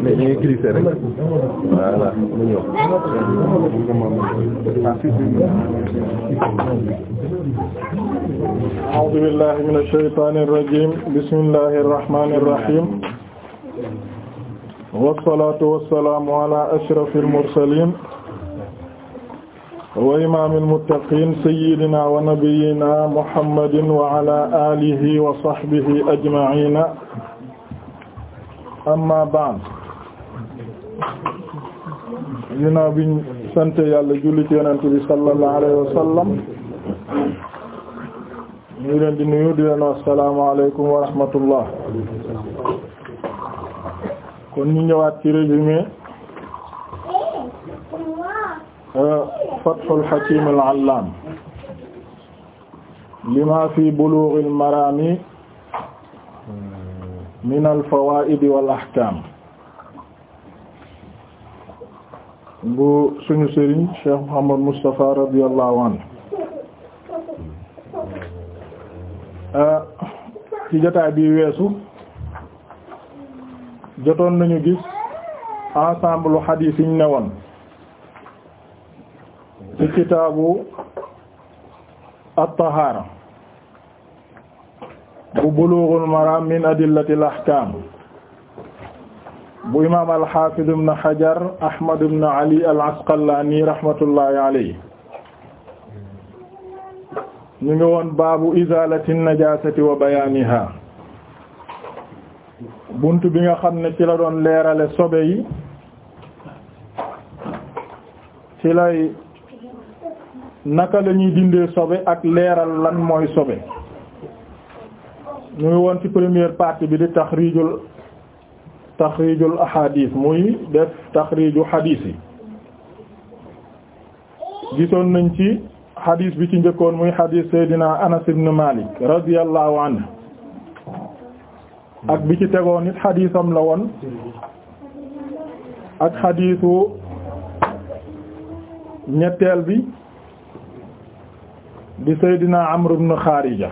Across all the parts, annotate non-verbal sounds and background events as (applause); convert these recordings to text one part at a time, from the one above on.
mais ñu ngi glissé rek voilà mu ñëw. a'uuzu billaahi mina shaytaani rajiim bismillaahi rahmaani rahiim. wasalaatu wasalaamu ala ashrafil mursaliin wa imaamil muttaqiin sayyidinaa wa nabiyyinaa muhammadin wa ala aalihi wa sahbihi ajma'iin amma ba'd ginnaaw bi ñu yàlla julli ci yonent bi sallallahu alayhi wa sallam ñu leen di nuyu di leen assalaamu alaykum wa kon ñu ñëwaat ci résumé euh, Fathul Hakim al-Allam lima fi Bulughil Marami min al wal ahkaam bu suñu sëriñ Cheikh Mouhammad Moustapha radiyallahu anhu ah, ci jotaay bi weesu jotoon nañu gis ensemble hadith yi ñu ne woon ci kitaabu at-tahaara bu bulughul maram min adillatil ahkam bu imaam al-Hafiz ibn Hajar Ahmad ibn Ali al-Asqalani rahmatullahi alayhi ñu ngi woon baabu izalati najasati wa bayaniha bunt bi nga xam ne ci la doon leerale sobe yi ci lay naka lañuy ñuy dindee sobe ak leeral lan mooy sobe ñu ngi woon ci première partie bi di taxriijul taxriijul ahadith muy def taxriiju hadith yi gisoon nañ ci hadith bi ci njëkkoon muy hadith Seydina Anas ibn Malik radiyallahu anhu ak bi ci tegoon it haditham la woon ak hadithu ñetteel bi di Seydina Amr ibn Kharija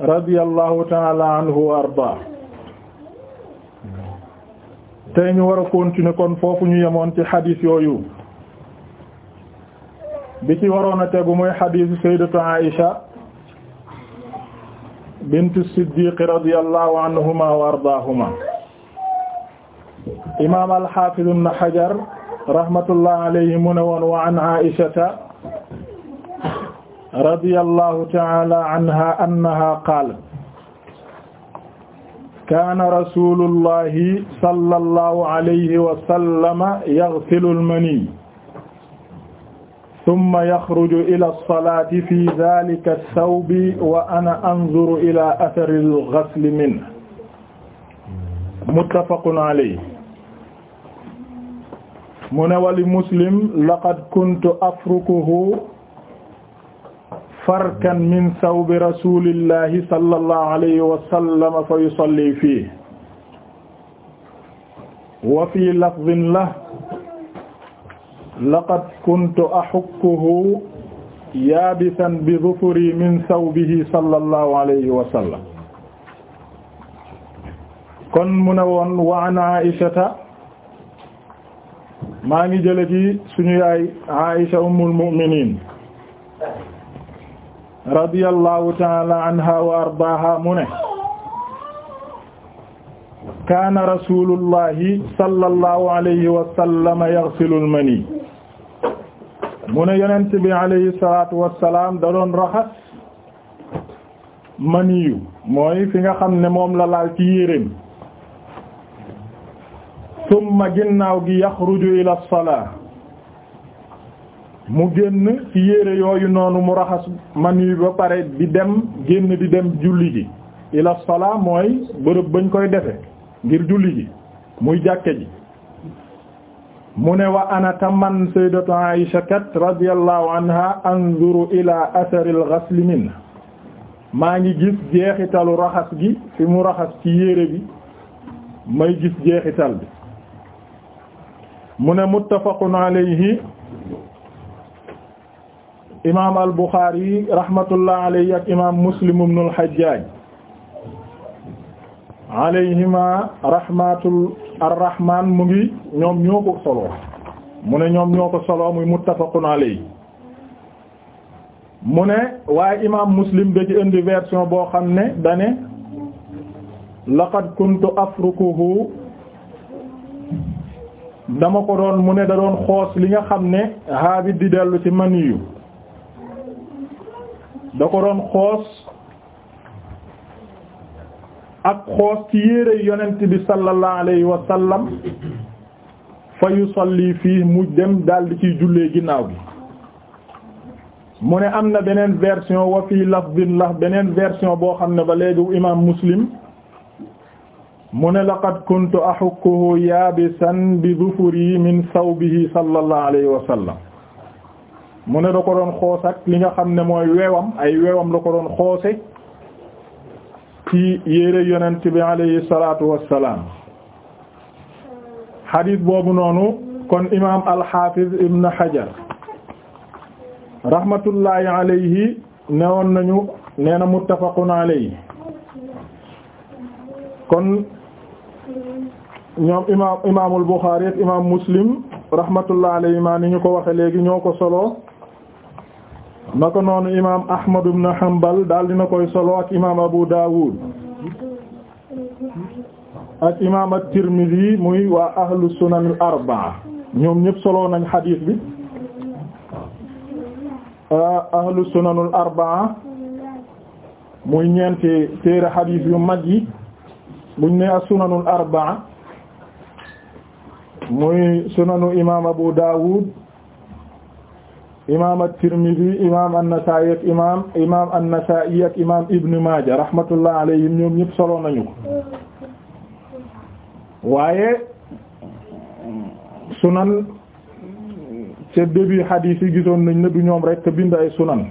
radiyallahu taala anhu wa ardaa tey ñu war a continuer kon foofu ñu yemoon ci xadiis yooyu bi ci waroon a tegu mooy xadiisu sayyidatu Aisha bintu Siddiq radiyallahu anhuma wa ardaahuma imaam al-Haafiz ibn Hajar rahmatullah alayhi mu ne woon wa an Aishata radiyallahu ta'ala anha annaha qaalat kaana rasulullahi sallallahu alayhi wa sallama yaghsilu al-mani thumma yakhruju ila as-salati fi dhalika ath-thawbi wa ana anzuru ila athari al-ghasli minhu muttafaqun alayhi mu ne wali muslim laqad kuntu afrukuhu farkan min sawbi rasulillahi sallallahu alayhi wa sallam fa yusalli fiihi wa fii lafdin lahu laqad kuntu ahukkuhu yaabisan bi dhufri min sawbihi sallallahu alayhi wa sallam kon mu ne woon wa an Aïshata maa ngi jële ci suñu yaay Aïsha ummul mu'minin radiyallahu taala anha wa ardaaha mu ne kaana rasulullahi sallallahu alayhi wa sallam yaghsilul mani mu ne yonent bi alayhi salaatu wassalaam da doon raxas maniyu mooy fi nga xam ne moom la laal ci yéreem summa ginnaaw gi yaxruju ila salaa mu génn ci yére yooyu noonu mu raxas man yi ba pare di dem génn di dem julli ji ila mooy bërëb bañ koy defe ngir julli ji muy jàkke ji mu ne wa ana taman sayyidatu Aisha kat radiyallahu anha anzuru ila athari al maa ngi gis jeexitalu raxas gi fi mu raxas ci yére bi may gis jeexital bi mu ne muttafaqun alayhi imaam al Buxaari rahmatullah alayhi ak imaam Muslim ibn al Hajjaj alayhima rahmatul arrahman mu ngi ñoom ñoo ko solo mu ne ñoom ñoo ko solo muy muttafaqun alayhi mu ne waaye imaam Muslim da ci indi version boo xam ne dane laqad kuntu afrukuhu dama ko doon mu ne da doon xoos li nga xam ne haabit di dellu ci maniyu da ko doon xoos ak xoos ci yére yonent bi sallallahu alayhi wa sallam fa yusalli fii mu dem daal di ciy ginnaaw bi mu ne am na beneen version wa fii lafdin la beneen version boo xam ne ba léegi imaam muslim mu ne laqad kuntu ahukkuhu yaabisan bi dhufri min thawbihi sallallahu alayhi wa mu ne da ko doon xoos li nga xam ne mooy weewam ay weewam la ko doon xoose ci yére yonent bi alayhi salaatu wassalaam xadiis boobu noonu kon imaam alxaafiz ibn hajar rahmatullahi alayhi newoon nañu nee na muttafaqun alayhi kon ñoom imaam imaamul buxaari ak imaam muslim rahmatullahi alayhi maa ni ñu ko waxe léegi ñoo ko solo naka noonu imaam Ahmad ibn Hanbal daal dina koy solo ak imaam Abu Dawud ak imaam at-Tirmidhi muy waa ahlu sunan arbaa ñoom ñëpp solo nañ xadiis bi ah, ahlu sunan arbaa muy ñeenti téere xadiis yu mag yi buñ ne as-sunan al-arba'a muy sunanu imaam Abu Dawud imaam at-Tirmidhi imaam an-Nasaa'i ak imaam imaam an-Nasaa'i imaam Ibn Maaja rahmatullah alayhim ñoom ñëpp solo nañu ko waaye sunan ca début hadith yi gisoon nañ ne du ñoom rek bind ay sunan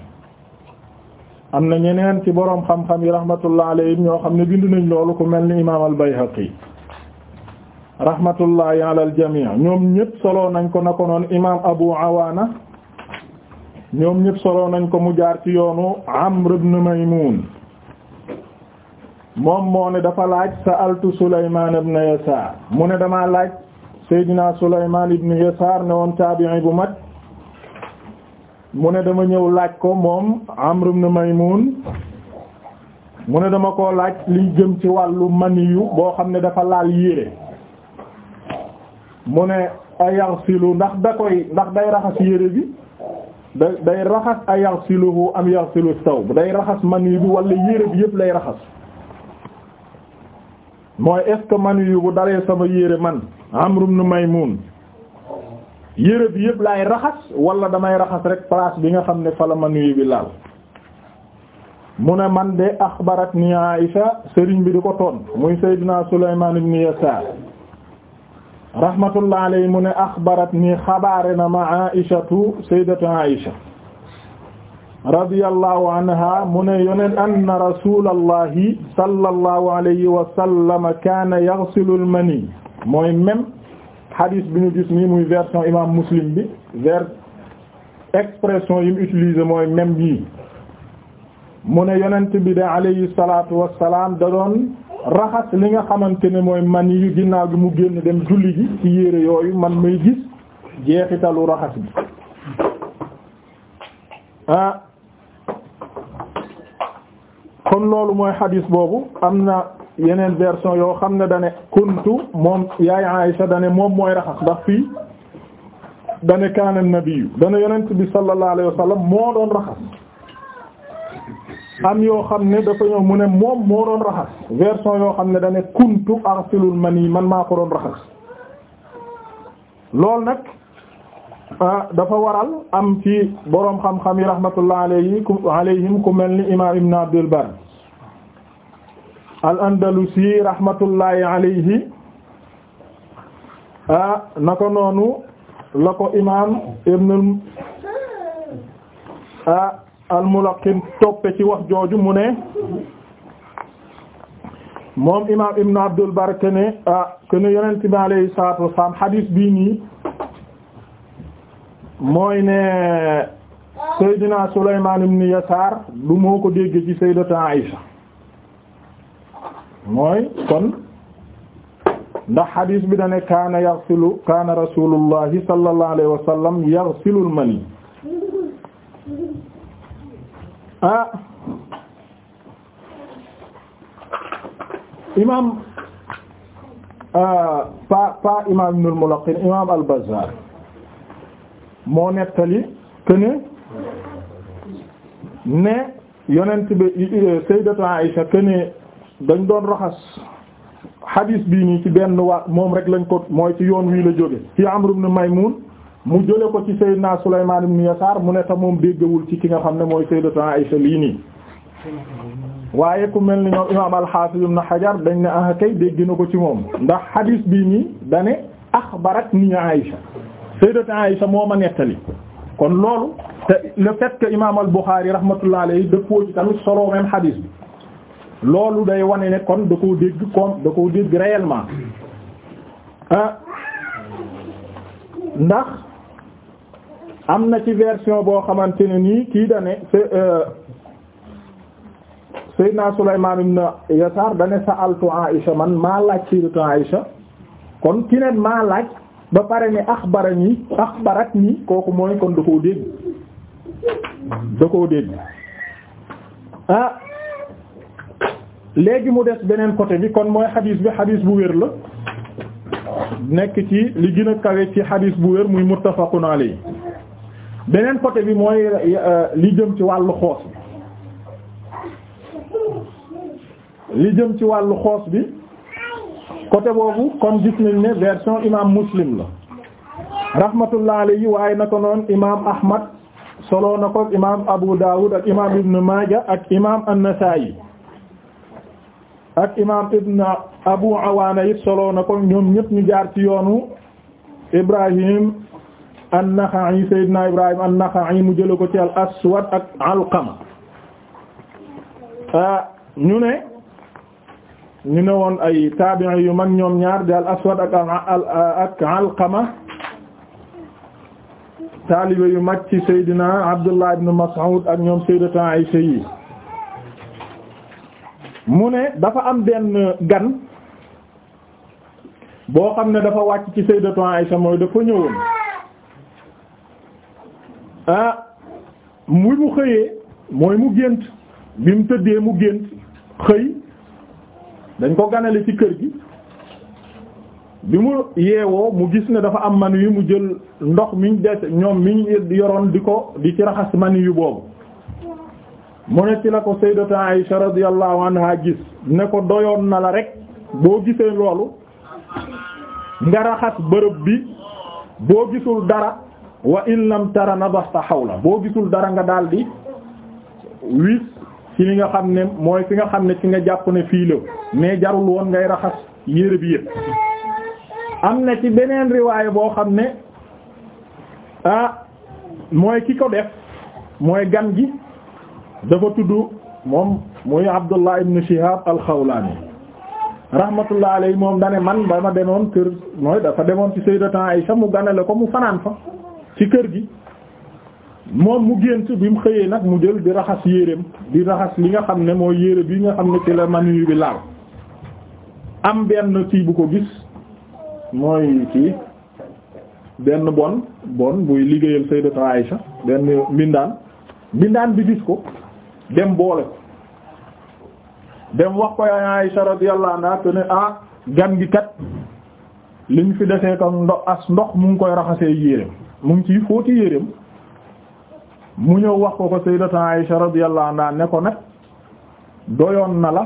am na ñeneen ci boroom xam-xam yi rahmatullah alayhim ñoo xam ne bind nañ loolu ko mel ni imaam al-Bayhaqi rahmatullahi ala jamii ñoom ñëpp solo nañ ko na ko noon imaam Abu Awaana ñoom ñëpp solo nañ ko mu jaar ci yoonu Amr ibn Maymun moom moo ne dafa laaj sa'altu Sulaymaan ibn Yasaar mu ne dama laaj Seydina Sulaymaan ibn Yasaar ne woon taabi'i bu mag mu ne dama ñëw laaj ko moom Amr ibn Maymun mu ne dama koo laaj liy jëm ci wàllu maniyu boo xam ne dafa laal yére mu ne a yaghsilu ndax da koy ndax day raxas yére bi da day raxas a yaxsiluhu am yaxsilu thawb day raxas mani bi wala yére bi yëpp lay raxas mooy est ce que yu bu daree sama yére man Amr ibn Maymun yére bi yëpp lay raxas wala damay raxas rek place bi nga xam ne fala la mani bi laal mu ne man de axbarat ni Aisha sëriñ bi di ko toon muy Seydina Sulaymaan ibn Yasaar rahmatullah alayhi mu ne axbarat nii xabaare na ma aishatu sayyidatu aisha radiyallahu anha mu ne yoneen anna rasulallahi sallallahu alayhi wa sallam kaana yaghsilu al-mani mooy même hadis bi ñu muy version imam muslim bi vers expression yi mu utilisé mooy même mu ne yonent bi de alayhi salatu wassalam da doon raxas li nga xamante ne mooy man yu ginnaaw gi mu génn dem julli ji ci yére yooyu man may gis jeexitalu raxas bi ah kon loolu mooy xadiis boobu am na yeneen version yoo xam ne dane kuntu moom yaay Aïsha dane moom mooy raxas ndax fii dane kaana nabiyu dane yonent bi sallallahu alayhi wa moo doon raxas am yoo xam ne dafa ñëw mu ne moom moo doon raxas version yoo xam ne da ne kuntu arsilul mani man maa ko doon raxas loolu nag ah, dafa waral am ci boroom xam-xam yi rahmatullah alayhi alayhim ku mel ni imam ibn abdul bar al andalusi rahmatullahi alayhi ah naka noonu la ko imam ibn ah, al-Mulaqin toppe ci wax jooju mu ne moom imaam Ibn Abdul Barr que ne ah ne yonent bi alayhi salaatu wa salaam hadis bii nii mooy ne Seydina Sulaymaan ibn Yasaar du moo ko dégg ci Sayyidatu Aïsha mooy kon ndax hadis bi da ne kaana yaghsilu kaana rasuulullahi sallallahu alayhi wa sallam yaghsilul mani ah imaam ah, pa pa imaam Ibnul Mulaqqin imaam al-Bazzaar moo nettali këne ne yonent bi Sayyidatu Aïsha këne dañ doon raxas xadiis bi nii ci benn waa moom rek lañ ko mooy ci yoon wii la jóge ci Amr ibn Maymun mu jële ko ci Seydina Sulaymaan ibn Yasaar mu ne ta moom déggawul ci ki nga xam ne mooy Sayyidatuna Aysa lii nii waaye ku mel ni ñoom imaam al-Hafiz ibn Hajar dañ ne ah kay dégg na ko ci moom ndax xadiis bii nii dane axbaratnii Aysa Sayyidatuna Aysa moo ma nettali kon loolu te le fait que imaam al-Bukhari rahmatullah alayhi dëppoo ci tamit solo même bi loolu day wane ne kon da ko dégg comme da koo dégg réellement ah, ndax am na ci version boo xamante ne nii kii da ne euh, Seydina Sulaymaan ibn Yasaar da ne sa'altu Aïsha man maa laaj sayyidatu Aïsha kon ki ne maa laaj ba pare ne axbarani axbaratni kooku mooy kon da koo dégg da koo dégg ah léegi mu des beneen côté bi kon mooy xadiis bi xadiis bu wér la nekk ci li gën a kawe ci xadiis bu wér muy muttafaqun alayhi beneen côté bi mooy euh, li jëm ci wàllu xoos bi li jëm ci wàllu xoos bi côté boobu kon gis nañ ne version imam muslim la rahmatullah alayhi waaye na ko noonu imam ahmad solo na ko imam abu dawud ak imam ibn maaja ak imam an ak imam ibn abu awaana it solo na ko ñoom ñëpp ñu jaar ci yoonu ibrahim an-Naxa'i Seydina Ibrahim an-Naxa'i mu jële ko ci al-Aswad ak Alqama ah, ñu ne ñu ne woon ay taabi'i yu mag ñoom ñaar di al-Aswad ak ak Alqama taalibe yu mag ci Seydina Abdullah ibn Mas'ud ak ñoom Sayyidatu Aïsha yi mu ne dafa am benn gan boo xam ne dafa wàcc ci Sayyidatu Aïsha mooy dafa ñëwoon ah muy mu xëyee mooy mu gént bi mu tëddee mu gént xëy dañ ko ganale ci kër gi bi mu yeewoo mu gis ne dafa am man yi mu jël ndox miñ des ñoom miñ yoroon di ko di ci raxas man yu boobu mu ne ci la ko sayyidatu Aisha radiyallahu anha gis ne ko doyoon na la rek boo gisee loolu nga raxas bërëb bi boo gisul dara wa in lam tara nadasta xawla boo gisul dara nga daldi wis ci li nga xam ne mooy fi nga xam ne ci nga jàpp ne fii la mais jarul woon ngay raxas yére bi yëpp am na ci beneen riwaay boo xam ne ah mooy ki ko def mooy gan gi dafa tudd moom muy Abdullah ibn Shihab al-Khawlani rahmatullah alayhi moom dane man ba ma demoon kër mooy dafa demoon ci sayyidatuna Aisha mu la ko mu fanaan fa ci kër gi moom mu gént bi mu xëyee nag mu jël di raxas yéreem di raxas li nga xam ne mooy yére bi nga xam ne ci la manu bi laal am benn kii bu ko gis mooy kii benn bon bon buy liggéeyal Sayyidatu Aïcha benn mbindaan mbindaan bi gis ko dem boole ko dem wax ko Aïcha radiyallahu anha te ne ah gan gi kat liñ fi desee ko ndox as ndox mu ngi koy raxasee yéreem mu ngi ciy fóoti yéreem mu ñëw wax ko ko sayyidatu Aisha radiyallahu anha ne ko nag doyoon na la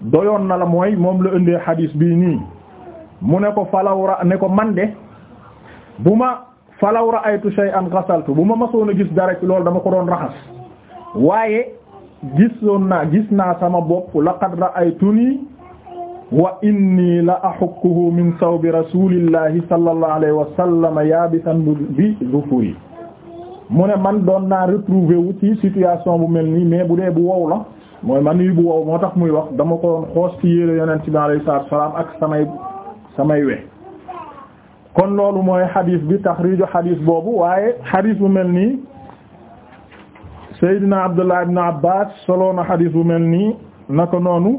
doyoon na la mooy moom la indee xadiis bii nii mu ne ko falawra ne ko man de bu ma falawra aytu shay'an ghasaltu bu ma masoon a gis dara loolu dama ko doon raxas waaye gisoon naa gis naa sama bopp laqad ra'aytuni wa inni la axukkuhu min sawbi rasulillahi sallallahu alayhi wa sallam yaabisan bi zufuri mu ne man doon naa retrouver wu ci situation bu mel nii mais bu dee bu wow la mooy man yi bu wow moo tax muy wax dama ko doon xoos ci yére yonent bi alayhi salaatu salaam ak samay samay we kon loolu mooy xadiis bi taxriiju xadiis boobu waaye xadiis bu mel nii Seydina Abdullah ibn solo na xadiis bu mel nii naka noonu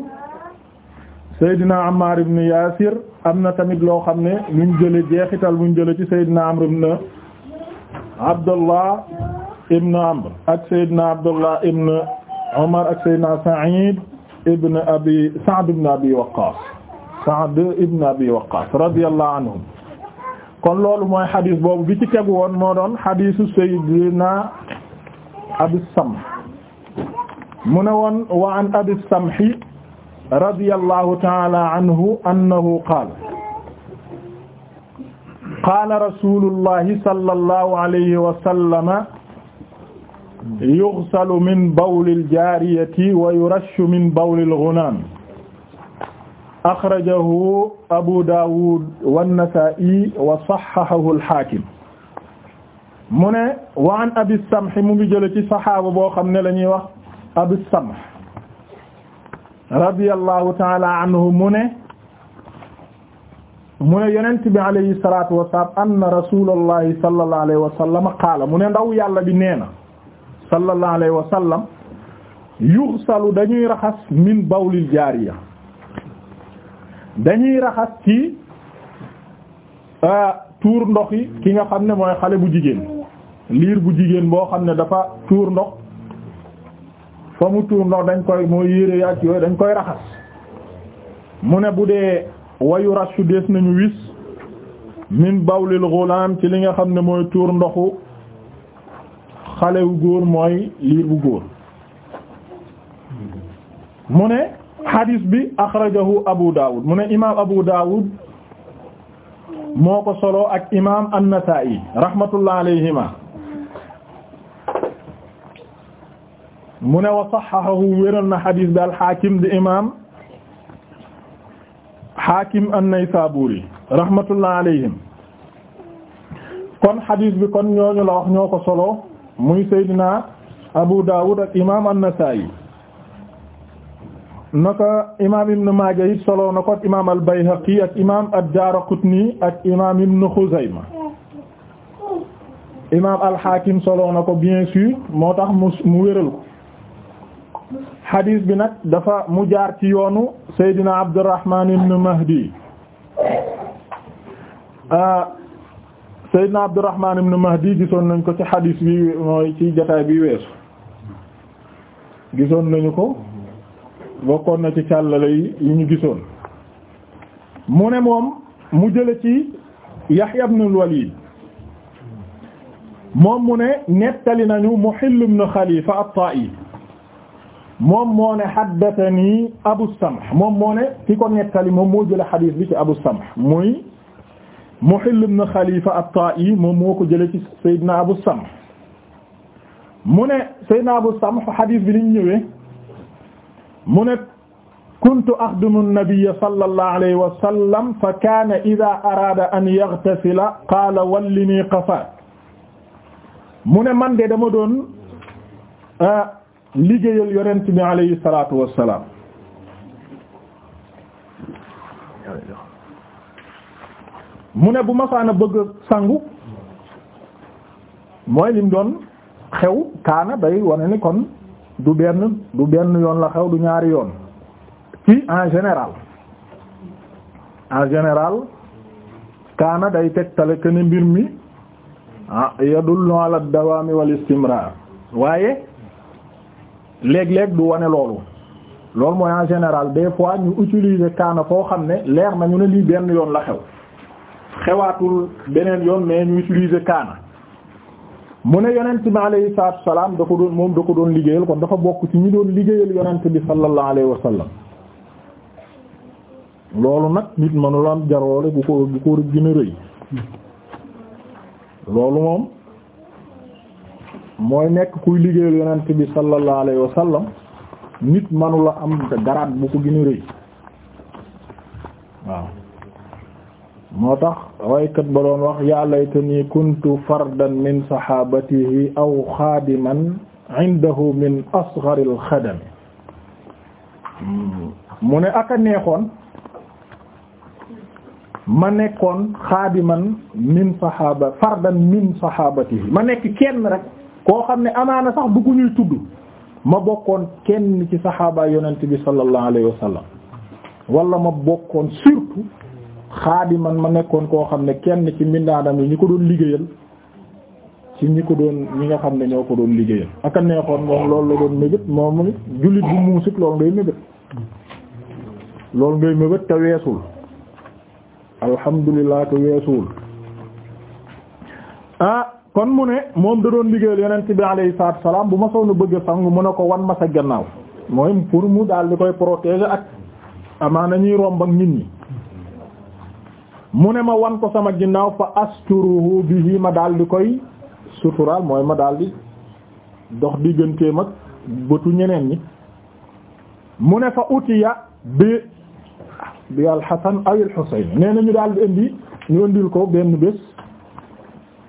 Seydina Ammar ibn Yasir am na tamit loo xam ne luñ jële jeexital buñ jële ci Seydina Amr ibn Abdullah ibn Amr ak Seydina Abdullah ibn Umar ak Seydina Sa'id ibn Abi Sa'd ibn Abi Waqqas Sa'd ibn Abi Waqqas radiyallahu anhum kon loolu mooy xadis boobu bi ci tegu woon moo doon xadisu Seydina Abi Samh mu ne woon wa an Abi Samh radiyallahu ta'ala anhu annahu qaala qaala rasulullahi sallallahu alayhi wa sallama yughsalu min bawlil jaariyati wa yurashu min bawlil ghunaam axrajahu Abu Daawud wan-Nasaa'i wa sahhahahu al-Haakim mu ne wa an Abi Samh mu ngi jële ci saxaaba boo xam ne la ñuy wax Abi Samh radiyallahu taala anhu mu ne mu ne yonent bi alayhi salatu rasulallahi sallallahu alayhi qaala mu ne ndaw yàlla bi nee na sallallahu alayhi wa sallam yughsalu dañuy raxas min bawlil jaariya dañuy raxas ci tuur ndox yi ki nga xam ne mooy xale bu jigéen liir bu jigéen boo xam ne dafa tuur ndox fa mu tuur ndox dañ koy mooy yére yaak yooyu dañ koy raxas mu ne bu dee wayu rashu dees nañu wis min bawlil ghulam ci li nga xam ne mooy tuur ndoxu xale wu góor mooy liir bu góor mu ne hadis bi akhrajahu abu dawud mu ne imam abu dawud moo ko solo ak imaam an-nasa'i rahmatullah alayhima mu ne wa saxaxahu wéral na xadis bi alxaakim di imam xaakim an-Naysaburi rahmatullah alayhim kon xadis bi kon ñooñu la wax ñoo ko solo muy Seydina Abu Dawud ak imam an-Nasa'i naka imam Ibn Maaja solo na ak imam al-Bayhaqi ak imam ad-Daraqutni ak imam Ibn Xuzayma imam al-Xaakim solo na bien sûr moo tax mu mu ko xadiis bi nag dafa mu jaar ci yoonu Seydina Abdurrahman ibn Mahdi ah, Seydina Abdurrahman ibn Mahdi gisoon nañ ko ci xadiis bi mooy ci jotaay bi weesu gisoon nañu ko bokkoon na ci càllale yi ñu gisoon mu ne moom mu jële ci Yahya ibn al-Walid moom mu ne nettali nañu Muhill ibn Khalifa at-Ta'i moom moo ne haddathani Abu Samh moom moo ne ki ko nettali moom moo jëlee xadis bi ci Abu Samh muy Muhill ibn Khalifa at-Ta'i moom moo ko jëlee ci Seydina Abu Samh mu ne Seydina Abu Samh xadis bi ni ñëwee mu ne kuntu axdumu an-nabiyya sallallahu alayhi wa sallam fa kaana idha araada an yaghtasila qaala wallini qafaak mu ne man de dama doon ah, liggéeyal yonent bi alayhi salaatu wassalaam mu ne bu masaana bëgg sangu mooy lim doon xew kaana day wane ni kon du benn du benn yoon la xew du ñaari yoon ci en général en général kaana day tegtale que ne mbir mi ah yadullu ala dawaami wal istimrar waaye léeg-léeg du wane loolu loolu mooy en général des fois ñu utiliser kaana foo xam ne leer na ñu ne lii benn yoon la xew xewaatul beneen yoon mais ñu utiliser kaana mu ne yeneen bi alayhi salaatu wa salaam da ko doon moom da ko doon liggéeyal kon dafa bokk ci ñi doon liggéeyal yonent bi sallallahu alayhi wa sallam loolu nag nit mënul am jaroole bu ko bu ko gën a rëy loolu moom. mooy nekk kuy liggéeyal yonent bi sallallahu alayhi wa sallam nit manula am garaat bu ko gën a rëy waaw moo tax waykat ba doon wax ya laytani kuntu fardan min sahabatihi aw xaadiman indahu min asgharil xadami mu ne aka neexoon ma nekkoon xaadiman min sahaba fardan min sahabatihi ma nekk kenn rek koo xam ne amaana sax du ko ñuy tudd ma bokkoon kenn ci saxaaba yonent bi sallallahu alayhi wa ma bokkoon surtout xaadiman ma nekkoon koo xam ne kenn ci mbindaanam yi ñi ko doon liggéeyal ci ñi ko doon ñi nga xam ne ñoo ko doon liggéeyal aka neexoon moom loolu la doon mébét moom jullit bu muusit loolu ngay mébét loolu ngay mébét te weesul alhamdulilah te weesul ah, kon mu ne moom da doon liggéeyal yeneen bi alayhi salaatu salaam bu ma soonu bëgg a mu ne ko wan ma sa gannaaw mooy pour mu daal di koy protéger ak amaana ñuy romb ak nit ñi mu ne ma wan ko sama ginnaaw fa asturuhu bihi ma daal di koy suturaal mooy ma daal di dox digganteem ak bëtu ñeneen ñi mu ne fa utiya bi bi al Hasan aw nee na ñu daal di indi ñu indil ko benn bés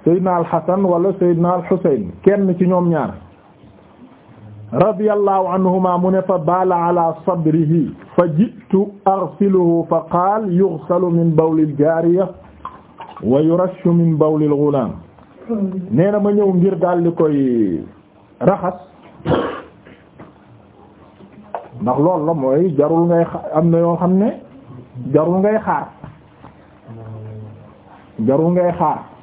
Seydina al-Hasan wala Seydina al-Husayn kenn ci ñoom ñaar radiyallahu anhuma mu ne fa baala ala sabrihi fa ji'tu aghsiluhu fa qaala yughsalu min bawli al-jaariya wa yurashu min bawli al-ghulaam nee na ma ñëw ngir daal di koy raxas ndax loolu la mooy jarul ngay am na yoo xam ne jarul ngay xaar jarul ngay xaar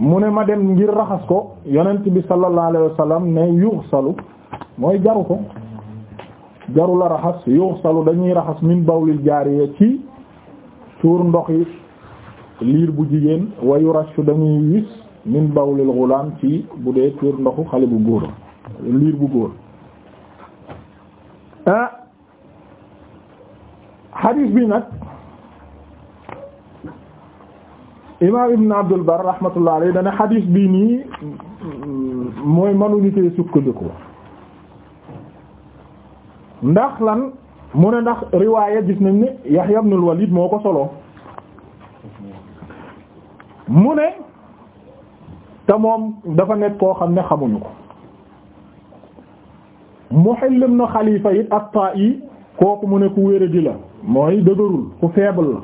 mu ne ma dem ngir raxas ko yonent bi sallallahu alayhi wa sallam ne mooy jaru ko jaru la raxas yuxsalu dañuy raxas min bawlil jaariya ci tuur ndox yi liir bu jigéen wa yurashu dañuy wis min bawlil gulaam ci bu dee tuur ndoxu xale bu góor liir bu góor ah bi nag imaam ibn Abdul Barr rahmatullah dana xadiis bii nii mooy mënuñu koy sukkandiku ndax lan mu ne ndax riwaaya gis nañ ne Yahya ibn walid moo ko solo mu ne te moom dafa nekk koo xam ne xamuñu ko Muhill ibn Khalifa it at-Ta'i kooku mu ne ku wéradi la mooy dëgërul ku faible la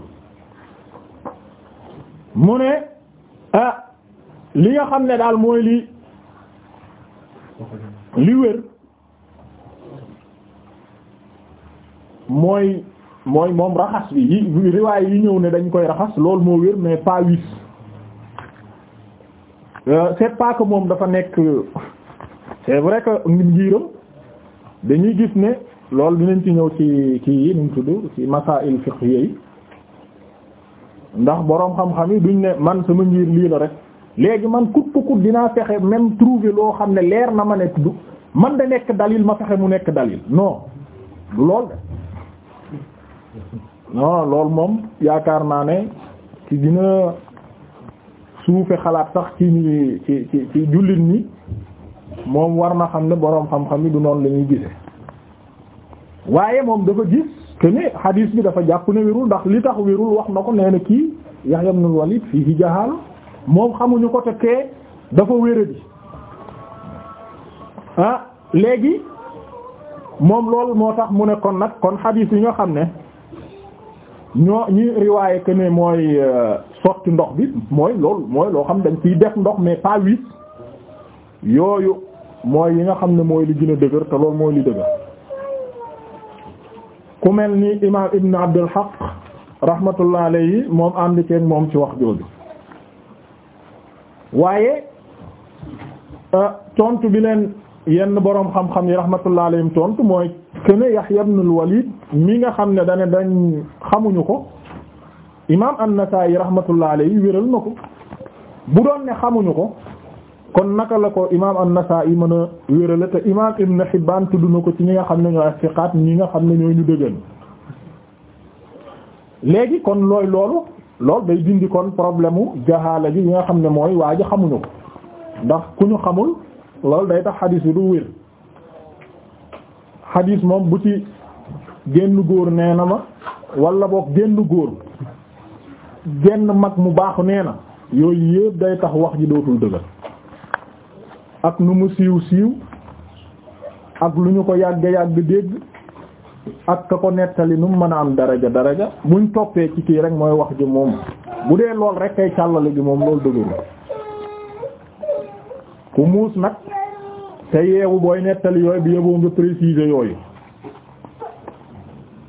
mu ne ah li nga xam ne daal mooy li li wér mooy mooy moom raxas bi yi riwaay yi ñëw ne dañ koy raxas lool moo wér mais pas wis euh, c'est pas que moom dafa nekk c'est vrai que ngiram dañuy gis ne loolu dinañ ci ñëw ci kii yi ñu tudd ci masaa'il fiqh yi ndax boroom xam-xam yi duñ ne man sama ngir lii la rek léegi man kut kut dinaa fexe même trouver loo xam ne leer na ma ne du man da nekk dalil ma fexe mu nekk dalil non lool de non loolu moom yaakaar naa ne ci dina suufe xalaat sax ci ñi ci ci ci jullit ñi moom war na xam ne boroom xam-xam yi du noon la ñuy gise waaye moom dafa gis que ne hadis bi dafa jàpp ne wérul ndax li tax wérul wax na ko nee na kii Yahya ibn fii fiihi jahaal moom xamuñu ko te kee dafa wéradi ah léegi moom loolu moo tax mu ne kon nag kon hadis yi nga xam ne ñoo ñi riwaaye que ne mooy euh, sotti ndox bi mooy loolu mooy loo xam dañ ciy def ndox mais pas huit yooyu mooy yi nga xam ne mooy li gën dëgër te loolu mooy li dëgër. ku mel ni imaam Ibn Abdul Haq rahmatullah alayhi moom ànd ceeg moom ci wax jooju waaye euh, tontu bi leen yenn boroom xam-xam yi rahmatullah alayhim tontu mooy kene Yahya ibn al mi nga xam ne dane dañ xamuñu ko imaam An-Nasa'i rahmatullah alayhi wéral na ko bu doon ne xamuñu ko kon naka la ko imaam an-Nasaa'i mën a wérale te imaam Ibn Hibbaan tudd na ko ci ñi nga xam ne ñooy siqaat ñi nga xam ne ñooy ñu dëgën léegi kon looy loolu loolu day dindi kon problème u jahaala ji yi nga xam ne mooy waa xamuñu ko ndax ku ñu xamul loolu day tax xadiis bi du wér xadiis moom bu ci génn góor nee na ma wala boog génn góor génn mag mu baax nee na yooyu yëpp day tax wax ji dootul dëgër ak nu mu siiw siiw ak lu ñu ko yàgg yàgg dégg ak ka ko nettali nu mu mën a am daraja daraja buñ toppee ci kii rek mooy wax ji moom bu dee lool rek ay càllale gi moom loolu dëgg ku muus nag te yeewu booy nettali yooyu bi yeboo nga préciser yooyu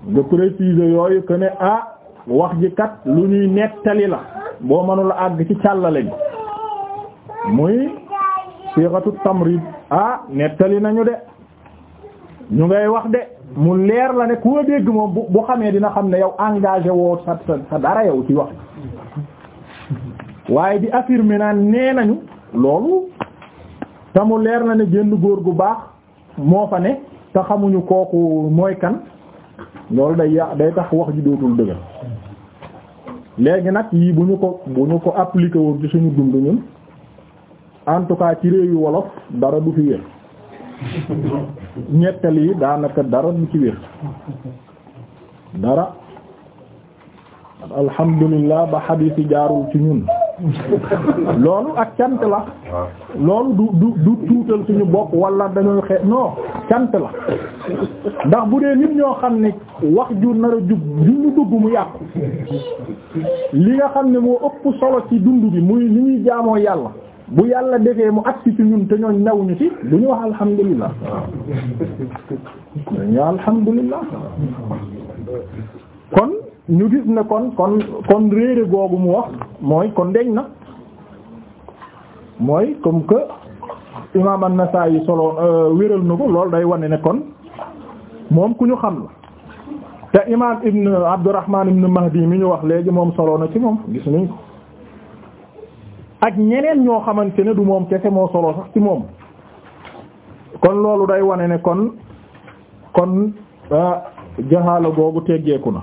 nga préciser yooyu que ne ah wax ji kat lu ñuy nettali la boo mënula àgg ci càllale ji muy siixatu tamrid ah nettali nañu de ñu ngay wax de mu leer la ne koo dégg moom bu xamee dina xam ne yow engagé woo sa dara yow ci wax waaye di affirmer naa nee nañu loolu te mu leer la ne génn góor gu baax moo fa ne te xamuñu kooku mooy kan loolu day ya day tax wax ji dootul dëgër léegi nag yii bu ñu ko bu ñu ko appliqué woon ci suñu dund ñun en tout ci réew yu wolof dara du fi wér ñettal yi daanaka dara du ci wér dara alhamdulillah ba xadiis yi jaarul ci ñun loolu ak cant la loolu du du tuutal suñu bokk wala dañuy xe non cant la ndax bu dee nit ñoo xam ne wax ju nar a jub li ñu dugg mu yàqu li nga xam ne moo ëpp solo ci dund bi muy li ñuy jaamoo yàlla bu yàlla defee mu agsi ci ñun te ñooñ newuñu ci du ñu wax alhamdulillah ñu alhamdulillah kon ñu gis ne kon kon kon réere googu mu wax mooy kon deñ na mooy comme que imaam an yi solo euh, wéral na ko loolu day wane ne kon moom ku ñu xam la te imaam ibn Abdurrahman ibn Mahdi mi ñu wax léegi moom solo na ci moom gis nañ ak ñeneen ñoo xamante ne du moom kese moo solo sax ci moom kon loolu day wane ne kon kon euh, jaxaala googu teggeeku na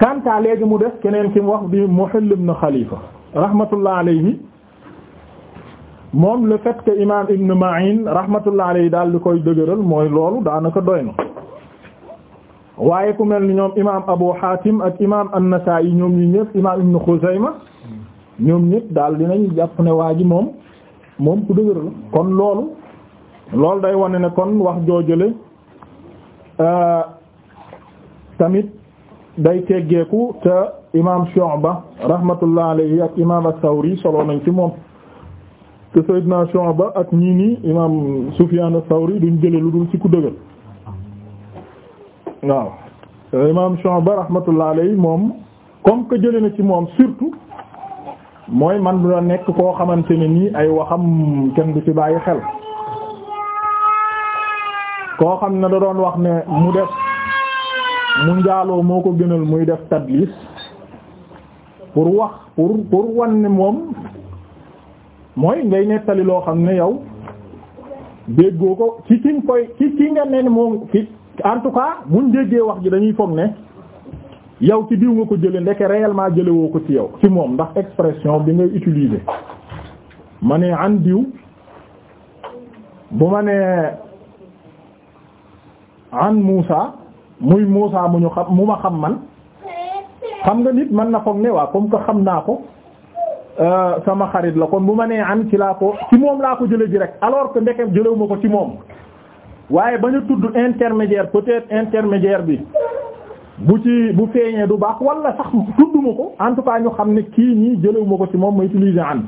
kanta léegi mu def keneen ki mu wax di Muhill ibn Khalifa rahmatullah alayhi moom le fait que imam ibn Ma'in rahmatullah alayhi daal di koy dëgëral mooy loolu daanaka doy na waaye ku mel ni ñoom imam Abu Hatim ak imam An-Nasa'i ñoom ñi ñëpp imam ibn Khuzayma ñoom ñëpp daal dinañ jàpp ne waa ji moom moom ku dëgër kon loolu loolu day wane ne kon wax joo jële euh, tamit day teggeeku te imam Shu'ba rahmatullah alayhi ak imam as-Sawri solo nañ ci moom te sayyidna Shu'ba ak ñii nii imam Sufyan as-Sawri duñ jële lu dul ci ku dëgër waaw imam Shu'ba rahmatullah alayhi moom comme que jële na ci moom surtout mooy man du na nekk koo xamante ne nii ay waxam kenn du ci bàyyi xel koo xam ne da doon wax ne mu def mu njaaloo moo ko gënal muy def tadlis pour wax pour pour wan ne moom mooy ngay nettali loo xam ne yow déggoo ko ci ki nga koy ci ki nga ne moom ci en tout cas buñ déggee wax ji dañuy foog ne yow ci diw nga ko jële ndeke réellement jële woo ko ci yow ci moom ndax expression bi nga utiliser ma ne an diw bu ma ne an Muusa muy Muusa mu ñu xam mu ma xam man xam nga nit man na foog ne waa comme que xam naa ko euh, sama xarit la kon bu ma nee an ci laa ko ci moom laa ko jële direct alors que ndeke jëlewuma ko ci moom waaye ba ñu tudd intermédiaire peut-être intermédiaire bi bu ci bu feeñee du baax wala sax tudduma ko en tout ñu xam ne kii ñii jëlewuma ko ci moom ma utiliser an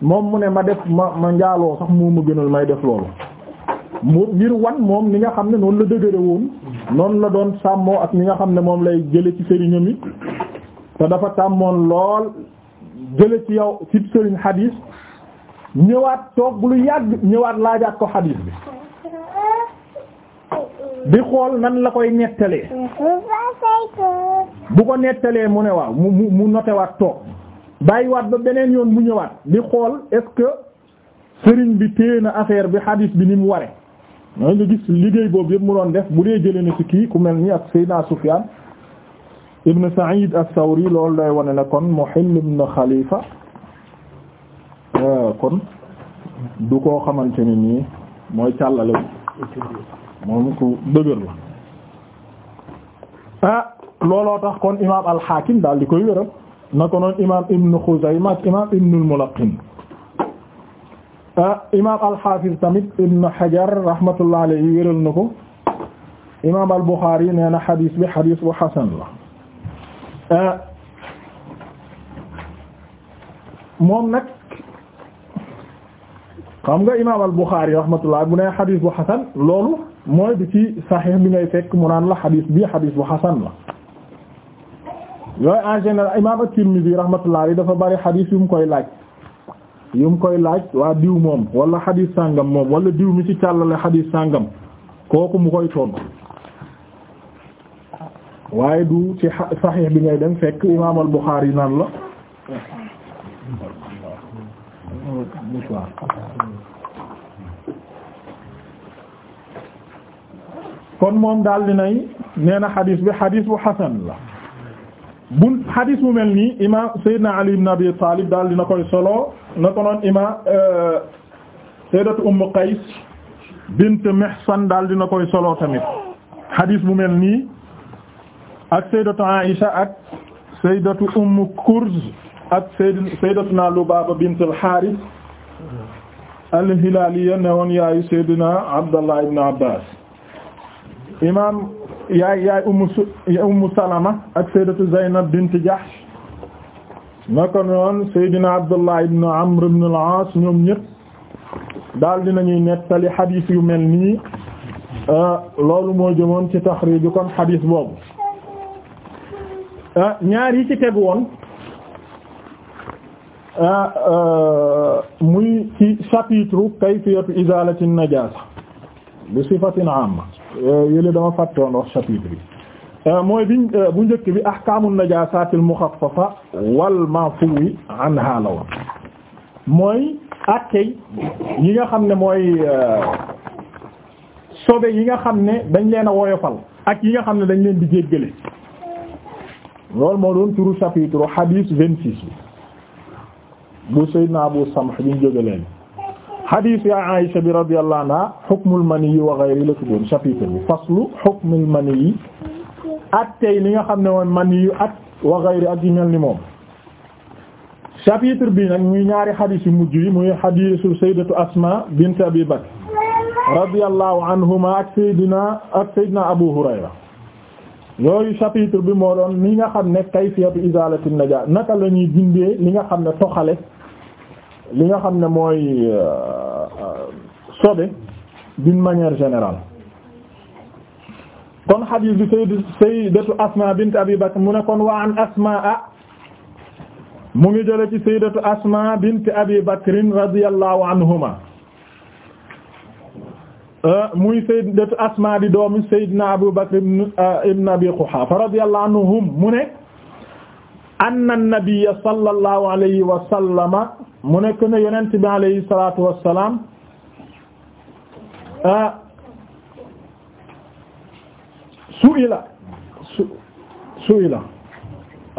moom mu ne ma def ma ma njaaloo sax moo ma gënal may def loolu mu ngir wan moom ni nga xam ne noonu la dëgëre woon noonu la doon sàmmoo ak ni nga xam ne moom lay jële ci sëriñam yi te dafa tàmmoon lool jële ci yow ci sëriñ xadiis ñëwaat toog bu lu yàgg ñëwaat laajaat ko xadiis bi di xool nan la koy nettalee bu ko nettalee mu ne waaw mu mu mu notewaat toog bàyyiwaat ba beneen yoon mu ñëwaat di xool est-ce que sëriñ bi téye na affaire bi hadis bi ni mu ware mooy nga gis liggéey boobu yëpp mu doon def bu dee jëlee na ci kii ku mel ni ak Seydina Sufyaan ibn Sa'id as-Sawri loolu lay wane ne kon Muhill ibn Khalifa euh, kon du koo xamante ne nii mooy càllale moom ko dëgër la ah looloo kon imaam al daal di koy wéral na ko noon imaam Ibn Khuzayma ak imaam Ibn al ah, imaam al tamit Ibn Hajar rahmatullah alayhi wéral na ko imaam al-Bukhari nee na xadis bi xadis bu xasan la ah, moom loolu. mooy bi ci saxiix bi ngay fekk mu naan la xadis bii xadis bu xasan la yooyu en général imaam at-Tirmidhi rahmatullah dafa bari xadis yu mu koy laaj yu mu koy laaj waa diw moom walla xadis sàngam moom wala diw mi ci càllale xadis sàngam kooku mu koy tontu waaye du ci saxiix bi ngay dem fekk imaam al naan la. kon moom daal di nay nee na xadis bi xadis bu xasan la bu xadis bu mel nii imaam Seydina Ali ibn Abi Talib daal dina koy solo na ko noon imaam euh, Sayyidatu Umm Qays bint Mihsan daal dina koy solo tamit xadis bu mel nii ak Sayyidatu Aisha ak Sayyidatu Umm Kurz ak Sayyidatuna Lubaba bint al-Harith al-Hilaliya ne woon yaayu Seydina Abdallah ibn Abbas imaam yaay yaay ummu ummu salama ak sayyidatu zaynab bint jahsh naka noon sayyidina abdullah ibn amr ibn al-aas ñoom ñëpp daal dinañuy nettali xadiis yu mel nii euh, loolu moo jëmoon ci taxriiju kon xadiis boobu euh, ñaar yi ci tegu woon euh, muy ci chapitre kayfiyatu izalati an-najasa bi sifatin amma Euh, yële dama fàtte wax chapitre bi euh, mooy biñ euh, bu njëkk bi ahkaamu najaasatil muxaffafa wal maafuwi anha la woon mooy àttey yi nga xam ne mooy sobe yi nga xam ne dañ leen a woyofal ak yi nga xam ne dañ leen di jéggale loolu moo doon turu chapitre hadis vingt six bi bu Seydina Abu Samh biñ jóge leen hadith ya Aisha bi radiyallahu anha hukmul mani wa ghayri la tuddoon chapitre bi faslu hukmul mani ak tey li nga xam ne woon mani ak wa ghayri ak yi mel ni moom chapitre bi nag muy ñaari hadith yu mujj yi muy hadithu sayyidatu Asma bint Abi Bakr radiyallahu anhuma ak sayyidina ak sayyidina Abu Hurayra yooyu chapitre bi moo doon li nga xam ne kayfiyatu izalati naja naka la ñuy dindee li nga xam ne toxale li nga xam ne mooy euh, sobe d'une manière générale kon hadith bi sayyid sayyidatu asma bint abi bakr mu ne kon wa an asmaa mu ngi jële ci sayyidatu asma bint abi bakrin radiyallahu anhuma euh, muy sayyidatu asma di doomi sayyidina abu bakr ibn euh, abi quhafa radiyallahu anhum mu ne anna nabiyya sallallahu alayhi wa sallama mu nekk ne yonent bi alayhi salaatu wa salaam ah, su'ila su'ila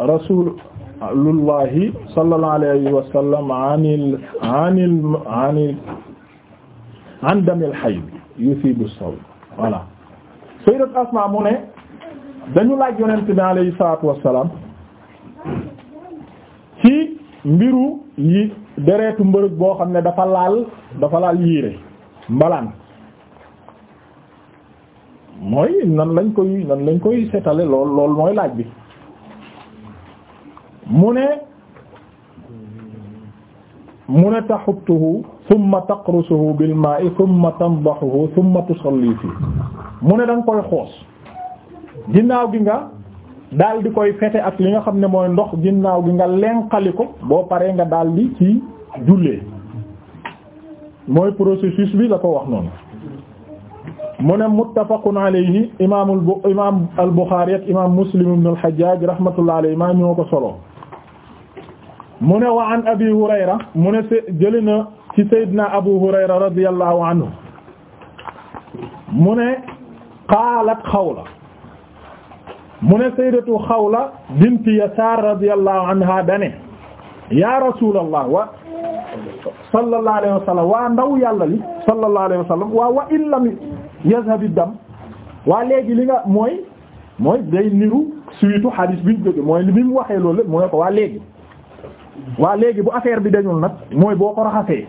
rasuulullahi sallallahu alayhi wa sallam anil anil anil an damil hayd yusibu saw voilà sayyidat Asma mu ne dañu laaj yonent bi alayhi salaatu wa salaam mbiru yi deretu mbërëg boo xam ne dafa laal dafa laal yére mbalaan mooy nan lañ koy nan lañ koy setale lool lool mooy laaj bi mu ne mu ne taxuttuhu thumma taqrusuhu bil ma'i thumma tandahuhu thumma tusalli fii mu ne danga koy xoos ginnaaw gi nga daal di koy fete ak li nga xam ne mooy ndox ginnaaw gi nga lenqali ko boo paree nga daal di ci jullee mooy processus bi la ko wax noonu mu ne muttafaqun alayhi imaamul bu imaam al Buxaari ak imaam Muslim ibn al Hajjaaj rahmatullahi alayhi maa ñoo ko solo mu ne wa an Abi Hurayra mu ne jëli na ci Seydina Abu Hurayra radiyallahu anhu mu ne qaalat Xawla mu ne sayyidatu xawla bint yasaar radiyallahu anha dane ya rasulallah wa sallallahu alayhi waa ndaw yàlla li sallallahu alayhi wa sallam waa wa in lam yazhabi dam léegi li nga mooy mooy day niru surtout hadis biñ jóge mooy li mu waxee loolu mu ne ko waa léegi waa léegi bu affaire bi dañul nag mooy boo ko raxasee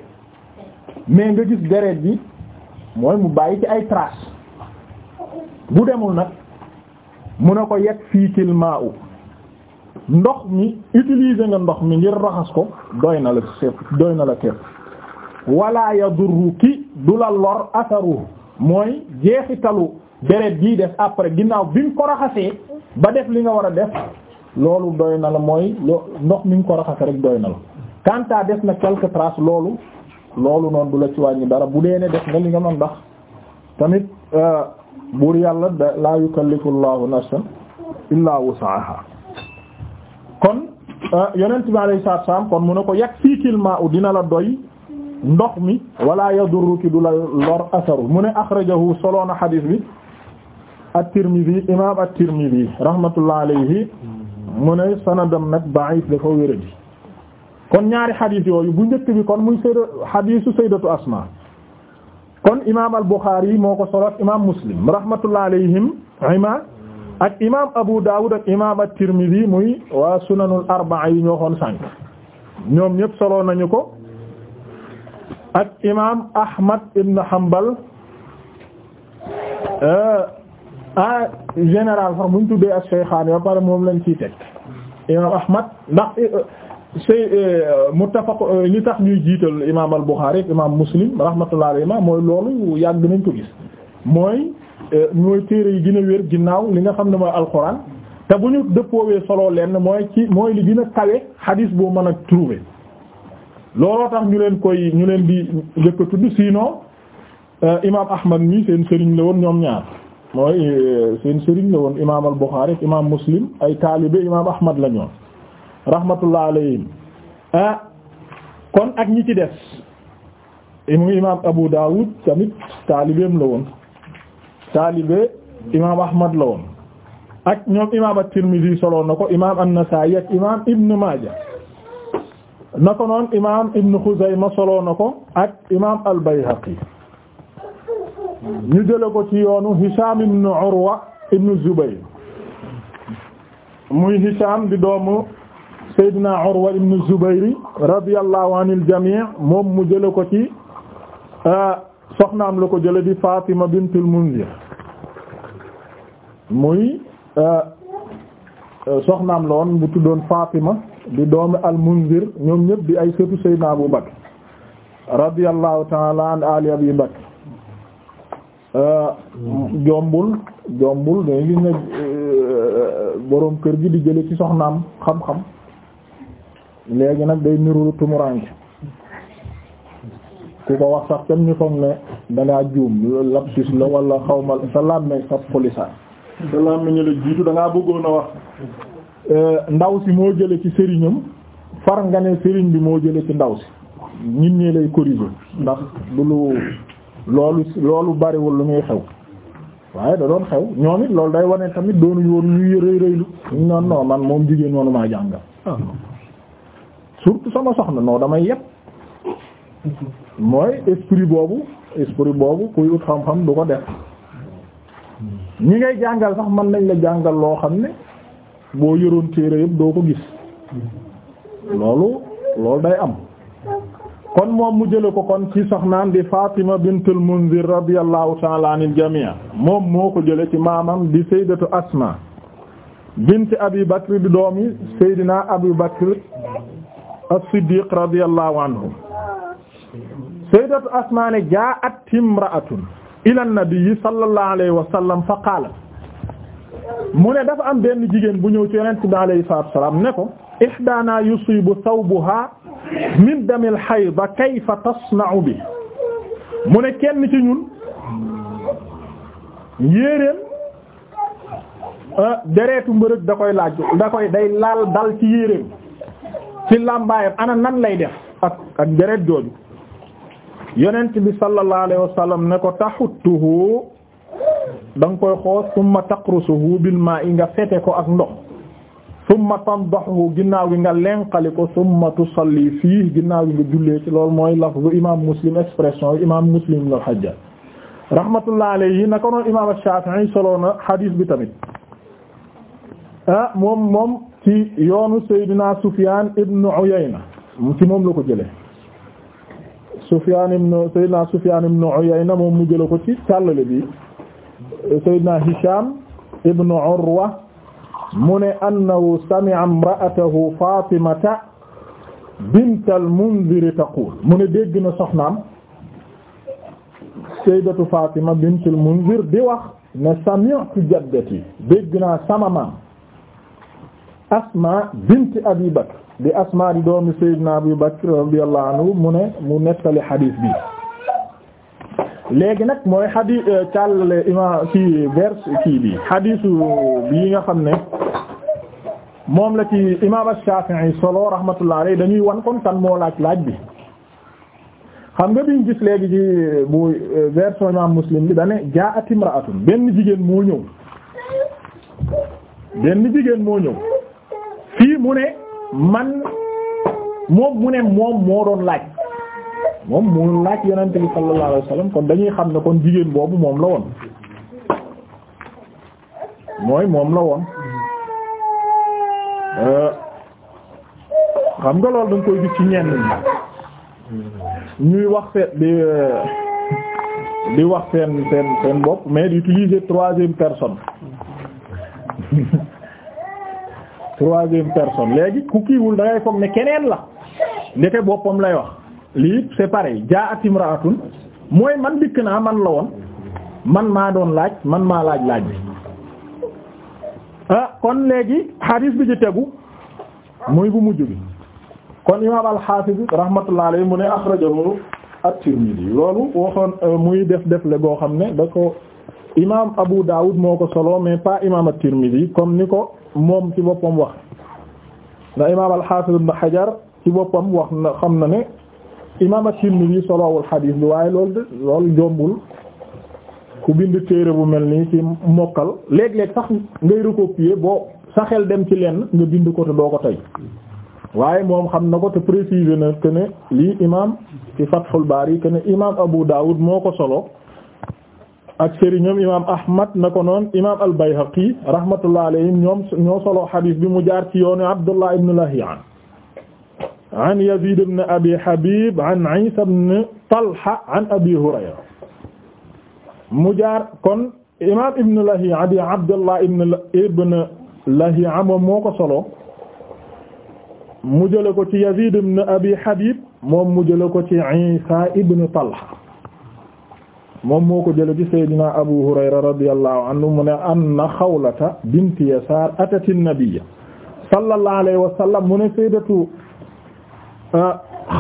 mais nga gis deret bi mooy mu bàyyi ci ay traces bu demul nag mu ne ko fii yakfikil maa'u ndox mi utiliser nga ndox mi ngir raxas ko doy na la seet doy na la teet wala yadurruki du la lor asaru mooy jeexi talu deret gii def après ginnaaw bi nga ko raxasee ba def li nga war a def loolu doy na la mooy lo ndox mi nga ko raxase rek doy na la quant à na quelque trace loolu loolu noonu du la ci wàññi dara bu dee ne def nga li nga mën ndax tamit. Euh, buur yàlla la laa yukallifu llahu nafsan illaa wus'aha kon euh, yonent bi alayhi salaam kon mu ne ko yakfikil maa'u dina la doy ndox mi wala yadurruki du la lor asaru mu ne akhrajahu soloona xadiis bi at-Tirmidhi imaam at-Tirmidhi rahmatullah alayhi mu ne sanadam nag da'if dafa wéradi kon ñaari xadiis yooyu bu njëkk bi kon muy sayda xadiisu saydatu Asmaa kon imaam al-Bukhari moo ko solo ak imaam Muslim rahmatullah alayhim ima ak imaam Abu Dawud ak imaam at-Tirmidhi muy waa sunanul arba'a yi ñoo xoon sànq ñoom ñëpp solo nañu ko ak imaam Ahmad ibn Hanbal euh, en général sax bu ñu tuddee ak Shaykhaani ba pare moom lañ ciy teg imaam Ahmad ndax. Euh, say euh, muttafaq euh, li tax ñuy jiital imaam al-Bukhari ak imaam Muslim rahmatullahi mooy loolu yàgg nañ ko gis mooy euh, mooy téere yi gën a wér ginnaaw li nga xam ne mooy alxuraan te bu ñu dëppoowee solo lenn mooy ci mooy li gën a kawe xadiis boo mën a trouver looloo tax ñu leen koy ñu leen di njëkk a tudd sinon imaam Ahmad mi seen sëriñ la woon ñoom ñaar mooy seen sëriñ la woon imaam al-Bukhari ak imaam Muslim ay taalibe imaam Ahmad la ñoon rahmatullah alayhim ah kon ak ñi ci des mu imam Abu Dawud tamit taalibeem la woon taalibe imam Ahmad la woon ak ñoom imam at-Tirmidhi soloon na ko imam an-Nasa'i ak imam Ibn Majah na ko noon imam Ibn Khuzayma soloon na ko ak imam al-Bayhaqi ñu jële ko ci yoonu Hisham ibn Urwa ibn Zubayr muy Hisham di doomu Seydina Urwa ibn Zubayr radiyallahu anil jamii moom mu jële ko ci soxnaam la ko jële di Fatima bintul Munzir muy soxnaam la woon bu tuddoon Fatima di doomi al Munzir ñoom ñëpp di ay sëtu Seydina Abu Bakr radiyallahu ta'ala an ali Abi Bakr jombul jombul dañuy gis ne e, e, boroom kër gi di jële ci soxnaam xam-xam léegi nag day niru tumuranke ku ko wax sax tam ñu foog ne dangaa juum lapsus la wala xawma sa làmmeñ sa polisan sa làmmeñu la jiitu dangaa bëggoon a wax euh, ndaw si moo jële ci sëriñam far nga ne sëriñ bi moo jële ci ndaw si ñin ñi lay corriger ndax du lu loolu loolu bariwul lu muy xew waaye da doon xew ñoom loolu day wane tamit doonuñu woon ñuy rëy rëylu ñu non non man moom jigéen mënu maa jàngal ah. surtout sama soxna noo damay yépp mooy esprit boobu esprit boobu kuy ut xam-xam du ko def ñi ngay jàngal sax man nañ la jàngal loo xam ne boo yoroon téere yëpp doo ko gis loolu loolu day am kon moom mu jële ko kon ci soxnaan di Fatima bintul Munzir radiyallahu ta'ala anil moom moo ko jële ci maamam di sayyidatu Asma bint Abi Bakr di doomi Seydina Abi Bakr as-Siddiq radiyallahu anhu sayyidatu Asmaa ne jaa'at imra'atun ila an-nabi sallallahu alayhi wa sallam fa qaalat mu ne dafa am benn jigéen bu ñëw ci yonent bi alayhi salaatu wa salaam ne ko ihdaanaa yusiibu thawbuhaa min damil hayd kayfa tasna'u bi mu ne kenn ci ñun yéeréen ah, deretu mbërëg da koy laaj da koy day laal dal ci yéeréen ci làmbaayam ana nan lay def ak ak deret jooju yonent bi sallallahu alayhi wasallam ne ko taxuttuhu da nga koy xoos summa taqrusuhu bil ma'i nga fete ak ndox summa tandahu ginnaaw gi nga lenqali ko summa tusalli fii ginnaaw gi nga jullee ci loolu mooy lafzu imam muslim expression yi imam muslim ibn al-hajjaj rahmatullah alayhi naka noonu imam ash-shafi'i solo na hadith bi tamit ah moom moom ci yoonu Seydina Sufyan ibn Uyayna ci moom la ko jële Sufyan ibn Seydina Sufyan ibn Uyayna moom mu jële ko ci càllale bi Seydina Hisham ibn Urwa mu ne annahu sami'a imra'atahu Fatimata bint al-Munzir taqul mu ne dégg na soxnaam Sayyidatu Fatima bint al-Munzir di wax ne sami'tu jaddati dégg naa sama maam Asma bint Abi Bakr di Asma di doomi Sayyidina Abi Bakr radiyallahu anhu mu ne mu nettali xadiis bi léegi nag mooy xadiis euh, càllale ima ci verse kii bi xadiisu bi nga xam ne moom la ci imaam Shafi'i solo rahmatullahi alayhi dañuy wan kon kan moo laaj laaj bi xam nga biñ gis léegi ci euh, bu euh, version imaam Muslim bi dane jaa'at imra'atun benn jigéen moo ñëw benn jigéen moo ñëw kii mu ne man moom mu ne moom moo doon laaj moom moo laaj yonente bi sallallahu alayhi wasallam kon dañuy xam ne kon jigéen boobu moom la woon mooy moom la woon euh, xam nga loolu dañ koy gis ci ñeen ñuy wax seen di di wax seen seen seen bopp mais d'utiliser troisième personne (laughs) troisième personne léegi ku kiiwul da ngay ne keneen la ndeke boppam lay wax lii c'est pareil jaa at imraatun mooy man dikk naa man la woon man maa doon laaj man maa laaj laaj bi ah kon léegi hadis bi ci tegu muy bu mujj bi kon imaam al-Hafiz rahmatullah alayhi mu ne akhrajahu at-Tirmidhi loolu waxoon euh, muy def def le boo xam ne da ko imaam Abu Dawud moo ko solo mais pas imaam at-Tirmidhi comme ni ko moom ci boppam wax na imaam al-Hafiz ibn Hajar ci boppam wax na xam na ne imaam at-Tirmidhi solowul xadiis bi waaye loolu de loolu jombul ku bind téere bu mel nii ci mokkal léeg-léeg sax ngay recopier boo sa dem ci lenn nga bind ko te doo ko tey waaye moom xam na ko te préciser na que ne lii imaam ci Fathul Bari que ne imaam Abu Dawud moo ko solo ak sëriñam imaam Ahmad na ko noon rahmatullah alayhim ñoo solo xadiis bi mu jaar ci yoonu Abdullah ibn Lahiyan an Yazid ibn Abi Habib an Isa ibn Talha an Abi Hurayra mu jaar kon imaam ibn Lahiyan di Abdullah ibn ibn Lahiyan moom moo ko solo mu jële ko ci Yazid ibn Abi Habib moom mu jële ko ci Isa ibn moom moo ko jële ci sayyidina Abu Hurayra radiyallahu anhu mu ne anna Xawlata binti Yasaar atati nabiyya sallallahu alayhi wa sallam mu uh,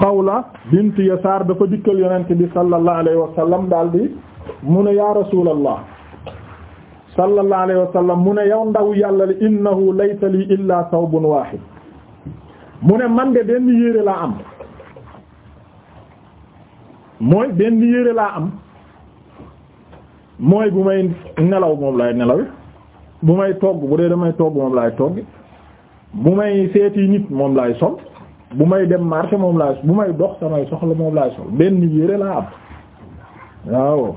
Xawla binti Yasaar dafa dikkal yonent bi sallallahu alayhi wa daldi mu ne yaa rasuulallah alayhi wa sallam mu ndaw yàlla li innahu laysa li illaa sawbun waahid mu ne man de benn yére laa am mooy benn yére laa am mooy bu may nelaw moom laay nelaw bu may togg bu dee damay togg moom laay togg bu may seeti nit moom laay sol bu may dem marché moom laay bu may dox samay soxla moom laay sol benn yére laa am waaw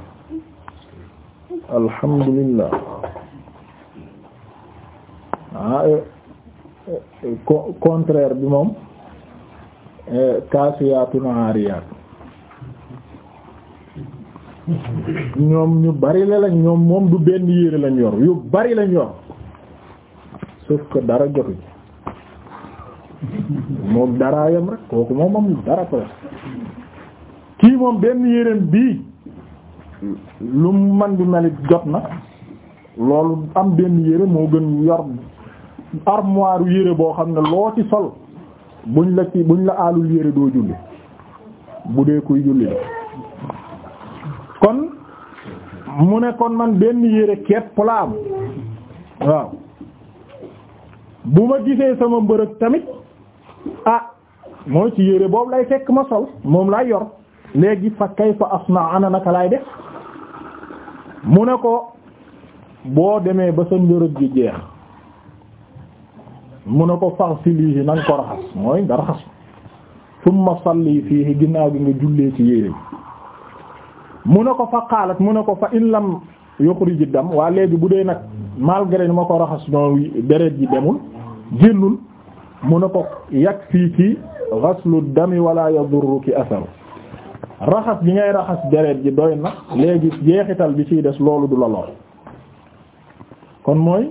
alhamdulillah ah euh, euh, contraire bi moom euh, kaasiyaatun aariyaat ñoom ñu bari la lañ ñoom moom du benn yére lañ yor yu bari lañ yor sauf que dara jotu moom daraa yem rek kooku moom amul dara ko kii moom benn yéreem bii lu man di melit jot na loolu am benn yére moo gën yor armoire yére boo xam ne loo ci sol buñ la ci buñ la aalul yére doo julli bu dee kuy julli la mu ne kon man benn yére kepp laa am waaw bu ma gisee sama mbërëg tamit ah mooy ci yére boobu lay fekk ma sol moom lay yor léegi fa kayfa asna ana naka laay def mu ne ko boo demee ba sa mbërëg gi jeex mu ne ko faxsilihi na nga ko raxas mooy nga raxas summa salli fiihi ginnaaw gi nga jullee ci yére bi mu ne ko fa xaalat mu ne ko fa in lam yuxriji dam waa léegi bu dee nag malgré ni ma ko raxas noonu deret ji demul génnul mu ne ko yakfiki ghaslu dami wala yadurruki atharu raxas bi ngay raxas deret ji doy na léegi jeexital bi ciy des loolu du la lool kon mooy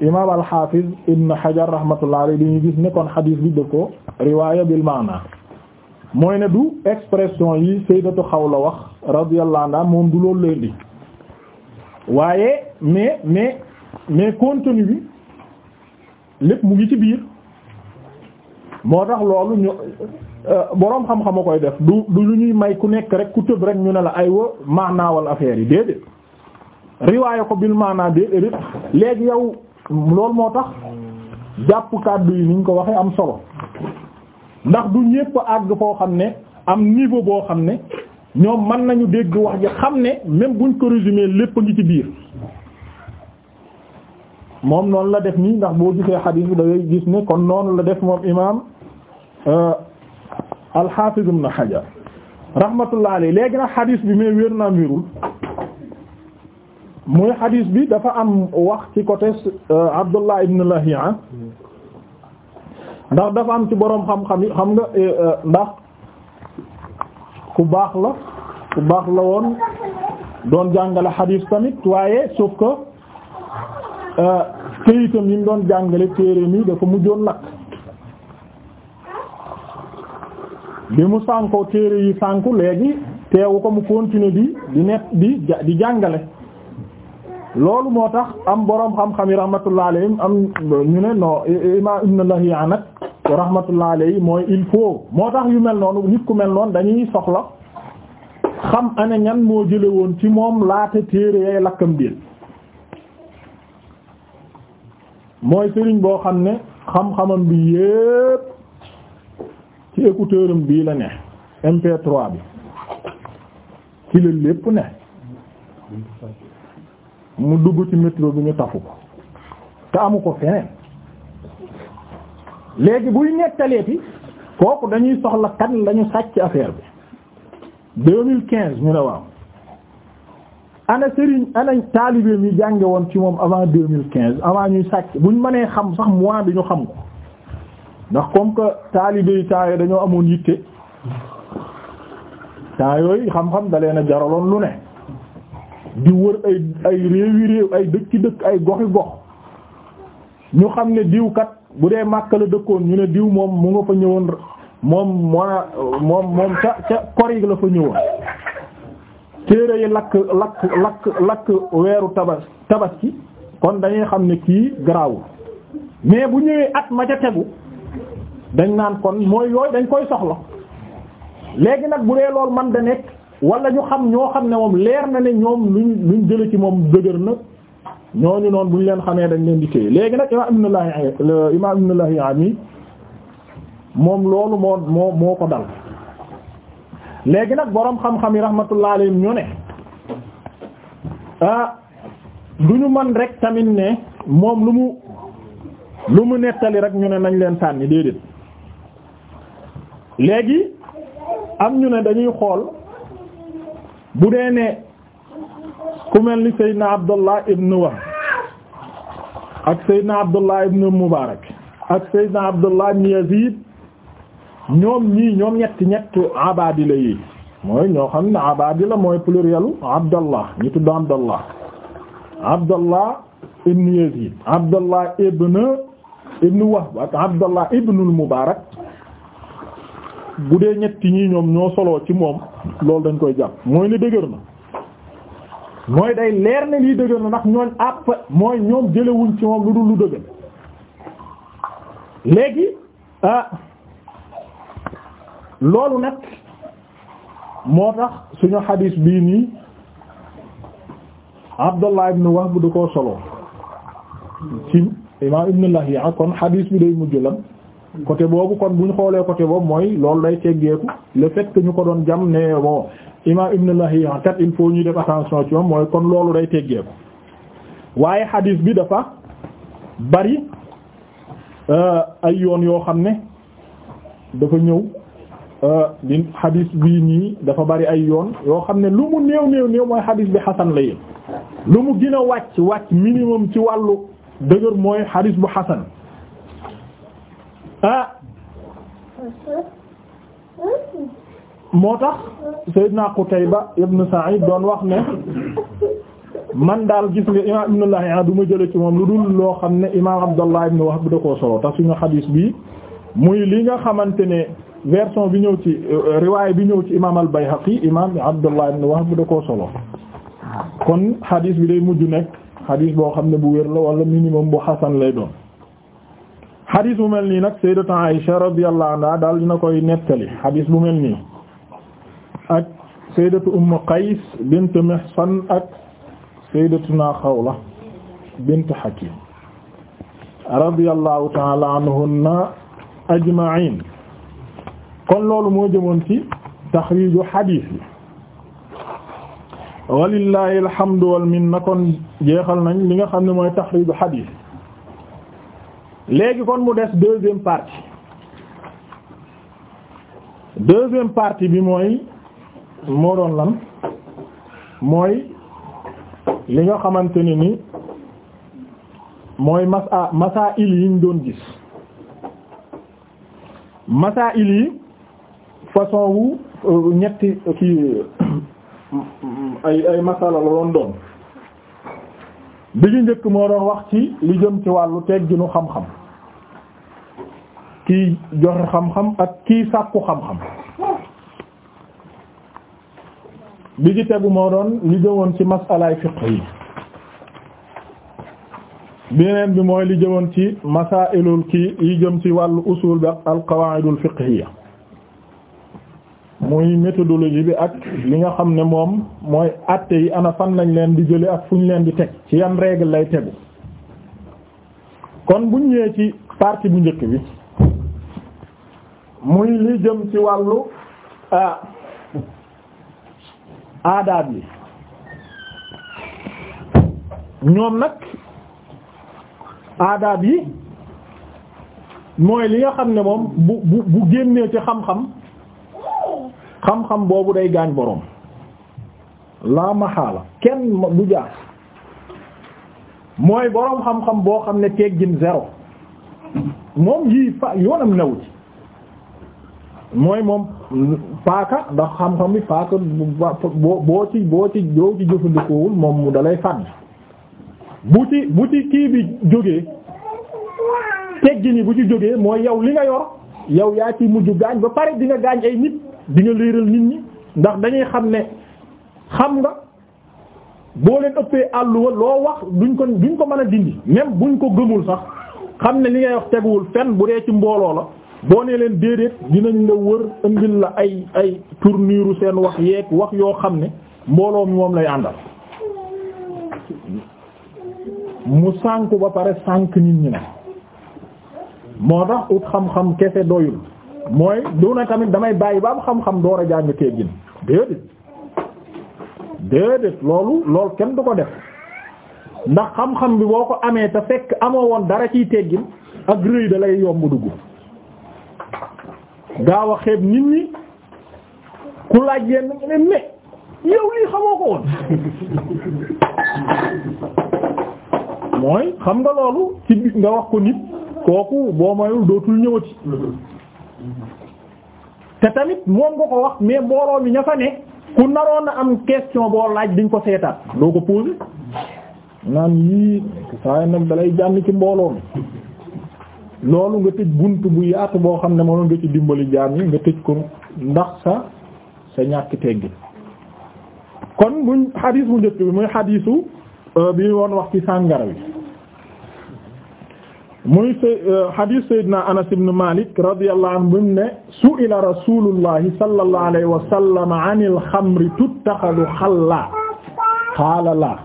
imaam al-Hafiz Ibn Hajar rahmatullah alayhi dañuy gis ne kon xadiis bi da ko riwaaya bil maana mooy na du expression yi xaw la wax radiyallahu anha moom du loolu lay di waaye mais mais mais contenu bi lépp mu ngi ci biir moo tax loolu ñu euh, boroom xam-xama koy def du du lu ñuy may ku nekk rek ku tëb rek ñu ne la ay wa maanaawal affaire yi déedéet riwaaya ko bil maanaa déedéet léegi yow loolu moo tax jàpp kàddu yi niñ ko waxee am solo ndax du ñépp àgg foo xam ne am niveau boo xam ne ñoom mën nañu dégg wax ji xam ne même buñ ko résumer lépp a ngi ci biir moom noonu la def nii ndax boo gisee xadiis bi da gis ne kon noonu la def moom imaam euh, al-Hafiz Ibn Hajar rahmatullah alayhi léegi nag xadiis bi mais wér naa wérul muy xadiis bi dafa am wax ci côté euh, Abdullah ibn Lahiya ndax dafa am ci boroom xam-xam yi xam nga eh, eh, ndax ku baax la ku baax la woon doon jàngale xadiis tamit waaye sauf que eh, këyitam yi mu doon jàngale téere mi dafa mujjoon lakk bi mu sànkoo téere yi sànku léegi teewu ko mu continuer bi di net di di jàngale loolu moo tax am boroom xam-xam yi rahmatullah alayhim yi ñu ne non imam ibn Lahiya nag mooy il faut moo tax yu mel noonu nit ku mel noonu dañuy soxla xam ana ñan moo jële woon ci moom laata téere yay lakkam biir mooy sëriñ boo xam ne xam-xamam bi yépp ci écouteur bii la ne mp bi ci la lépp ne mu dugg ci métro bi ñu tafu ko te amu ko feneen léegi buy nettaleeti kooku dañuy soxla kan lañu sàcc affaire bi 2015 ñu ne waaw ana Serigne ana taalibeem yi jànge woon ci moom avant 2015 avant ñuy sàcc buñ manee xam sax mois bi ñu xam ko ndax comme que taalibe yi yooyu dañoo amoon yitte temps yooyu xam-xam da leen jaraloon lu ne. di wër ay ay réewi réew ay dëkki dëkk ay goxi gox ñu xam ne diw kat bu dee Makka la dëkkoon ñu ne diw moom mu nga fa ñëwoon moom moona moom moom ca kor kori la fa ñëwoon téere yi lakk lakk lakk lakk weeru tabas tabaski kon dañuy xam ne kii garaawul mais bu ñëwee at ma ca tegu dañ naan kon mooy yooyu dañ koy soxla léegi nag bu dee lool man da nekk wala ñu xam ñoo xam ne moom leer na ne ñoom luñ luñ jële ci moom dëgër na ñooñu noonu bu ñu leen xamee dañ leen di téye léegi nag imaam ibnu lahi imaam ibnu lahi ami moom loolu moo moo moo ko dal léegi nag boroom xam-xam yi rahmatullah alayhim ñu ne ah du ñu mën rek tamit ne moom lu mu lu mu nettali rek ñu ne nañ leen sànni déedéet léegi am ñu ne dañuy xool bu dee ne ku mel ni Seydina Abdullah ibn Wahb ak Seydina Abdullah ibn Mubarak ak Seydina Abdullah ibn Yazid ñoom ñii ñoom ñett ñett abadila yi mooy ñoo xam ne abadila mooy plurielu Abdallah ñu tudd Abdallah Abdallah ibn Yazid Abdallah ibn ibn Wahb ak Abdallah ibn al-Mubarak bu dee ñetti ñi ñoom ñoo soloo ci moom loolu dañ koy jàpp mooy ne dëgër na mooy day leer ne lii dëgër na ndax ñooñ àpp mooy ñoom jëlewuñ ci moom lu dul lu dëgër léegi ah loolu nag moo tax suñu xadiis bii nii Abdullah ibn Wahb da koo soloo ci imaam Ibn Lahiya kon xadiis bi day mujj lan côté boobu kon bu ñu xoolee côté boobu mooy loolu day teggeeku le fait ñu ko doon jam ne bon imam Ibn Lahiya kat il faut ñu def attention ci moom mooy kon loolu day teggeeku waaye hadith bi dafa bari euh, ay yoon yoo xam ne dafa ñëw euh, di hadith bii nii dafa bari ay yoon yoo xam ne lu mu néew néew néew mooy hadith bi xasan la yéen lu mu gën a wàcc wàcc minimum ci wàllu dëgër mooy hadith bu xasan ah moo tax Seydina Qutayba ibn Sa'id doon wax ne man daal gis nga imaam Ibn Lahiya ah, du ma jële ci moom lu dul loo xam ne imaam Abdallah wax bu da koo solo tax suñu xadiis bi muy li nga xamante ne version bi ñëw ci euh, riwaay bi ñëw ci imaamal imaam i bayhaqi imaam Abdallah ibn Wahb da koo solo kon xadiis bi day mujj nekk xadiis boo xam ne bu wér la wala minimum bu xasan lay doon. xadis bu mel nii nag sayyidatu Aisha radiyallahu anha daal dina koy nettali xadis bu mel nii ak sayyidatu Umm Qays bint Mihsan ak sayyidatuna Xawla bint Hakim radiyallahu ta'ala anhunna ajma'in kon loolu moo jëmoon ci taxriiju xadis yi walillahi alhamdu wal minna kon jeexal nañ li nga xam ne mooy taxriiju xadis léegi kon mu des deuxième partie deuxième partie bi mooy moo doon lan mooy li nga xamante ne ni mooy masa masaa'il yi ñu doon gis masaa'il yi façon wu euh, ñetti kii (coughs) ay ay masala la doon doon bi ñu njëkk moo doon wax ci li jëm ci wàllu tegginu xam-xam kii joxe xam-xam ak kii sàkku xam-xam bi ci tegu moo doon li jëwoon ci masalaay fiqh yi beneen bi mooy li jëwoon ci masailul kii yi jëm ci wàllu usul bi ak al qawaidul fiqhiyya muy méthodologie bi ak li nga xam ne moom mooy atte yi ana nañ leen di jële ak fu ñu leen di teg ci yan règle lay tegu kon buñ ñëwee ci partie bu njëkk bi muy li jëm ci wàllu ah aadaab yi ñoom nag aadaab yi mooy li nga xam ne moom bu bu bu génnee ci xam-xam xam-xam boobu day gaañ boroom laa maxaala kenn du jaar mooy boroom xam-xam boo xam ne teggin zéro moom yii fa yoonam new ci mooy moom paaka ndax xam-xam bi paaka boo boo ci boo ci boo ci jëfandikoowul moom mu dalay fàdd bu ci bu ci kii bi jógee teggin bu ci jógee mooy yow li nga yor yow yaa ci mujj gaañ ba pare di nga gaañ ay nit di nga nit ñi ndax dañuy xam ne xam nga boo leen ëppee àlluwa loo wax duñ ko duñ ko mën a dindi même buñ ko gëmul sax xam ne li ngay wax teguwul fenn bu dee ci mbooloo la boo nee leen déedéet dinañ la wër indil la ay ay tournure seen wax yeeg wax yoo xam ne mbooloo mi moom lay àndal mu sànku ba pare sànk nit ñi nag moo tax ut xam-xam kese doyul mooy du na tamit damay bàyyi ba am xam-xam door a jàng teggin déedéet déedéet loolu loolu kenn du ko def ndax xam-xam bi boo ko amee te fekk amoo woon dara ciy teggin ak rëy da lay yomb dugg gaaw a xeeb nit ñi ku laaj leen nga ne mais yow xamoo ko woon mooy xam nga loolu ci nga wax ko nit kooku boo mayul dootul ñëwati te tamit moom nga ko wax mais mbooloo mi ña fa ne ku naroon a am question boo laaj diñ ko seetaat doo ko posé naan yii saa nag dalay jàmm ci mbooloo loolu nga tëj bunt bu yaatu boo xam ne moo nga ci dimbali jaam yi nga tëj ko ndax sa sa ñàkk teggi kon muñ xadiis bu njëkk bi muy xadiisu euh, bi woon wax ci sàngara bi muy euh, hadith sayyidina Anas ibn Malik radiyallahu anhu mu ne su'ila rasulullahi sallallahu alayhi wa sallam anil xamri tuttaxadu xalla xaala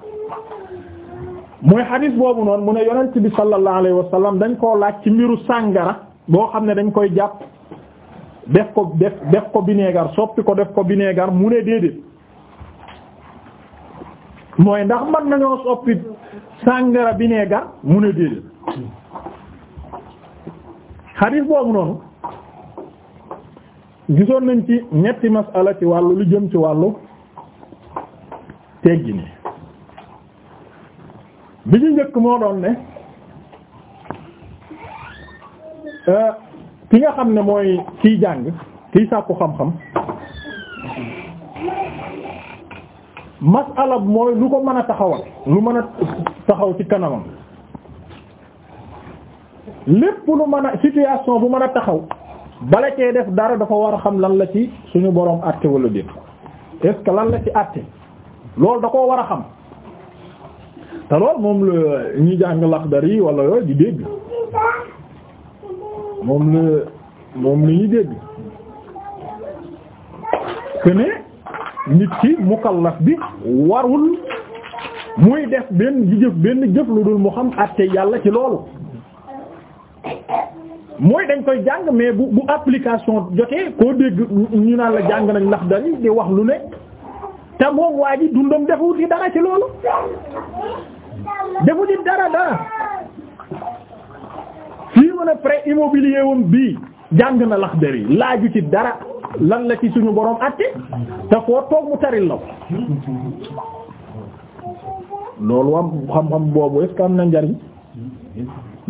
muy hadith boobu noonu mu ne yonent bi sallallahu alayhi wa dañ koo laaj ci mbiru sàngara boo xam ne dañ koy jàpp def ko def def ko bineegar soppi ko def ko bineegar mu ne déedéet mooy ndax mën nañoo soppi sàngara bineegar mu ne déedéet xadiis boobu noonu gisoon nañ ci ñetti masala ci wàllu lu jëm ci wàllu teggi ni bi ñu njëkk moo doon ne euh, ki nga xam ne mooy kiy jàng kiy sàkku xam-xam masala mooy lu ko mën a taxawal lu mën a taxaw ci kanamam lépp lu mën a situation bu mën a taxaw bala cee def dara dafa war a xam lan la ci suñu boroom àtte wala déet est lan la ci àtte loolu da koo war a xam te loolu moom la ñuy jàng Laxdari wala yooyu di dégg moom la moom la ñuy dégg que ne nit ki mukallaf bi warul muy def benn di jëf benn jëf lu dul mu xam àtte yàlla ci loolu. mooy dañ koy jàng mais bu bu application jotee koo dégg ñu naan la jàng nañ ndax dari di wax lu ne te moom waa dundam deful ci dara ci loolu defu ci dara dara fii mën a prêt immobilier wam bii jàng na laaj laaju ci dara lan la ci suñu boroom atti te foo toog mu taril la ko loolu am xam-xam boobu est na njariñ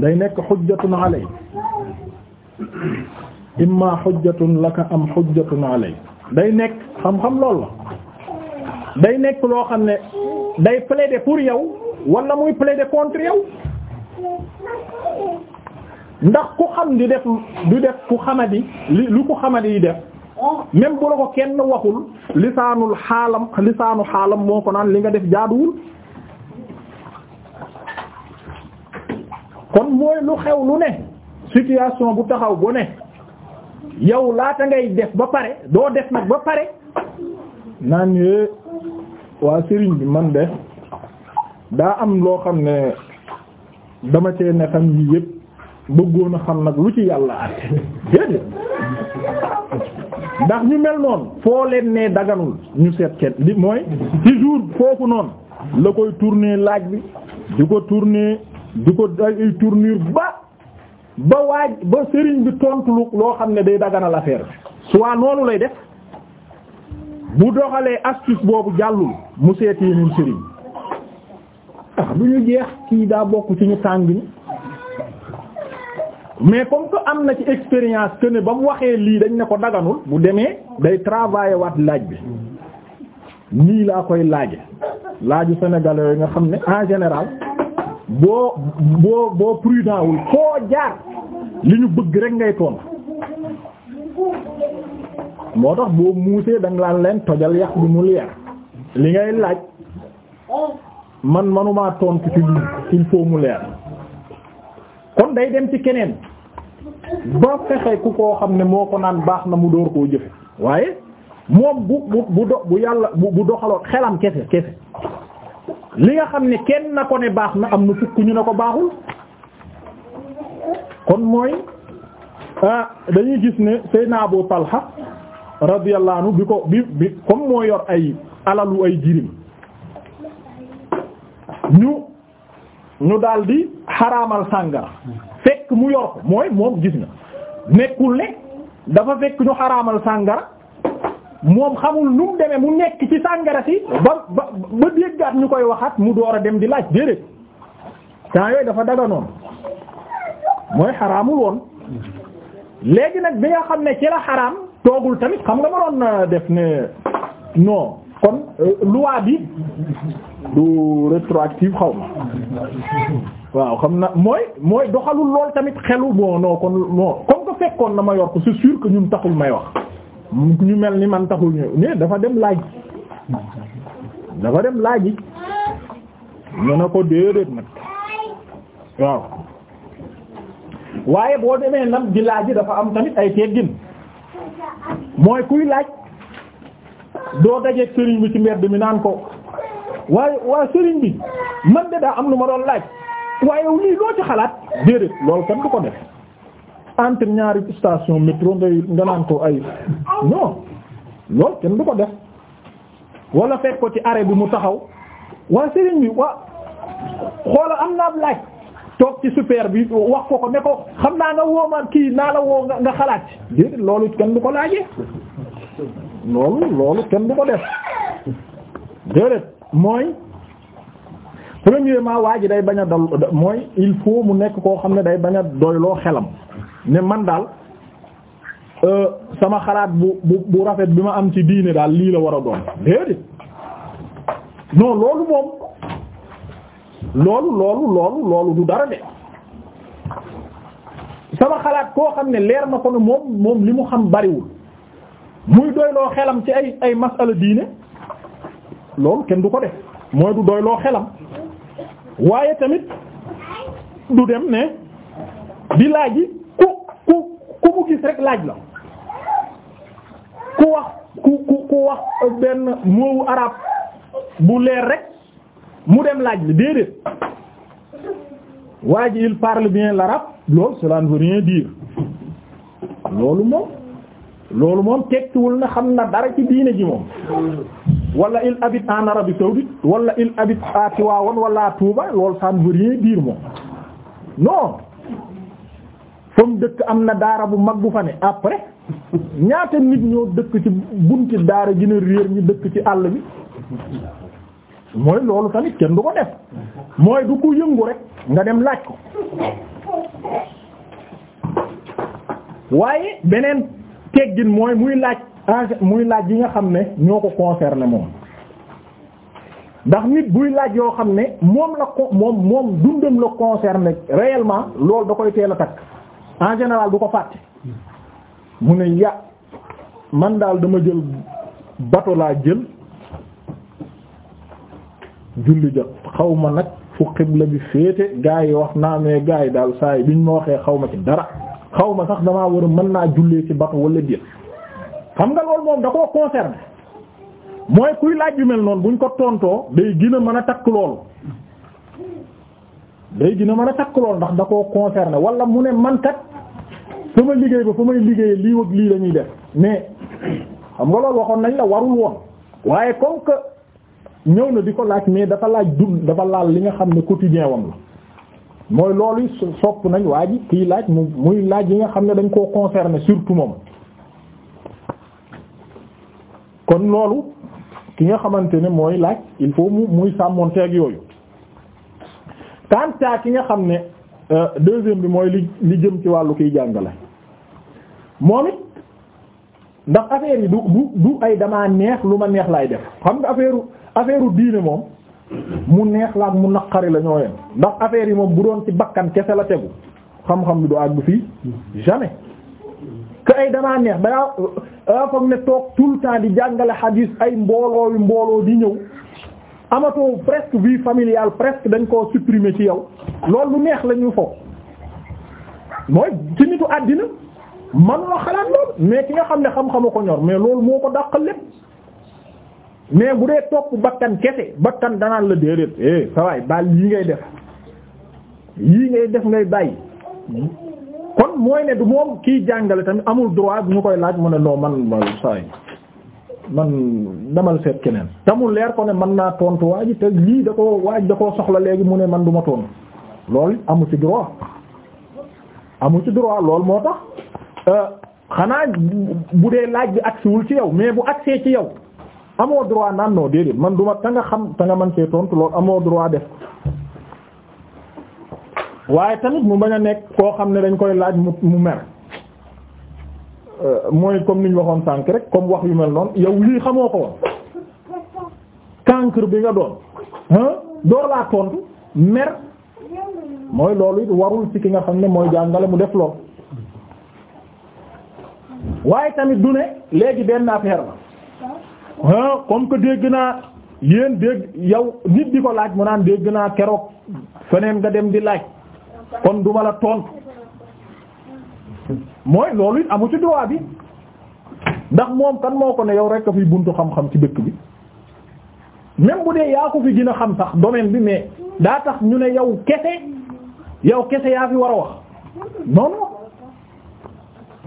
day nekk xujjatun alay imma xujjatun laka am xujjatun alay day nekk xam-xam lool day nekk loo xam ne day plaider pour yow wala muy plaider contre yow ndax ku xam di def du def ku xamadi li lu ku xamadi di def même bu la ko kenn waxul lisaanul xaalam lisaanu xaalam moo ko naan li nga def jaaduwul kon mooy lu xew lu ne situation bu taxaw bu ne yow laata ngay def ba pare doo def nag ba pare naan yee waa sëriñ bi man de daa am loo xam ne dama cee ne xam yi yëpp bëggoon a xam nag lu ci yàlla àtte déedéet ndax ñu mel noonu foo leen ne daganul ñu set kenn li mooy ci jour foofu noonu la koy tourner laaj bi di ko tourner di ko ay ay tournure ba ba waaj ba sëriñ bi tontu loo xam ne day daganal affaire bi soit noonu lay def bu doxalee astuce boobu jàllul mu seeti yeneen sëriñ ah lu ñu jeex kii daa bokk ci ñu tàng ni mais comme que am na ci expérience que ne ba mu waxee lii dañ ne ko daganul bu demee day travailler waat laaj bi nii laa koy laaj laaju sénégalais yi nga xam ne en général boo boo boo prudent wul foo jaar li ñu bëgg rek ngay ton moo tax boo muusee danga laan leen tojal yàq bi mu leer li ngay laaj man manuma tontu ci il faut mu leer kon day dem ci keneen ba fexe ku koo xam ne moo ko naan baax na mu door koo jëfe waaye moom bu bu bu do bu yàlla bu doxaloo xelam kese kese li nga xam ne kenn na ko ne baax na am na fukk ñu ne ko baaxul kon mooy ah, dañuy gis ne Seydina Abu Talha radiyallahu bi ko bi bi comme moo yor ay alalu ay jirim ñu ñu daldi xaraamal sàngara fekk mu yor ko mooy moom gis na nekkul ne dafa fekk ñu xaraamal sàngara moom xamul nu mu mu nekk ci sàngara si ba ba ba déggaat ñu koy waxaat mu door a dem di laaj déedéet temps yooyu dafa daganoon mooy xaraamul woon léegi nag bi nga xam ne ci la xaraam toogul tamit xam nga ma doon def ne non kon euh, loi bi du rétroactive xaw ma waaw xam na mooy mooy doxalul lool tamit xelu bon non kon non comme que fekkoon na ma yor ko c'est sûr que ñun taxul may wax ñu mel ni man taxu ñu ne dafa dem laaj dafa dem laaj yi ñu ne ko déedéet nag waaw waaye boo demee nam di laaj yi dafa am tamit ay teggin mooy kuy laaj doo dajeeg sëriñ bi ci mbedd mi naan ko waaye waa sëriñ bi man de daa am lu ma doon laaj waaye lii loo ci xalaat déedéet loolu kenn du ko def entre ñaari station métro ngay nga naan ko ay non loolu kenn du ko def wala fekk ko ci arrêt bi mu taxaw waa sëriñ bi waa xoola am naa laaj toog ci super bi wax ko ko ne xam naa nga woo ma kii naa la woo nga xalaat déedéet loolu kenn du ko laajee loolu loolu kenn du ko def déedéet mooy premièrement waa ji day baña a dal mooy il faut mu nekk koo xam ne day bañ a doyloo xelam ne man daal euh, sama xalaat bu bu bu rafet bi ma am ci diine daal lii la war a doon déedéet non loolu moom loolu loolu loolu loolu du dara de sama xalaat koo xam ne leer na ko ne moom moom li mu xam bariwul muy doyloo xelam ci ay ay masala diine loolu kenn du ko def mooy du doyloo xelam waaye tamit du dem ne di laaji ku mu rek laaj la ku wax ku ku ku wax benn moowu arab bu leer rek mu dem laaj la déedéet waa ji il parle bien l'arabe loolu cela ne veut loolu moom loolu moom tekkiwul na xam na dara ci diine ji moom wala il habite en Arabie saoudite wala il habite à Tivaouane wala à Touba loolu ça moom non fa dëkk am na daara bu mag bu fa ne après ñaata nit ñoo dëkk ci bunti daara gën a réer ñu dëkk ci àll bi mooy loolu tamit kenn du ko def mooy du ko yëngu rek nga dem laaj ko waaye beneen teggin mooy muy laaj muy laaj yi nga xam ne ñoo ko concerné moom ndax nit buy laaj yoo xam ne moom la ko moom moom dundam la concerné réellement loolu da koy teel a takk en général du ko fàtte mu ne ya man daal dama jël bato laa jël julli jot xaw ma nag fu xibla bi féete gaa yi wax naa mais gaa yi daal saa yi biñ ma waxee xaw ma ci dara xaw ma sax damaa war a mën naa jullee ci bato wala déet xam nga lool moom da koo concerné mooy kuy laaj yu mel noonu buñ ko tontoo day gën a mën a takk loolu day gën a mën a takk loolu ndax da koo concerné wala mu ne man kat sama liggéey ba fa may liggéey lii wëg lii lañuy def mais xam nga loolu waxoon nañ la warul woon waaye comme que ñëw na di ko laaj mais dafa laaj dund dafa laal li nga xam ne quotidien wam la mooy loolu sopp nañ waa ji kii laaj mu muy laaj yi nga xam ne dañ koo concerné surtout moom kon loolu ki nga xamante ne mooy laaj il faut mu muy sàmmoon teeg yooyu tant ki nga xam ne Euh, deuxième bi mooy li li jëm ci wàllu kiy jàngale moom it ndax affaire yi du du du ay damaa neex lu ma neex laay def xam nga affaire affaire diine moom mu neex la ak mu naqari la ñoo ndax affaire yi moom bu doon ci bakkan kese la tegu xam-xam bi du àgg fii jamais que ay damaa neex dangaa foog ne toog tout le temps di jàngale xadiis ay mbooloo yu mbooloo di ñëw amatoo presque vie familial presque dañ koo supprimer ci yow lool lu neex la ñu foog mooy ci nitu àddina manula xalaat loolu mais ki nga xam ne xam-xama ko ñor mais loolu moo ko dàqal lépp mais bu dee topp bakkan kese bakkan danaan la déedéet eh sa waay baal yii ngay def yii ngay def ngay bàyyi kon mooy ne du moom kiy jàngale tamit amul droit bu ñu koy laaj mu ne non man ma man demal seet keneen te leer ko ne mën naa tontu waaj te lii da koo waaj da koo soxla léegi mu ne man duma ma tontu loolu amu ci droit amu ci droit loolu moo tax euh, xanaa bu dee laaj bi agsiwul ci yow mais bu agsee ci yow amoo droit naan non déedéet man du ma ta nga xam ta nga mën see tontu loolu amoo droit def waaye tamit mu bañ a nekk koo xam ne dañ koy laaj mu mu mer. Euh, mooy comme ni ñu waxoon sànk rek comme wax yu mel noonu yow lii xamoo ko woon cancre bi nga doon door laa tontu mer mooy loolu it warul ci ki nga xam ne mooy jàngale mu def lool waaye tamit du ne léegi benn affaire la comme que dégg naa yéen dégg yow nit di ko laaj mu naan dégg naa keroog feneen nga dem di laaj kon duma la tontu mooy loolu it amu ci droit bi ndax moom kan moo ko ne yow rek a fi buntu xam-xam ci dëkk bi même bu dee yaa ko fi gën a xam sax domaine bi mais daa tax ñu ne yow kese yow kese yaa fi war a wax non non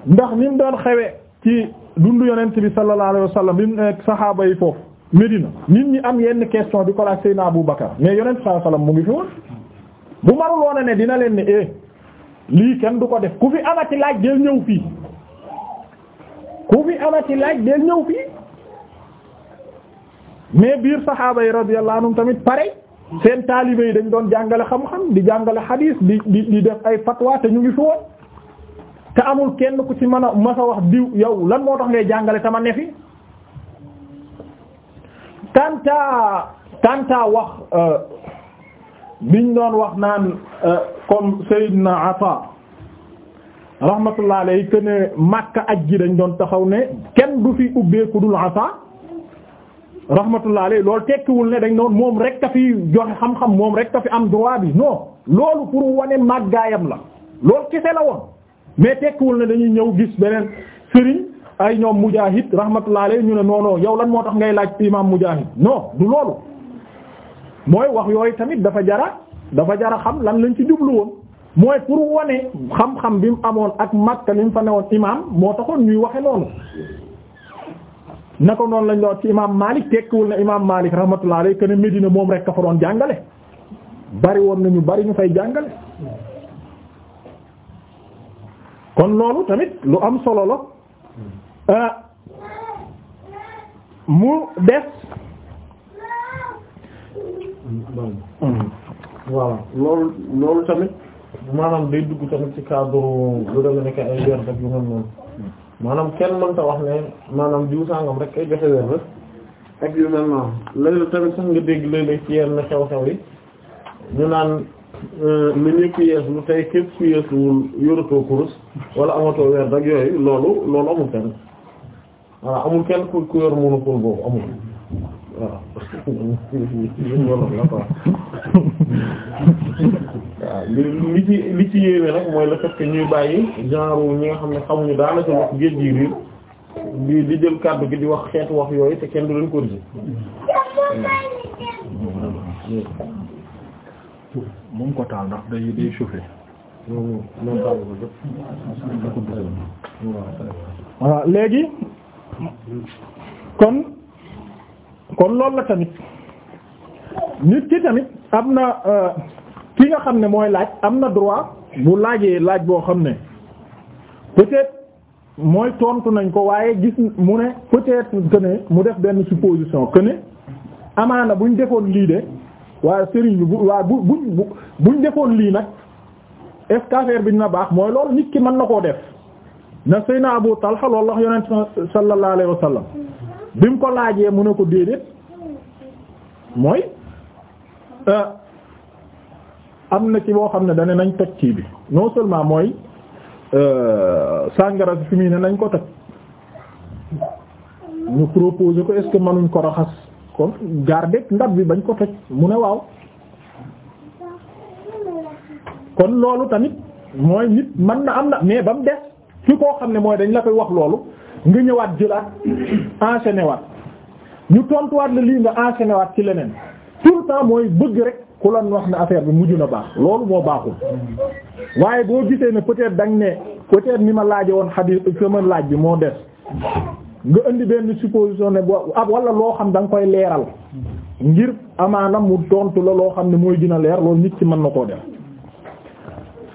ndax ni doon xewee ci dundu yonent bi sallallahu alayhi wa sallam bi mu nekk saxaaba yi foofu Medina nit ñi am yenn question bi ko laaj Seydina Abu Bakar mais yonent sallallahu alayhi wa mu ngi fi woon bu marul woon ne dina leen ne eh. lii kenn du ko def ku fi amati laaj del ñëw fii ku fi amati laaj del ñëw fii mais biir saxaaba yi radiyallahu anhum tamit pare seen taalibe yi dañ doon jàngale xam-xam di jàngale xadiis di di di def ay fatwa te ñu ngi fi woon te amul kenn ku ci mën a mas a wax diw yow lan moo tax ngay jàngale tama ne fi tanta tanta wax euh, biñ doon wax naan euh, comme Seydina Ata rahmatullah alayhi que ne Makka aj gi dañ doon taxaw ne kenn du fi ubbeeku dul Ata rahmatullah alayhi loolu tekkiwul ne dañ doon moom rek a fi joxe xam-xam moom rek a fi am droit bi non loolu pour wane màggaayam la loolu kese la woon mais tekkiwul ne dañuy ñëw gis beneen sëriñ ay ñoom Mujaahid rahmatullah alayhi ñu ne noonu yow lan moo tax ngay laaj imam Mujaahid non du loolu. mooy wax yooyu tamit dafa jara dafa jara xam lan lañu ci jublu woon mooy pour wane xam-xam bi mu amoon ak Makka li mu fa newoon imaam moo taxoon ñuy waxe noonu naka noonu lañ doon ci imaam Malik tekkiwul na imaam Malik rahmatullah alayhi que Medina moom rek ka jàngale bari woon nañu bari ñu fay jàngale kon loolu tamit lu am solo la euh, mu des waaw loolu loolu tamit maanaam day dugg tamit ci cadre lu demee nekk ay weer rek yu mel noonu maanaam kenn mënta wax ne maanaam diw sangam rek kay joxe weer rek ak yu mel noonu loolu tamit sax nga dégg léeg-léeg ci yenn xew-xew yi ñu naan lu euh, ñëpp yees lu tey képp ku yees wul yoratoo kurus wala amatoo weer rek yooyu loolu loolu amul kenn voilà amul kenn ku ku yor monopole boobu amul. waaw waaw (laughs) li ci li ci yéeme nag mooy la fait ñuy bàyyi genre ñi nga xam ne xamuñu daanaka wax géej gi riir di di jël kàddu gi di wax xeetu wax yooyu te kenn du leen corriger moom ko taal ndax day day mm-hmm. léegi kon kon loolu la tamit nit ki tamit am na euh, ki nga xam ne mooy laaj am na droit bu laajee laaj boo xam ne peut-être mooy tontu nañ ko waaye gis mu ne peut-être mu def benn supposition que ne amaana buñ defoon lii de waaye sëriñ bi bu waaye bu buñ buñ defoon lii nag est-ce que affaire bi dina baax mooy loolu nit ki mën na koo def na Seydina Abu Talha loolu wax yonent sallallahu alayhi wa bi mu ko laajee mu ne ko déedéet mooy euh, am na ci boo xam ne dane nañ toj kii bi non seulement mooy euh, sàngara si fi muy ne nañ ko toj ñu proposé ko est-ce mënuñ ko raxas kon garder ndab bi bañ ko toj mu ne waaw kon loolu tamit mooy nit mën na am na mais ba mu des ci koo xam ne mooy dañ la koy wax loolu nga ñëwaat jëlaat enchaîné waat ñu tontuwaat la lii nga enchaîné waat ci leneen tout le temps mooy bëgg rek ku lan wax ne affaire bi mujj na baax loolu moo baaxul waaye boo gisee ne peut-être dañ ne peut-être ni ma laaje woon xadis sama laaj bi moo des nga indi benn supposition ne boo ab wala loo xam da nga koy leeral ngir amaana mu tontu la loo xam ne mooy dina leer loolu nit ci mën na koo def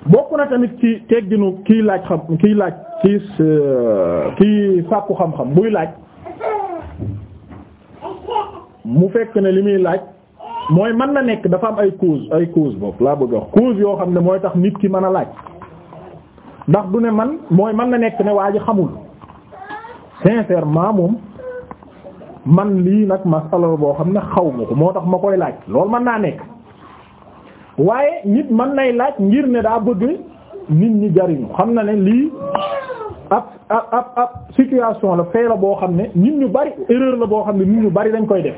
bokk na tamit ci tegginu kiy laaj xam kiy laaj kii kii sàkku xam-xam buy laaj mu fekk ne li muy laaj mooy mën na nekk dafa am ay cause ay cause boobu laa bëgg wax cause yoo xam ne mooy tax nit ki mën a laaj ndax du ne man mooy man na nekk ne waa ji xamul sincèrement moom man lii nag masala boo xam ne xaw ko moo tax ma koy laaj loolu mën naa nekk waaye nit mën nay laaj ngir ne daa bëgg nit ñi jariñu xam na ne lii ab ab ab situation la fee la boo xam ne nit ñu bari erreur la boo xam ne nit ñu bari dañ koy def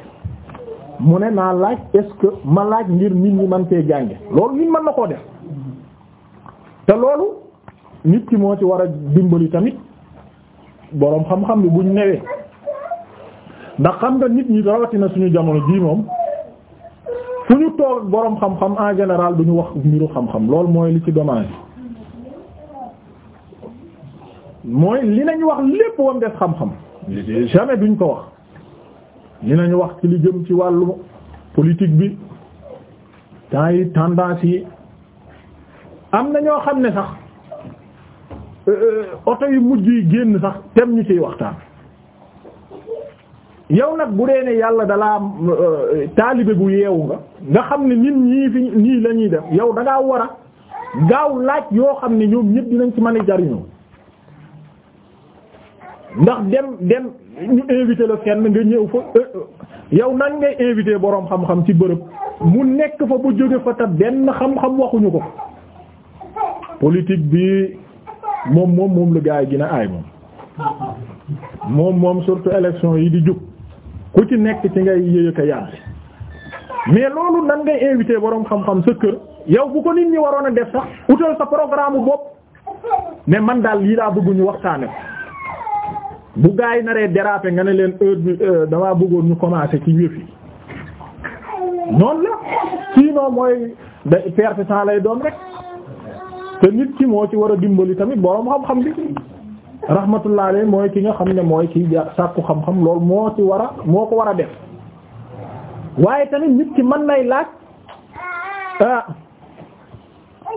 mu ne naa laaj est ma laaj ngir nit ñi mën cee jànge loolu nit man na koo def te loolu nit ki moo ci war a dimbali tamit boroom xam-xam bi buñ newee ndax xam nga nit ñi rawatina suñu jamono jii moom fu ñu toog boroom xam-xam en général duñu wax mbiru xam-xam loolu mooy li ci dommage mooy li nañ wax lépp wam def xam-xam jamais duñ ko wax li nañ wax ci li jëm ci wàllu politique bi temps yi tendance yi am na ñoo xam ne sax euh, euh, oto yu mujj yi génn sax tem ñu ciy waxtaan yow nag bu dee ne yàlla dalaa euh, taalibe gu yeewu nga nga xam ne nit ñii fi nii la ñuy def yow da ngaa war a gaaw laaj yoo xam ne ñoom ñëpp dinañ ci mën a jariñoo ndax dem dem ñu invité la fenn nga ñëw fa euh, euh, yow nan ngay invité boroom xam-xam ci bërëb mu nekk fa bu jóge fa te benn xam-xam waxuñu ko politique bi moom moom moom la gaa yi gën aay moom moom moom surtout élection yi di jub ku ci nekk ci ngay yëyëka yàbbi mais loolu nan ngay invité boroom xam-xam sa kër yow bu ko nit ñi waroon a def sax utal sa programme bopp ne man daal lii laa bëgg ñu waxtaane ko bu gaa yi naree déraper nga ne leen heure euh, damaa bëggoon ñu commencer ci yëf yi noonu la sinon mooy da perte lay doon rek te nit ki moo ci war a dimbali tamit boroom xam-xam bi rahmatullah alayhi mooy ki nga xam ne mooy ki sàkku xam-xam loolu moo ci war a moo ko war a def waaye tamit nit ki mën nay laaj ah,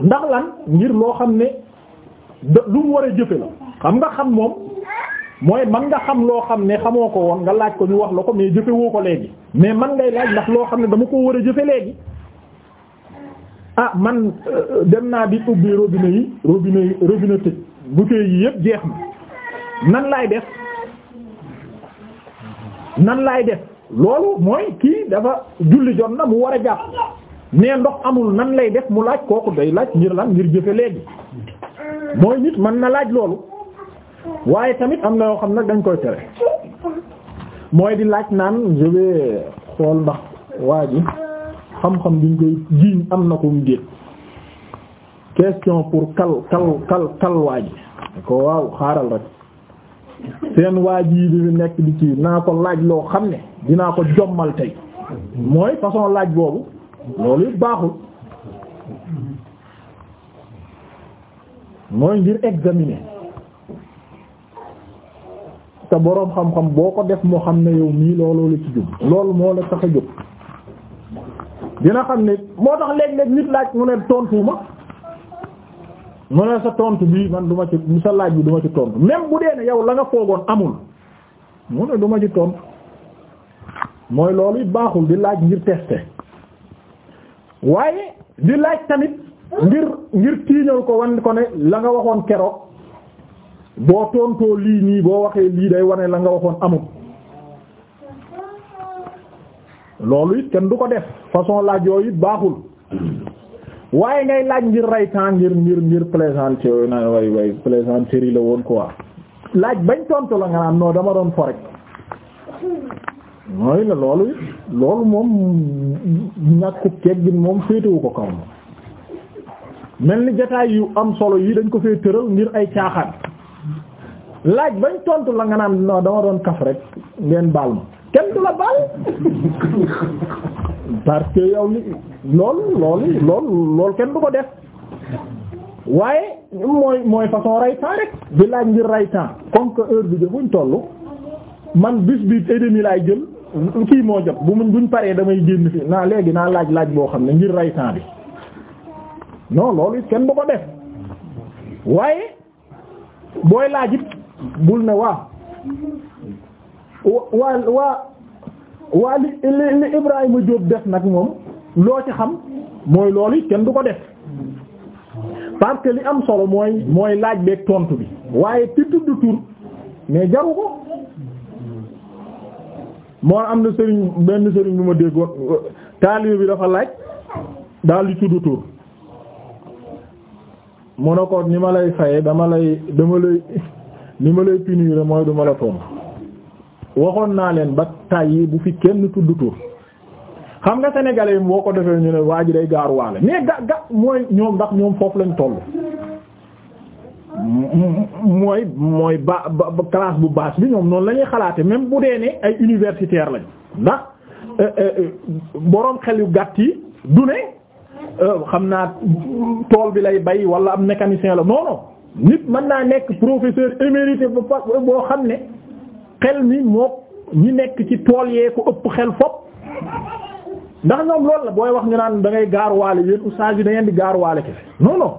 ndax lan ngir loo xam ne lu mu war a jëfe la xam nga xam moom. mooy man nga xam loo xam ne xamoo ko woon nga laaj ko ñu wax la ko mais jëfewoo ko léegi mais man ngay laaj ndax loo xam ne dama koo war a jëfe léegi ah man euh, dem naa di ubbi robinet yi robinet yi robinet tëj bouteilles yi yëpp jeex na nan laay def nan laay def loolu mooy kii dafa julli jot na mu war a jàpp mais ndox amul nan lay def mu laaj kooku day laaj ngir lan ngir jëfe léegi mooy nit mën na laaj loolu waaye tamit am na yoo xam nag dañ koy tere mooy di laaj naan je xool ndax waa ji xam-xam duñ koy jiiñ am na ko mu déet question pour kal kal kal kal waa ji ko waaw xaaral rek seen waa ji bi nekk di ci naa ko laaj loo xam ne dinaa ko jommal tey mooy façon laaj boobu loolu it baaxul mooy ngir examiner te boroom xam-xam boo ko def moo xam ne yow nii looloo la ci jóg loolu moo la tax a jóg dina xam ne moo tax léeg-léeg nit laaj mu ne tontuwuma mu ne sa tontu bii man du ma sa laaj bi duma ma ci tontu même bu dee ne yow la nga foogoon amul mu ne du ma ci tontu mooy loolu it baaxul di laaj ngir tester waaye di laaj tamit ngir ngir tiiñal ko wan ko ne la nga waxoon keroog. boo tontoo lii nii boo waxee lii day wane la nga waxoon amul loolu it kenn du ko def façon laaj yooyu baaxul waaye ngay laaj ngir rey temps ngir ngir ngir plaisanter la woon quoi laaj bañ tontu la nga naan non dama doon fo rek mooy la loolu loolu moom ñàkku keggin moom féetewu ko kaw mel ni jataay yu am solo yii dañ ko fee tëral ngir ay caaxaan laaj bañ tontu la nga naan non dama doon kaf rek ngeen baal ma kenn du la baal parce que yow li lool loolu loolu kenn du ko def waaye mooy mooy façon raytaan rek di laaj ngir raytaan comme heure bi jëfuñ toll man bis bi et demi laay jël kii moo jot bu mu buñ paree damay génn fi naa léegi naa laaj laaj boo xam ne ngir raytaan bi non loolu kenn du ko def waaye booy laaj it bul ne waa waa waa waa li li Ibrahima Diop def nag moom loo ci xam mooy loolu it kenn du ko def parce li am solo mooy mooy laaj beeg tontu bi waaye ci tudd tur mais jaru ko moo am na sëriñ benn sëriñ bu ma déggoon taalibe bi dafa laaj daal di tudd tur mu ne ko ni ma lay faye dama lay dama lay li ma lay punir mooy duma la tontu waxoon naa leen ba tàyyi bu fi kenn tudd tur xam nga sénégalais boo ko defee ñu ne waa ji day gaaruwaale mais ga ga mooy ñoom ndax ñoom foofu lañu toll. mooy mooy ba ba classe bu basse bi ñoom noonu lañuy ñuy xalaate même bu dee ne ay universitaire lañ ndax euh, euh, euh, boroom xel yu gàtt yi du ne xam naa tool bi lay bay wala am mécanicien la non nit mën naa nekk professeur émérité bu fa boo xam ne xel ni moo ñi nekk ci tool yee ko ëpp xel fop ndax ñoom loolu la booy wax ñu naan da ngay gaaruwaale yéen oustaz yi da ngeen di gaaruwaale kese non non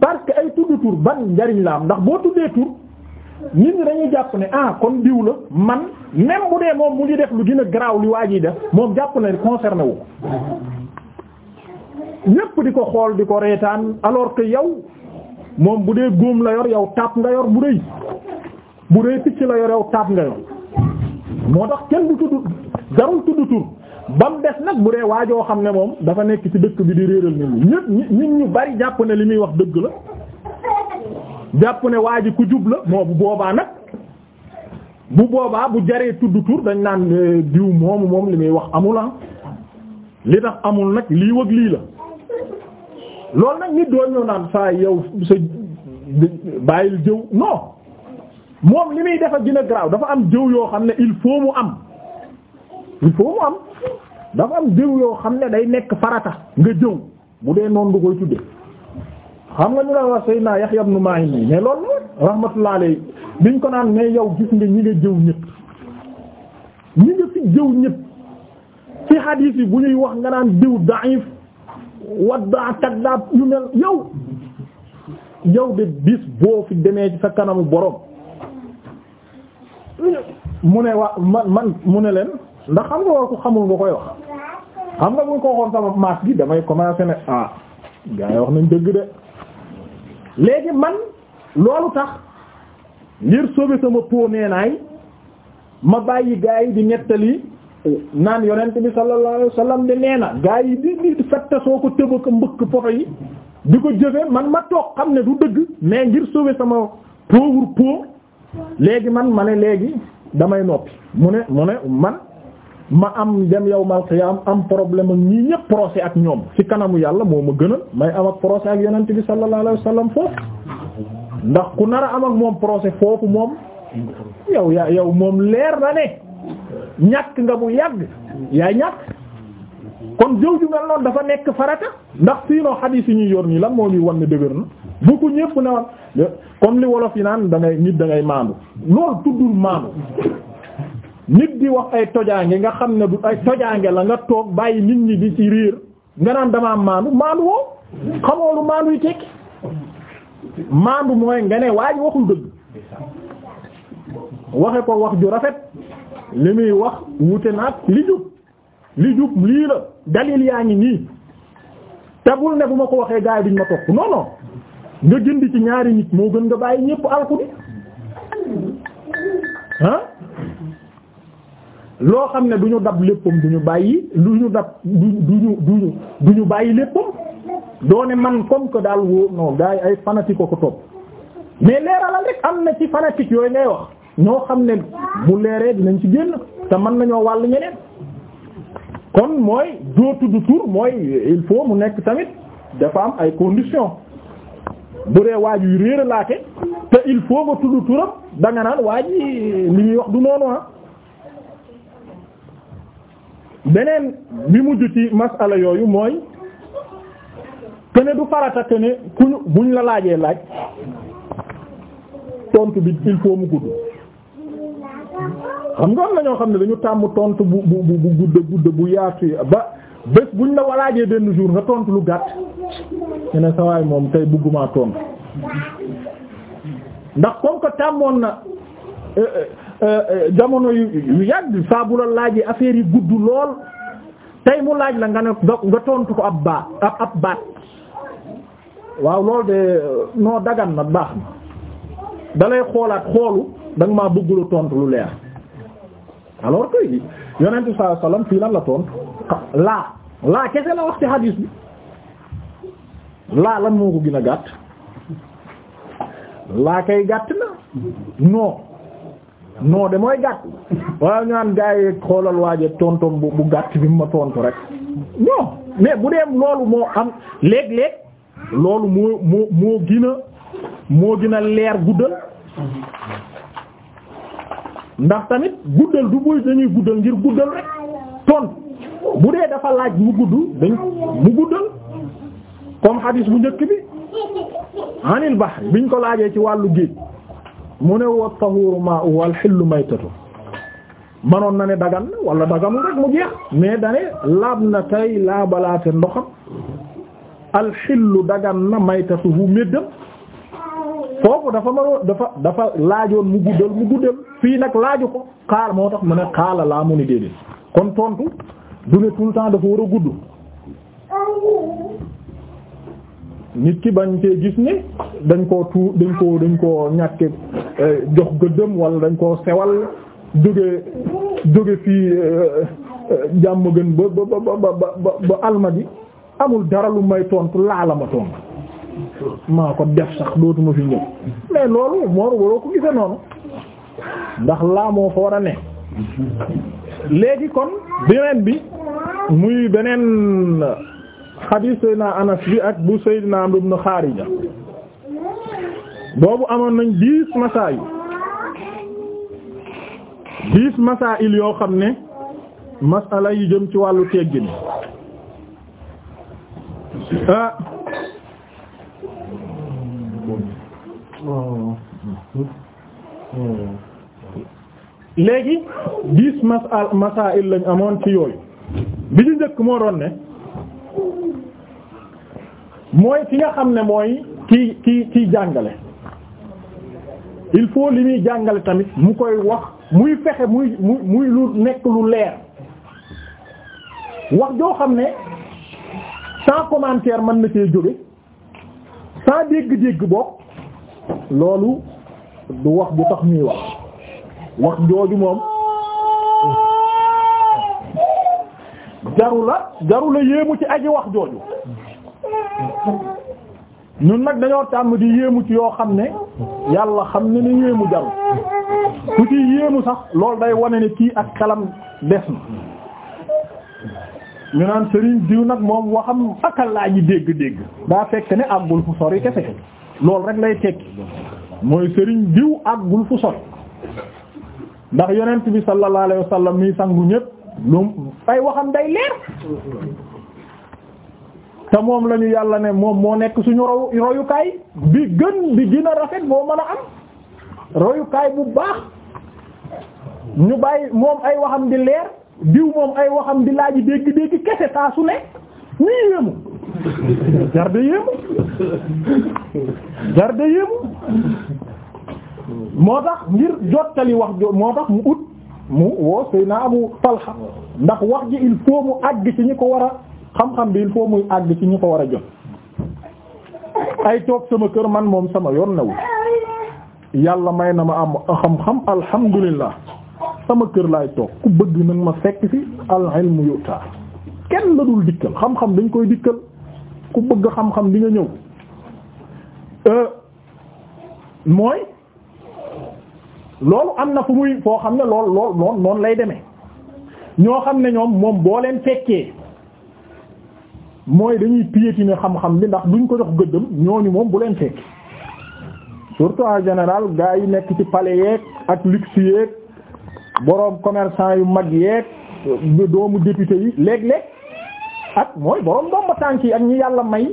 parce que ay tudd tur ban njariñ la am ndax boo tuddee tur nit ñi dañuy jàpp ne ah kon diw la man même bu dee moom mu ngi def lu dina a garaaw li waa yi def moom jàpp na concerné wu ko ñépp di ko xool di ko reetaan alors que yow moom bu dee góom la yor yow taab nga yor bu dee bu dee picc la yor yow taab nga yor moo tax kenn du tudd jarul tudd tur ba mu des nag bu dee waajoo xam ne moom dafa nekk ci dëkk bi di réeral nit ñi ñëpp nit ñu bari jàpp ne li muy wax dëgg la jàpp ne waaj ji ku jub la moo bu boobaa nag bu boobaa bu jaree tudd tur dañ naan eh, diw moomu moom li muy wax amul ah. li tax amul nag lii wëg lii la loolu nag nit doon ñëw naan saa yow sa bàyyil jëw non moom li muy defa gën a garaaw dafa am jëw yoo xam ne il faut mu am il faut mu am dafa am jëw yoo xam ne day nekk farata nga jëw bu dee noonu du koy tudde xam nga ñu la wax Seydina Yahya ibn Ma'in nii mais loolu la rahmatullah alayhi biñ ko naan mais yow gis nga ñi nga jëw ñëpp ñi nga fi jëw ñëpp ci hadith yi bu ñuy wax nga naan diw da'if waddaa kaddaab yu mel yow yow de bis boo fi demee ci sa kanamu boroom mu ne wax man man mu ne leen ndax xam nga war ko xamul nga koy wax xam nga buñ ko waxoon sama maas gi damay commencer ne ah gaa yi wax nañ dëgg de léegi man loolu tax ngir sauver sama po neenaay ma bàyyi gaa yi di nettali naan yonent bi sallallahu alayhi wasallam de nee na gaa yi di di fetta soo ko tëb ko mbëkk poto yi di ko jëfe man ma toog xam ne du dëgg mais ngir sauver sama pauvre peau léegi man ma ne léegi damay noppi mu ne mu ne man ma am dem yawmal qiyaam am problème ak ñii ñëpp procès ak ñoom ci kanamu yàlla moo ma gënal may am ak procès ak yonent bi sallallahu alayhi wasallam foofu ndax ku nar a am ak moom procès foofu moom yow yaa yow moom leer na ne ñàkk nga bu yàgg yaay ñàkk kon jëw ju mel noonu dafa nekk farata ndax sinon xadiis yi ñuy yor nii lan moo ñuy wan ne dëgër na bu ko ñëpp ne woon comme li wolof yi naan dangay nit dangay ngay maandu loolu tuddul maandu nit di wax ay tojaange nga xam ne du ay tojaange la nga toog bàyyi nit ñi di ci riir nga naan damaa maandu maandu woo xamoo lu maandu yi tekki maandu mooy nga ne waa waxul dëgg waxe ko wax ju rafet li muy wax wute naat li jub li jub lii la dalil yaa ngi nii te bul ne bu ma ko waxee gaay duñ ma topp non nga jënd ci ñaari nit moo gën nga bàyyi ñépp alku di ah loo xam ne du ñu dab léppam du ñu bàyyi lu ñu dab du duñu duñu du ñu bàyyi léppam doone man comme que daal woo non gars yi ay fanatique ko ko topp mais leeralal am na ci fanatique yooyu ngay wax ñoo xam ne bu leeree dinañ ci génn te man nañoo wàll ñeneen kon mooy doo tudd tur mooy il faut mu nekk tamit dafa am ay conditions bu dee waaj wi réer laake te il faut nga tudd turam da naan waa ji li ñuy wax du noonu ah. beneen bi mujj ci masala yooyu mooy que ne du farata que ne ku buñ la laajee laaj tontu bi il faut mu gudd. xam nga am na ñoo xam ne dañu tàmm tontu bu bu bu gudd gudd bu yaatu ba bés buñ la walaajee benn jour nga tontu lu gàtt ñu sawaay moom tey bëgguma tontu ndax comme que tàmmoon na euh, euh, euh, jamono yu yàgg saa bu la laajee affaire yi gudd lool tey mu laaj la nga ne nga tontu ko ab baat ab baat waaw loolu de noo dagan na baax na dalay xoolaat xoolu. da ma maa tontu lu leer alors que yonent bi sallallahu alayhi fii lan la tontu laa laa kese la wax ci hadis laa lan moo ko gën a gàtt laa kay gàtt na non non de mooy gàtt waaye ñu naan gars yi xoolal waaje tontoom bu gàtt bi mu ma tontu rek non mais bu dee loolu moo am léeg-léeg loolu moo moo moo gën a moo gën a leer guddal ndax tamit guddal du muy dañuy guddal ngir guddal ton bu dee dafa laaj mu gudd dañ mu guddal comme hadis bu njëkk bi anil bahr biñ ko laajee ci wàllu géej mu ne wa tahuru ma'u wal hillu maytatu manoon na ne dagan na wala daganu rek mu jeex mais dane laab na tey laabalaate ndoxam al hillu dagan na maytatuhu méddam foofu dafa mënoon dafa dafa laajoon mu guddal mu guddal fii nag laaju ko xaal moo tax mu ne xaala laa mu ne déedéet kon tontu du ne tout le temps dafa war a gudd nit ki bañ cee gis ne dañ koo tuur dañ koo dañ koo ñàkke eh, jox gëddëm wala dañ koo sewal jóge jóge fii eh, eh, jàmm gën ba ba ba ba ba ba almadi amul dara lu may tontu laala tontu maa ko def sax dootuma fi ñëw mais loolu moor waroo ko gise noonu ndax laa moo fa war a ne léegi kon beneen bi muy beneen xadiis naa Anas bi ak bu Seydina Amr ibn Xaarija boobu amoon nañ dix masaa yu dix masaa il yoo xam ne masala yi jëm ci wàllu teggin ah Oh. léegi dix masal masail lañ amoon ci yooyu bi ñu njëkk moo doon ne mooy ki nga xam ne mooy kii kii kii jàngale il faut li muy jàngale tamit mu koy wax muy fexe muy muy lu nekk lu leer wax joo xam ne sans commentaire mën na cee jóge sans dégg-dégg bopp loolu du wax bu tax ñuy wax wax jooju moom jarula jarula jaru yéemu ci aji wax jooju ñun nag dañoo tàmm di yéemu ci yoo xam ne yàlla xam ne ni yéemu jaru ku ci yéemu sax loolu day wane ne kii ak xelam des na ñu naan Serigne diw nag moom waxam akal laa ji dégg-dégg daa fekk ne àggul fu sori kese loolu rek lay tekki mooy Serigne diw àggul fu sori ndax yonent bi sallallahu alayhi mi sangu ñépp lu ay waxam day leer te moom lañu yàlla ne moom moo nekk suñu royu royukaay bi gën bi gën rafet boo mën a am royukaay bu baax ñu bàyyi moom ay waxam di leer. diw moom ay waxam di laaj dégg-dégg kese taasu ne ñuy yéemu jarde yéemu jarde yéemu moo tax ngir jottali wax jo moo tax mu ut mu woo Seydina Abu Talha ndax wax ji il faut mu àgg ci ñu ko war a xam-xam bi il faut muy àgg ci ñu ko war a jot ay toog sama kër man moom sama yoon na yàlla may na ma am xam-xam alhamdulillah sama kër laay toog ku bëgg nag ma fekk ci al mu yuta kenn la dul dikkal xam-xam dañ koy dikkal ku bëgg xam-xam di nga ñëw euh, mooy loolu am na fu xam ne lool lool lay demee ñoo xam ne ñoom moom boo leen fekkee mooy dañuy piétiner xam-xam bi ndax duñ ko jox gëddëm ñooñu moom bu leen fekk surtout en général gars yi nekk ci pale yeeg ak luxe yeeg boroom commerçant yu mag yeeg doomu député yi léeg-léeg ak mooy boroom ndomba tànk yi ak ñi yàlla may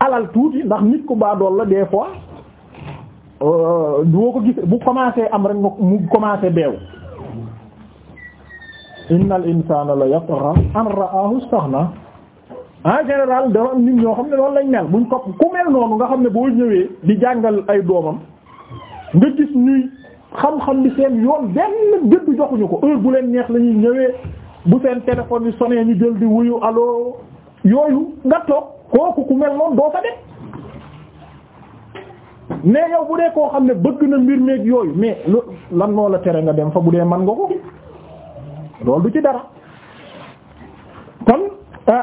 alal tuuti ndax nit ku baa dool la des fois euh, doo ko gise bu commencé am rek mu commencé beew innal insana la yatgha an ra'ahu istaghna en général dafa am nit ñoo xam ne loolu lañ mel buñ ko ku mel noonu nga xam ne boo ñëwee di jàngal ay doomam nga gis ñuy xam-xam bi seen yoon benn gëdd joxuñu ko heure bu leen neex la ñuy ñëwee bu seen téléphone yi sonné ñu jël di wuyu aloo yooyu nga toog kooku ku mel noonu doo fa dem mais yow bu dee koo xam ne bëgg na mbir meeg yooyu mais lan noo la tere nga dem fa bu dee man nga ko loolu du ci dara kon euh,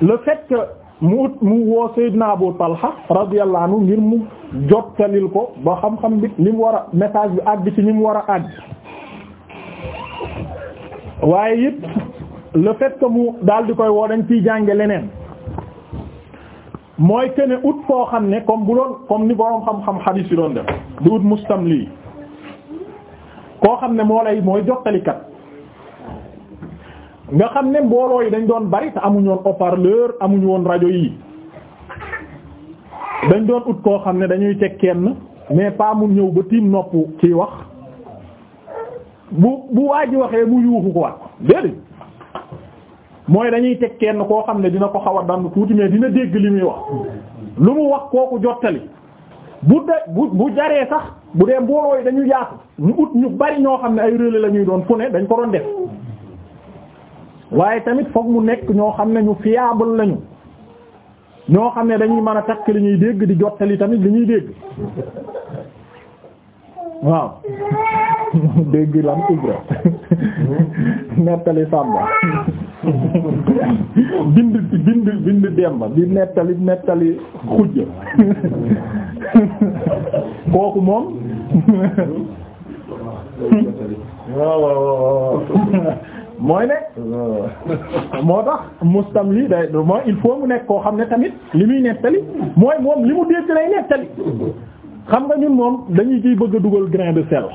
le fait que mu ut mu woo Seydina Abu Talha radiyallahu anhu ngir mu jottalil ko ba xam-xam bi li mu war a message bi àgg ci ñi mu war a àgg waaye it le fait que mu daal di koy woo dañ ciy jànge leneen mooy que ne ut foo xam ne comme bu doon comme ni boroom xam-xam xadiis yi doon def di ut mustamli koo xam ne moo lay mooy jottalikat nga xam ne mbooloo yi dañ doon bari te amuñu woon amuñu woon rajo yi dañ doon ut koo xam ne dañuy teg kenn mais pas ñëw ba tiim nopp ciy wax bu bu waa ji waxee mu yuuxu ko wat déedéet mooy dañuy teg kenn koo xam ne dina ko xaw a dand tuuti mais dina dégg li ñuy wax lu mu wax kooku jottali bu de bu bu jaree sax bu dee mbooloo yi dañu yaatu ñu ut ñu bari ñoo xam ne ay relais la ñuy doon fu ne dañ ko doon def waaye tamit foog mu nekk ñoo xam ne ñu fiable lañu ñoo xam ne dañuy mën a takk li ñuy dégg di jottali tamit li ñuy dégg waaw (laughs) dégg lam ibra (laughs) nettali sàmba (laughs) bind bind bind demba bi nettali nettali xujja kooku moom mooy ne moo tax mustamli day mooy il faut mu nekk koo xam ne tamit li muy nettali mooy moom li mu dégg lay nettali xam nga ñun moom dañuy ciy bëgg a dugal grain de sel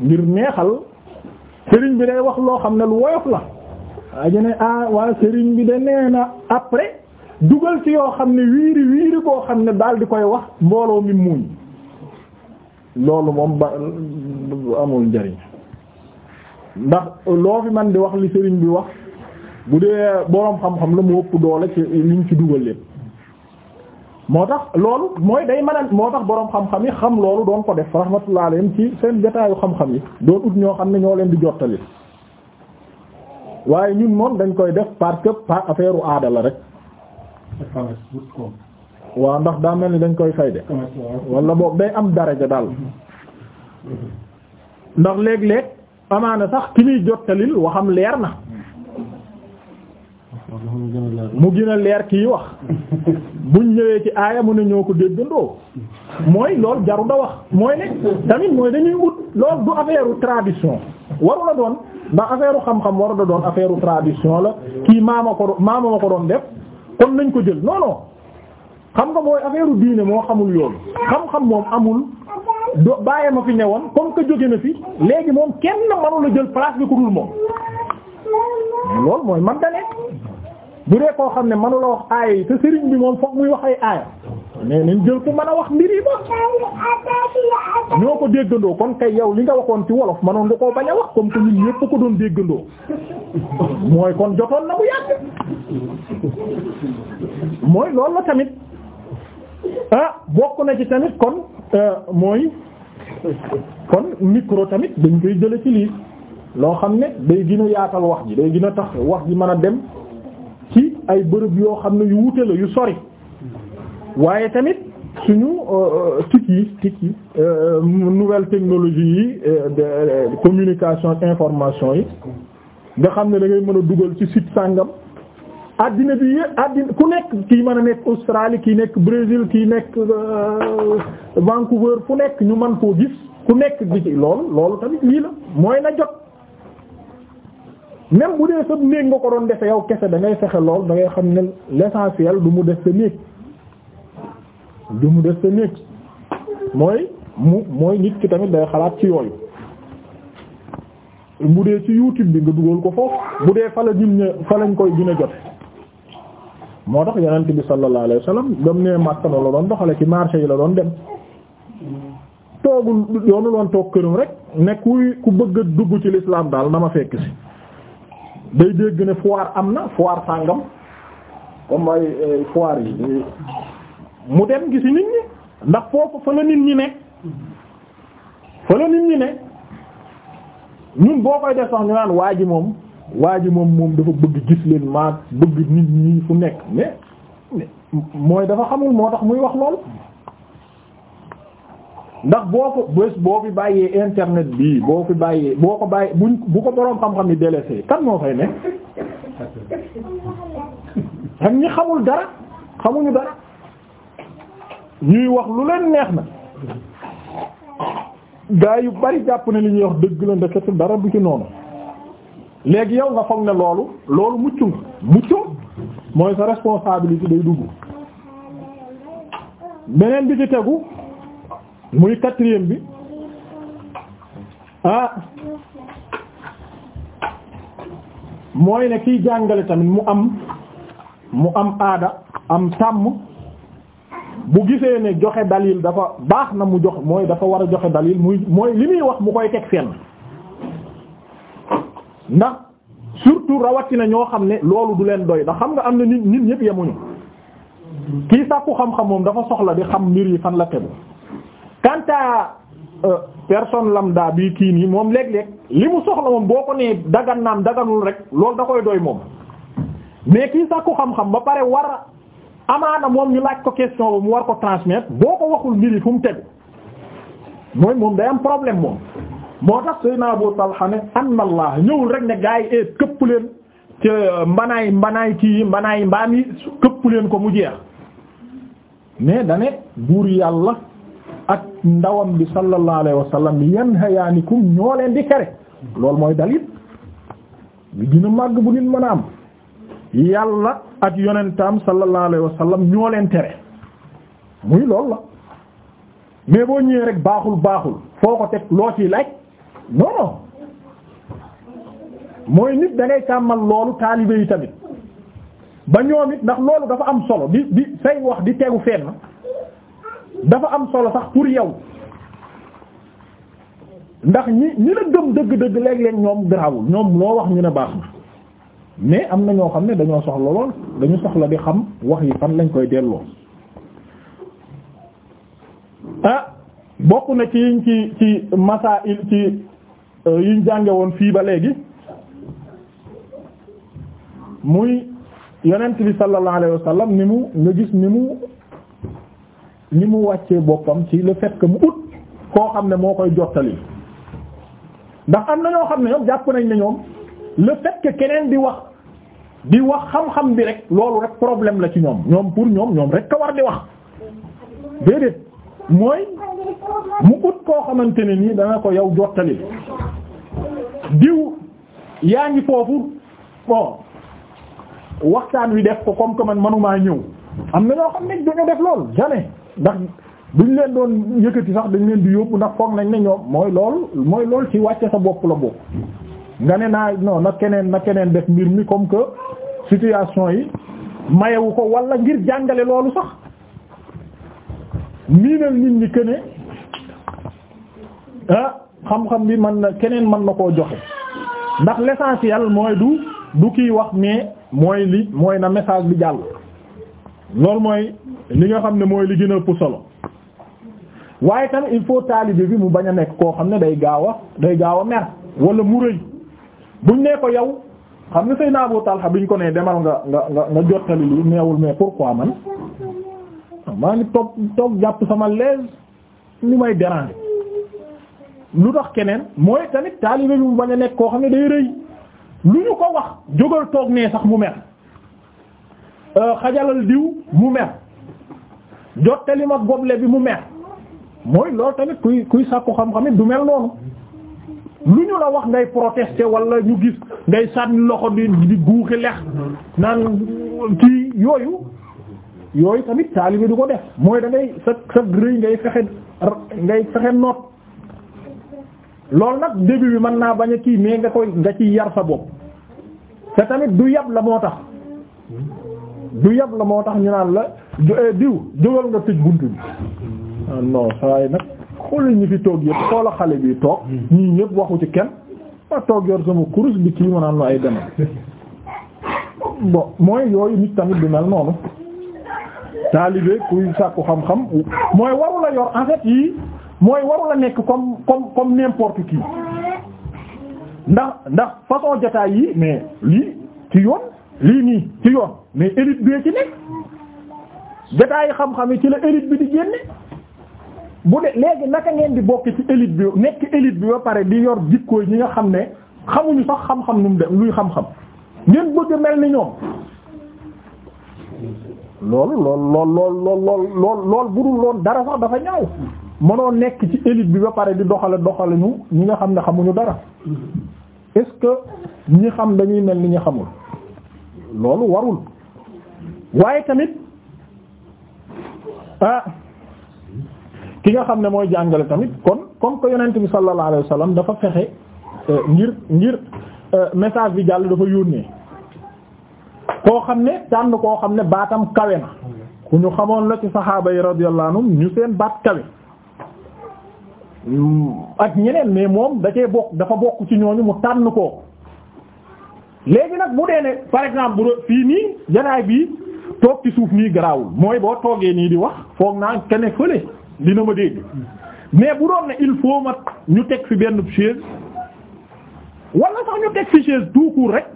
ngir neexal sëriñ bi day wax loo xam ne lu woyof la waaye ne a ah, waa sëriñ bi de nee na après dugal ci yoo xam ne wiiri wiiri boo xam ne daal di koy wax mbooloo mi muuñ loolu moom ba amul njariñ ndax loo fi man di wax li sëriñ bi wax bu dee boroom xam-xam la mu ëpp doole ci liñ ci dugal leen moo tax loolu mooy day mën a moo tax boroom xam-xam yi xam loolu doon ko def laa leen ci seen jotaayu xam-xam yi doon ut ñoo xam ne ñoo leen di jottali waaye ñun moom dañ koy def parce que par affaire u aada la rek waaw ndax daa mel ni dañ koy fay de wala boobu day am daraja daal mm-hmm. ndax léeg-léeg amaana sax ki muy jottalil waxam leer na mu gën a leer kii wax buñ ñëwee ci aaya mu ne ñoo ko déggandoo mooy lool jaru da wax mooy ne tamit mooy dañuy ut lool du affaire tradition waru la doon ndax affaire xam-xam waru la doon affaire tradition la kii maama ko maama ma ko doon def kon nañ ko jël non xam nga mooy affaire diine moo xamul yoon xam-xam moom amul do bàyyi ma fi newoon comme que jóge na fi léegi moom kenn mënu la jël place bi ku dul moom loolu mooy man dane bu dee koo xam ne mënu wax aaya yi te sëriñ bi moom fokk muy wax aaya mais nañ jël ku mën a wax mbir yi ba ñoo ko déggandoo kon kay yow li nga waxoon ci wolof mënoon nga koo bañ a wax comme que ñun ñépp ko doon déggandoo mooy kon jotoon na bu yàgg mooy loolu la tamit. ah bokk na ci tamit kon euh, mooy kon micro tamit dañ koy jële ci lii loo xam ne day gën a yaatal wax ji day gën a tax wax ji man a dem ci ay bërëb yoo xam ne yu wute la yu sori waaye tamit suñu euh, tic yi tic yi euh, nouvelle technologie yi de communication information yi nga xam ne da mën a dugal ci site sàngam addina bi yëpp addina ku nekk kii mën a nekk Australie kii nekk Brésil kii nekk euh, Vancouver fu nekk ñu man koo gis ku nekk gi ci loolu loolu tamit lii la mooy na jot même bu dee sa néeg nga ko doon defe yow kese da fexe lool da ngay xam ne l'essentiel du mu def sa néeg du mu def sa néeg mooy mu mooy nit ki tamit day xalaat ci yooyu bu dee ci YouTube bi nga dugal ko foofu bu dee fa lañ koy gën a jot moo tax yonent bi sallallahu alayhi wa sallam ne Makka la doon doxale ci marché yi la doon dem toogul yoonu loon toog këram rek ne kuy ku bëgg a dugg ci l'islam daal dama ma fekk si day dégg ne foire am na foire sàngam comme ay foire yi mu dem gisi nit ñi ndax foofu fa la nit ñi ne fa la nit ñi ne ñun boo def sax ñu naan waa ji moom waa ji moom moom dafa bëgg gis leen maag bëgg nit ñi fu nekk mais mooy dafa xamul moo tax muy wax lool ndax boo ko bés boo fi bàyyee internet bi boo ko bàyyee boo ko bàyyee buñ bu ko boroom xam-xam yi délaissé kan moo fay nekk xam ñi xamul dara xamuñu dara ñuy wax lu leen neex na gaa yu bari jàpp ne li ñuy wax dëgg la ndekete dara du ci noonu léegi yow nga foog na loolu loolu muccu nga muccu mooy sa responsabilité day dugg beneen bi di tegu muy quatrième bi ah mooy ne kiy jàngale tamit mu am mu am aada am tàmm bu gisee ne joxe dalil dafa baax na mu jox mooy dafa war a joxe dalil muy mooy li muy wax mu koy teg fenn ndax surtout rawatina ñoo xam ne loolu du leen doy ndax xam nga am na nit nit ñëpp yemuñu kii sàkku xam-xam moom dafa soxla di xam mbir yi fan la tegu quant à euh, personne lambda bii kii nii moom léeg-léeg li mu soxla moom boo ko nee dagan naam daganul rek loolu da koy doy moom mais kii sàkku xam-xam ba pare war a amaana moom ñu laaj ko question ba mu war ko transmettre boo ko waxul mbir yi fu mu tegu mooy moom day am problème moom moo tax Seydina Abu Talha ne anna Allah ñëwul rek ne gaa yi et eh, këpp leen ci euh, mbanaay mbanaay kii mbanaay mbaam yi këpp leen ko mu jeex mais dane buur yàlla ak ndawam bi sallallahu alayhi wa sallam yanhayaanikum ñoo leen di kere lool mooy dalil bi màgg bu nit mën a am yàlla ak yonentam sallallahu alayhi wa sallam ñoo leen tere muy lool la mais boo ñëwee rek baaxul baaxul foo ko teg loo ciy laaj non non mooy nit da ngay loolu taalibe yi tamit ba ñoom it ndax loolu dafa am solo di di say wax di tegu fenn dafa am solo sax pour yow ndax ñi ñi la gëm dëgg-dëgg léeg-léeg ñoom garaawul ñoom loo wax ñu ne baax na mais am na ñoo xam ne dañoo soxla lool dañu soxla di xam wax yi fan lañ koy delloo ah bokk na ci ci ci masail ci Euh, yiñ jànge fii ba léegi muy yonent bi sallallahu alayhi wa sallam ni mu nga gis ni mu ni mu wàccee boppam ci le fait mu ut koo xam ne moo koy jottali ndax am na ñoo xam ne ñoom jàpp nañ ne ñoom le fait keneen di wax di wax xam-xam bi rek loolu rek problème la ci ñoom ñoom pour ñoom ñoom rek ka war di wax déedéet mooy mu ut koo xamante ne nii dana ko yow jottali diw yaa ngi foofu bon waxtaan wi def ko comme que man manumaa ñëw am na ñoo xam ne duñu def lool jamais ndax duñ leen doon yëkkati sax dañ leen di yóbbu ndax foog nañ ne ñoom mooy lool mooy lool ci wàcce sa bopp la bopp nga ne naa non na keneen na keneen def mbir mi comme que situation yi mayewu ko wala ngir jàngale loolu sax miinal nit ñi que ah xam-xam bi mën na keneen man na koo joxe ndax l'essentiel mooy du du kiy wax mais mooy li mooy na message bi jàll loolu mooy li nga xam ne mooy li gën a ëpp solo waaye tam il faut taalibe bi mu bañ a nekk koo xam ne day gaaw a day gaaw a mer wala mu rëy buñ nee ko yow xam nga Seydina Abu bi ñu ko nee demal nga nga nga nga jottali li neewul mais pourquoi man maa ngi toog toog jàpp sama lees li may déranger lu dox keneen mooy tamit taalibe bi mu bañ a nekk koo xam ne day rëy lu ñu ko wax jógal toog nee sax mu mer euh, xajalal diw mu mer jottali ma goble bi mu mer mooy loolu tamit kuy kuy sàkku xam-xamit du mel noonu lu ñu la wax ngay protester wala ñu gis ngay sànni loxo di di guuxi lex naan kii yooyu yooyu tamit taalibe du ko def mooy da ngay sa sa rëy ngay fexe ngay loolu nag début bi mën naa bañ a kii mais nga koy nga ciy yar sa bopp te tamit du yab la moo tax du yab la moo tax ñu naan la eh, diw jógal nga tëj buntu bi ah, non saa yi nag xoolal ñu fi toog yëpp xoola xale bi toog ñii ñëpp waxu ci kenn toog yor sama kurus bi kii ma naan la ay demal bon mooy yooyu nit tamit du mel noonu taalibe kuy sàkku xam-xam mooy waru yor en yii mooy waru la nekk comme comme comme n'importe qui ndax ndax façon jotaay yi mais lii ci yoon lii nii ci yoon mais élite bee ci nekk jotaay yi xam-xam yi ci la élite bi di génne bu dee léegi naka ngeen di bokk ci élite bi nekk élite bi ba pare di yor jikkooy ñi nga xam ne xamuñu sax xam-xam nu mu dem luy xam-xam ngeen bëgg mel ni ñoom loolu lool lool lool lool lool lool budul loon dara sax dafa ñaaw mënoo nekk ci élite bi ba pare di doxale doxale ñu ñi nga xam ne xamuñu dara est-ce que ñi xam dañuy mel ni ñi xamul loolu warul waaye tamit ah ki nga xam ne mooy jàngale tamit kon comme que yonent bi sallallahu alayhi dafa fexe euh, ngir ngir euh, message bi jàll dafa yónnee koo xam ne tànn koo xam ne baatam kawe na ku ñu xamoon la ci saxaaba yi radiyallahu ñu seen baat kawe ak ñeneen mais moom da bokk dafa bokk ci ñooñu mu tànn ko léegi nag bu dee ne par exemple bu fii nii janaay bii toog ci suuf nii garaawul mooy boo toogee nii di wax foog naa kenn fële dina ma dégg mais bu doon ne il faut mat ñu teg fi benn chaise wala sax ñu teg fi chaise tout rek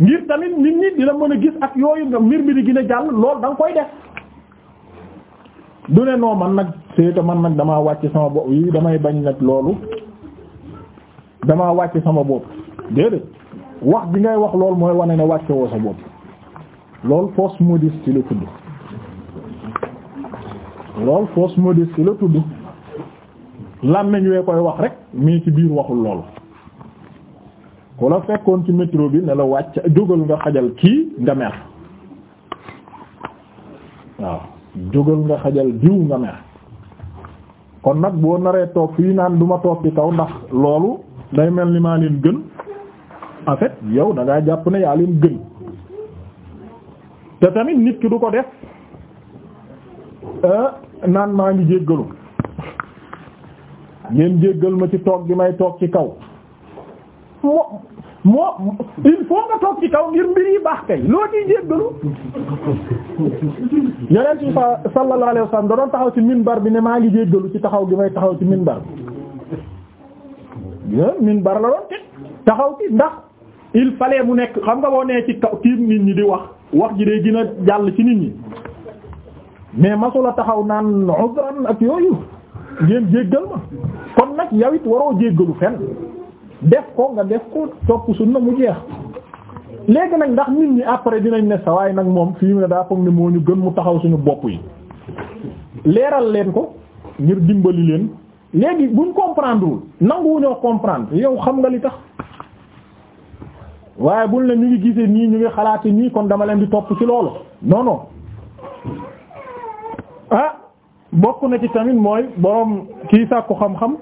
ngir tamit nit ñi di la mën a gis ak yooyu mbir mi di gën a jàll loolu da koy def. du ne noo man nag seeta man nag damaa wàcc sama bopp yii damay bañ nag loolu damaa wàcc sama bopp déedéet wax bi ngay wax loolu mooy wane ne wàcc woo sa bopp loolu fausse modestie la tudd loolu fausse modestie la tudd làmmiñ wee koy wax rek mais ci biir waxul loolu ku la fekkoon ci métro bi ne la wàcc jógal nga xajal kii nga mer waaw jógal nga xajal diw nga mer kon nag boo naree toog fii naan du ma toog ci kaw ndax loolu day mel ni maa leen gën en yow da jàpp ne yaa leen gën te tamit nit ki du ko def euh, naan maa ngi jéggalu ngeen jéggal ma ci toog gi may toog ci kaw moo il faut nga toog ci kaw ngir mbir yi baax kay loo ciy jéggalu yeneen ci fa sallallahu alayhi wasallam da doon taxaw ci minbar bi ne maa ngi jéggalu ci taxaw gi may taxaw ci minbar bi minbar la doon taxaw ci ndax il fallait mu nekk xam nga boo nee ci kaw tiim nit ñi di wax wax ji day gën a jàll ci nit ñi mais a taxaw naan uzran ak yooyu ngeen jéggal ma kon nag yow waroo jéggalu fen def ko nga def ko topp na mu jeex léegi nag ndax nit ñi après dinañ ne sa waaye nag moom fii mu ne daa foog ne moo ñu gën mu taxaw suñu bopp yi leeral leen ko ngir dimbali leen léegi buñ comprendre wul nanguwuñoo comprendre yow xam nga li tax waaye buñ la ñu ngi gisee nii ñu ngi xalaate nii kon dama leen di topp ci loolu non ah bokk na ci tamit mooy borom kii sàkku xam-xam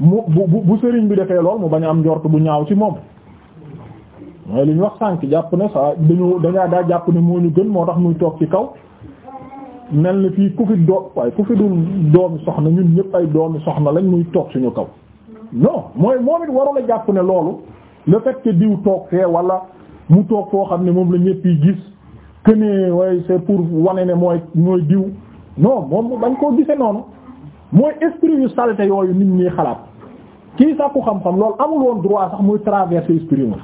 mu bu bu sëriñ bi defee lool mu bañ a am njort bu ñaaw ci moom mooy li ñu wax sànk jàpp ne sa dañu dañaa daa jàpp ne moo ñu gën moo tax muy toog ci kaw mel ni fii ku fi doom waaye ku fi dul doomi soxna ñun ñëpp ay doomi soxna lañ muy toog suñu kaw non mooy moom it warul a jàpp ne loolu le fait que diw toog fee wala mu toog foo xam ne moom la ñëpp yi gis que ne waaye c'est pour wane ne mooy mooy diw non moom bañ koo gisee noonu mooy esprit yu saleté yooyu nit ñi xalaat kii sàkku xam-xam loolu amul woon droit sax muy traverser esprit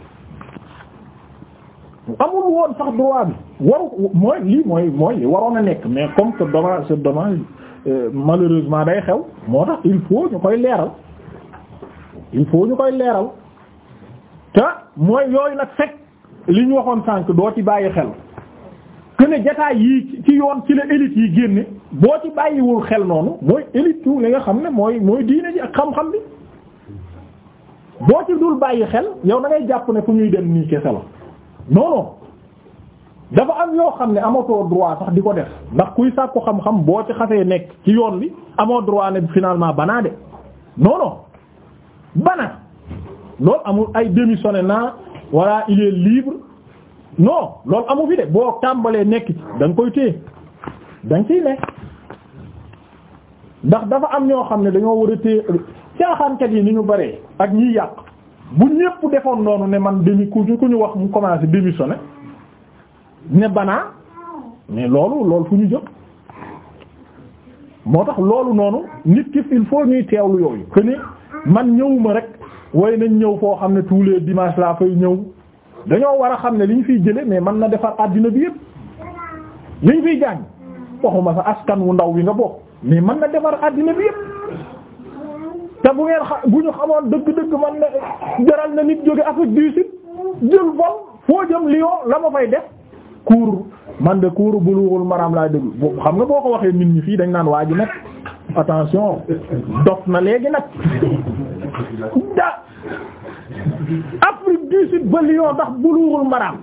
amul woon sax droit bi waru mooy lii mooy mooy waroon a nekk mais comme que dommage c'est dommage euh, malheureusement day xew moo tax il faut ñu koy leeral il faut ñu koy leeral te mooy yooyu nag fekk li ñu waxoon sànq doo ci bàyyi xel que ne jataay yii ci yoon ci la élite yi génne boo ci bàyyiwul xel noonu mooy élite yu li nga xam ne mooy mooy diine ji ak xam-xam bi boo ci dul bàyyi xel yow da ngay jàpp ne fu ñuy dem nii kese la non non dafa am yoo xam ne amatoo droit sax di ko def ndax kuy sàkku xam-xam boo ci xasee nekk ci yoon bi amoo droit ne finalement banaa de non non bana loolu amul ay démissionné naa walla il est libre non loolu amu fi de boo tàmbalee nekk ci da koy téye da nga ciy ndax dafa am ñoo xam ne dañoo war a téye caaxaankat yi ni ñu bëree ak ñiy yàq bu ñépp defoon noonu ne man demi ku ñu ku ñu wax mu commencé démissionné ne banaa mais loolu lool fu ñu jëm moo tax loolu noonu nit ki il faut ñuy teewlu yooyu que ni man ñëwuma rek way nañ ñëw foo xam ne tous les laa fay ñëw dañoo war a xam ne li ñu fiy jële mais man na defar àddina bi yépp li ñu fiy jàng waxuma sa askan wu ndaw wi nga bokk mais man na defar àddina bi yépp te bu ngeen xam bu ñu xamoon dëgg-dëgg man ne jaral na nit jóge Afrique du Sud jël vol foo jëm Lyon la ma fay def cours man de cours Bulughul Maram laa déglu xam nga boo ko waxee nit ñi fii dañ naan waa ji nag attention dof na léegi nag (laughs) da Afrique du Sud ba Lyon ndax Bulughul Maram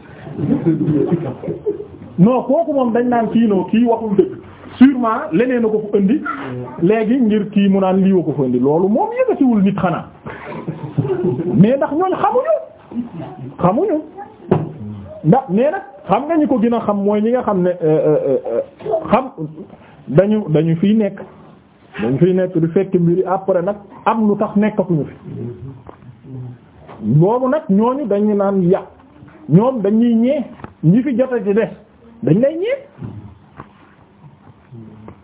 non kooku moom dañ naan kii noo kii waxul dëgg sûrement leneen a ko fa indi léegi ngir kii mu naan lii ko fa indi loolu moom yëkkatiwul nit xanaa mais ndax ñooñ xamuñu xamuñu ndax mais nag xam nga ñi ko gën a xam mooy ñi nga xam ne euh, euh, euh, xam dañu dañu fiy nekk dañu fiy nekk di fekk mbiri après nag am lu tax nekkatuñu fi boobu nag ñooñu dañu naan yàq ñoom dañuy ñee ñi fi jot a ci dañ lay ñee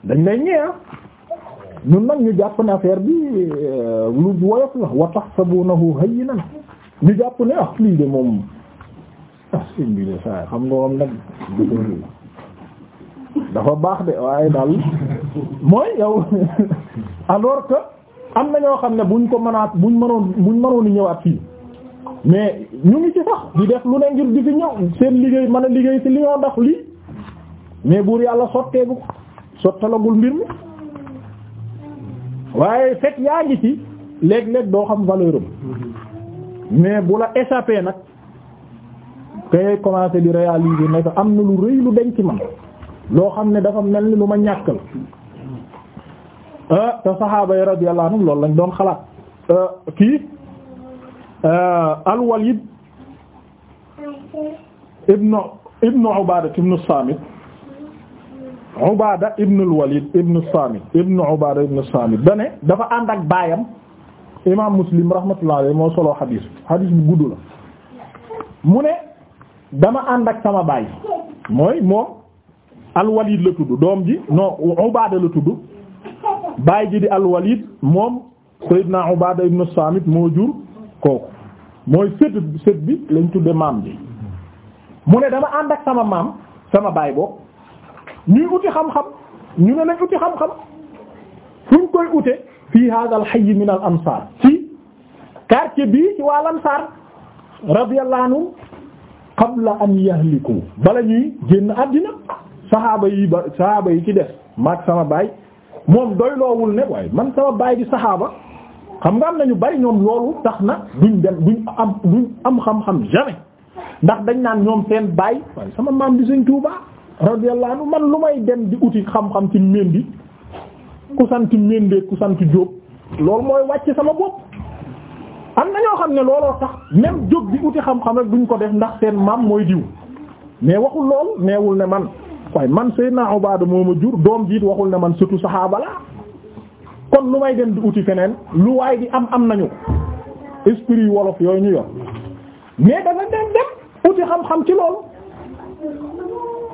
dañ lay ñëwee ah. ñun nag ñu jàpp ne affaire bi euh, lu woyof la wa tahsabunahu hayyinan ñu jàpp ne ah lii de moom ah sëñ bi de saa xam nga moom nag dafa baax de waaye daal mooy yow (laughs) alors que am na ñoo xam ne buñ ko mënaat buñ mënoon buñ mënoon a ñëwaat fii mais ñu ngi ci sax di def lu ne ngir di fi ñëw seen liggéey mën a liggéey ci li ñoo ndax lii mais buur yàlla sotteeku ko. sottalagul mbir mi waaye fekk yaa ngi ci léeg-léeg doo xam valeur mais bu la échappé nag kay commencé di réaliser ne am na lu rëy lu denc man loo xam ne dafa mel ni lu ma ñàkk la ah te saxaaba yi radiyallahu anhum loolu lañ doon xalaat ah, kii ah, al-Walid ibnu ibnu Ubaada ibnu Saamit Ubaada ibn al-Walid Saamit ibn Ubaada ibn Saamit da dafa ànd ak baayam imaam Muslim rahmatullahi moo solo xadiis xadiis bu gudd la mu ne dama ànd ak sama baay mooy moom al la tudd doom ji non Ubaada la tudd baay ji di al-Walid moom Seydina Ubaada ibn Saamit moo jur kooku mooy sët sët bi lañ tudde maam bi mu ne dama ànd ak sama maam sama baay boobu ñuy uti xam-xam ñu ne nañ uti xam-xam fuñ koy ute fi hada al hayy min al ansar ci quartier bii ci waa ansar radiyallahu anhum qabla an yahliku bala ñuy génn àddina saxaaba yi ba saxaaba yi ci def maag sama baay moom doy loowul ne waaye man sama baay di saxaaba xam nga am na ñu bari ñoom loolu tax na duñ dem duñ am duñ am xam-xam jamais ndax dañ naan ñoom seen baay waaye sama maam di Sëriñ Tuubaa radiyallahu anhu man lu may dem di uti xam-xam ci mendi ku sant mendee ku sant jóob loolu mooy wàcc sama bopp am na ñoo xam ne looloo tax même jóg di uti xam-xam rek duñ ko def ndax seen maam mooy diw mais waxul lool neewul ne man waaye man seen Seydina Ubaada moo ma jur doom jiit waxul ne man surtout saxaaba la kon lu may dem di uti feneen lu waay di am am nañu esprit wolof yooyu ñu yor mais dafa dem dem uti xam-xam ci lool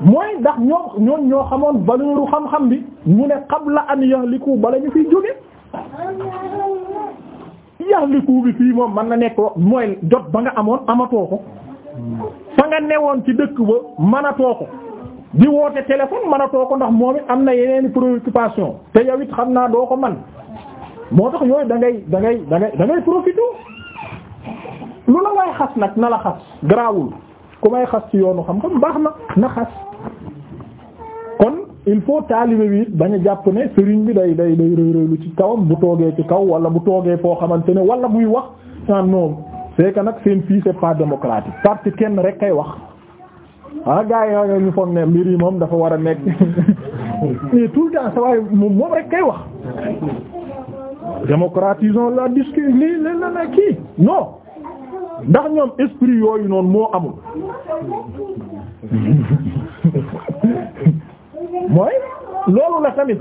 mooy ndax ñoo ñoon ñoo xamoon valeuru xam-xam bi mu ne qabla an yahliku bala ñu fiy jóge yahliku bi fii moom man na nekkoo mooy jot ba nga amoon amatoo ko fa nga newoon ci dëkk ba manatoo ko di woote téléphone mënatoo ko ndax moom it am na yeneen préoccupation te yow it xam naa doo ko man moo tax yooyu da ngay dangay dangay da ngay da ngay profité lu la waay xas nag na la xas garaawul ku may xas ci yoonu xam-xam baax na na xas il faut taalibe bi it bañ jàpp ne sëriñ bi day day rëy-rëylu ci kaw bu toogee ci kaw wala bu toogee foo xamante ne wala buy wax naan non c'est nag seen fii c'est pas démocratique parce que kenn rek kay wax ah gars yi ñu foog ne mbir yi moom dafa war a nekk (laughs) mais tout le temps sa waaye moom rek kay wax démocratisons la discussion lii leen la na kii non ndax ñoom esprit yooyu noonu moo amul (laughs) mooy loolu la tamit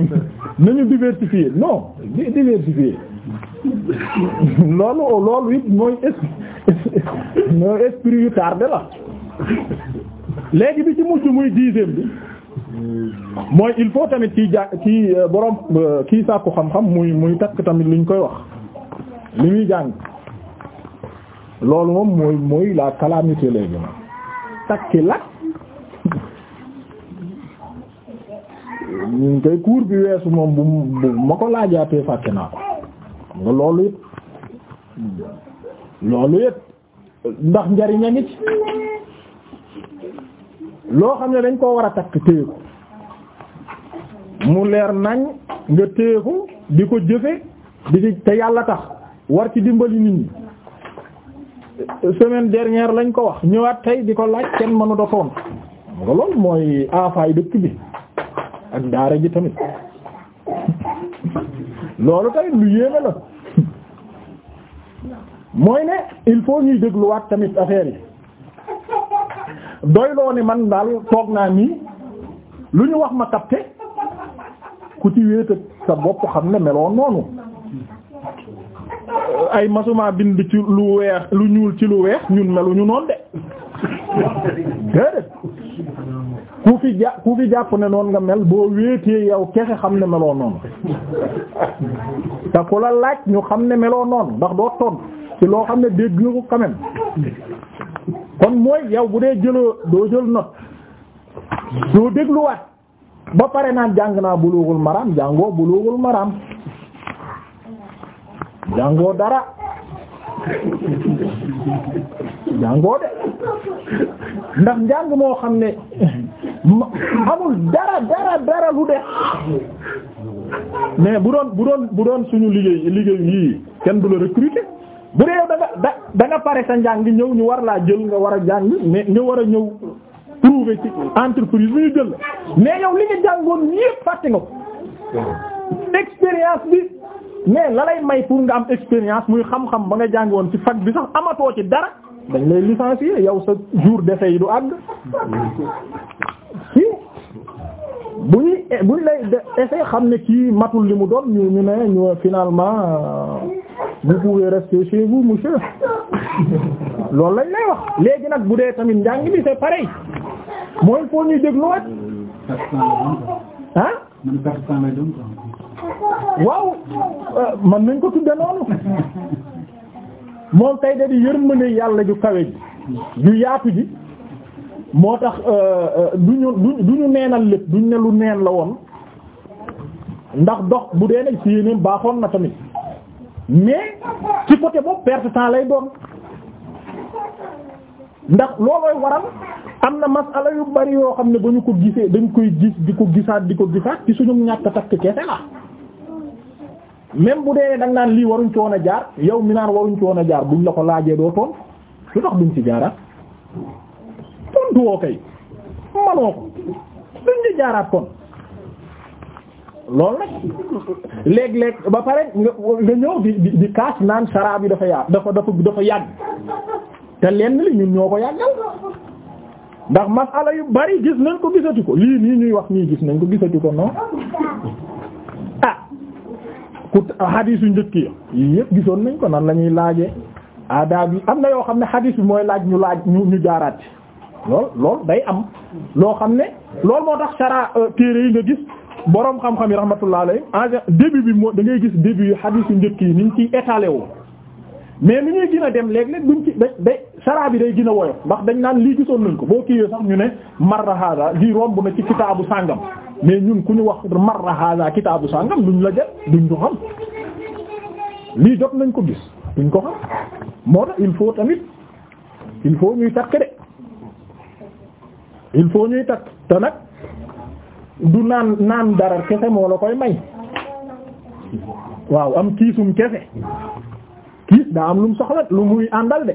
(laughs) nañu diversifier non diversifier (laughs) loolu loolu it mooy (laughs) mooy esprit yu tardé la léegi bi ci mujj muy dixième bi mooy il faut tamit ci jà ci euh, borom euh, kii sàkku xam-xam muy muy takk tamit luñ koy wax li muy jàng loolu moom mooy mooy la calamité léegi ma takki lakk ñu ngi koy cours bi weesu moom bu ma ko laajaatee fàtte naa ko xam nga loolu it loolu it ndax njariñ a ci loo xam ne dañ koo war a takk téye mu leer nañ nga téye ko di ko jëfe di ci te yàlla tax war ci dimbali nit ñi semaine dernière lañ ko wax ñëwaat tey di ko laaj kenn mënu da toon nga lool mooy aafaay dëkk bi ak daara ji tamit loolu tamit lu yéeme la mooy ne il faut ñuy dégluwaat tamit affaire yi doy loo ne man daal toog naa nii lu ñu wax ma capté ku ci wéetat sa bopp xam ne meloon noonu ay masuma bind ci lu weex lu ñuul ci lu weex ñun meluñu noonu de ku fi ja ku fi jàpp ne noonu nga mel boo wéetee yow kexe xam ne meloo noonu te ku la laaj ñu xam ne meloo noonu ndax doo ton ci loo xam ne dégg nga ko quand kon mooy yow bu dee jëloo doo jël note doo dégluwaat ba pare naan jàng naa Bulughul Maram jàngoo Bulughul Maram jàngoo dara. jàngoo de ndax njàng moo xam ne amul dara dara dara lu de mais bu doon bu doon bu doon suñu liggéey liggéey yii kenn du la recruter bu dee da nga pare sa njàng ñëw ñu war laa jël nga war a jàng mais nga war a ñëw prouver ci entreprise bu ñu jël mais yow li jàngoon yépp fàtte nga ko expérience bi. mais la lay may pour nga am expérience muy xam-xam ba nga jàng woon ci fac bi sax amatoo ci dara dañ lay licencier yow sa jour d'essai yi du àgg si bu ñuy bu ñu lay essai xam ne kii matul li mu doon ñu ñu ne ñu finalement vous pouvez rester chez vous monsieur loolu lañ lay wax léegi nag bu dee tamit njàng bi c'est pareil mooy il faut ñuy dégluwaat ah waaw euh, man nañ ko tudde noonu moom tey da di yërmande yàlla ju kawe ju yaatu ji moo tax euh, euh, duñu duñu neenal lépp duñu ne lu neen la woon ndax dox bu dee nag ci yéenéem baaxoon na tamit mais ci côté boobu perte temps lay doon ndax loolooy waral am na masala yu bari yoo xam ne ba ñu ko gisee dañ koy gis di ko gisaat di ko gisaat ci suñu ñàkk takk kese la même bu dee da naan lii waruñ ci woon a jaar yow mi naan waruñ ci woon a jaar buñ la ko laajee doo toon lu tax duñ ci jaaraat tontu woo kay manoo ko duñ ci jaaraat kon loolu nag léeg-léeg ba pare nga nga ñëw di bi kaas naan saraab yi dafa yaa dafa dafa dafa yàgg te lenn li ñun ñoo ko yàgg ndax masala yu bari gis nañ ko gisati ko lii nii ñuy wax nii gis nañ ko gisati ko non ah ku xadiisu njëkk ya yëpp gisoon nañ ko naan la laaje laajee aadaab am na yoo xam ne xadiis bi mooy laaj ñu laaj ñu ñu jaaraat lool lool day am loo xam ne loolu moo tax sara euh, téere yi nga gis boroom xam-xam yi rahmatullah alayhi en début bi moo da gis début yi xadiis yu njëkk yi niñ ki étalé woo mais ni ñuy gën a dem léeg-léeg duñ ci day day sara bi day gën a ndax dañ naan lii gisoon nañ ko boo kiiyee sax ñu ne marra hada lii romb na ci kitaabu sàngam mais ñun ku ñu wax marra haza kitaabu sangam duñ la jël duñ ko xam lii jot nañ ko gis duñ ko xam moo tax il faut tamit il faut ñuy takk de il faut ñuy takk te du naan naan dara kese moo la koy may waaw am kiisum kese kiis daa am lu mu soxla lu muy àndal de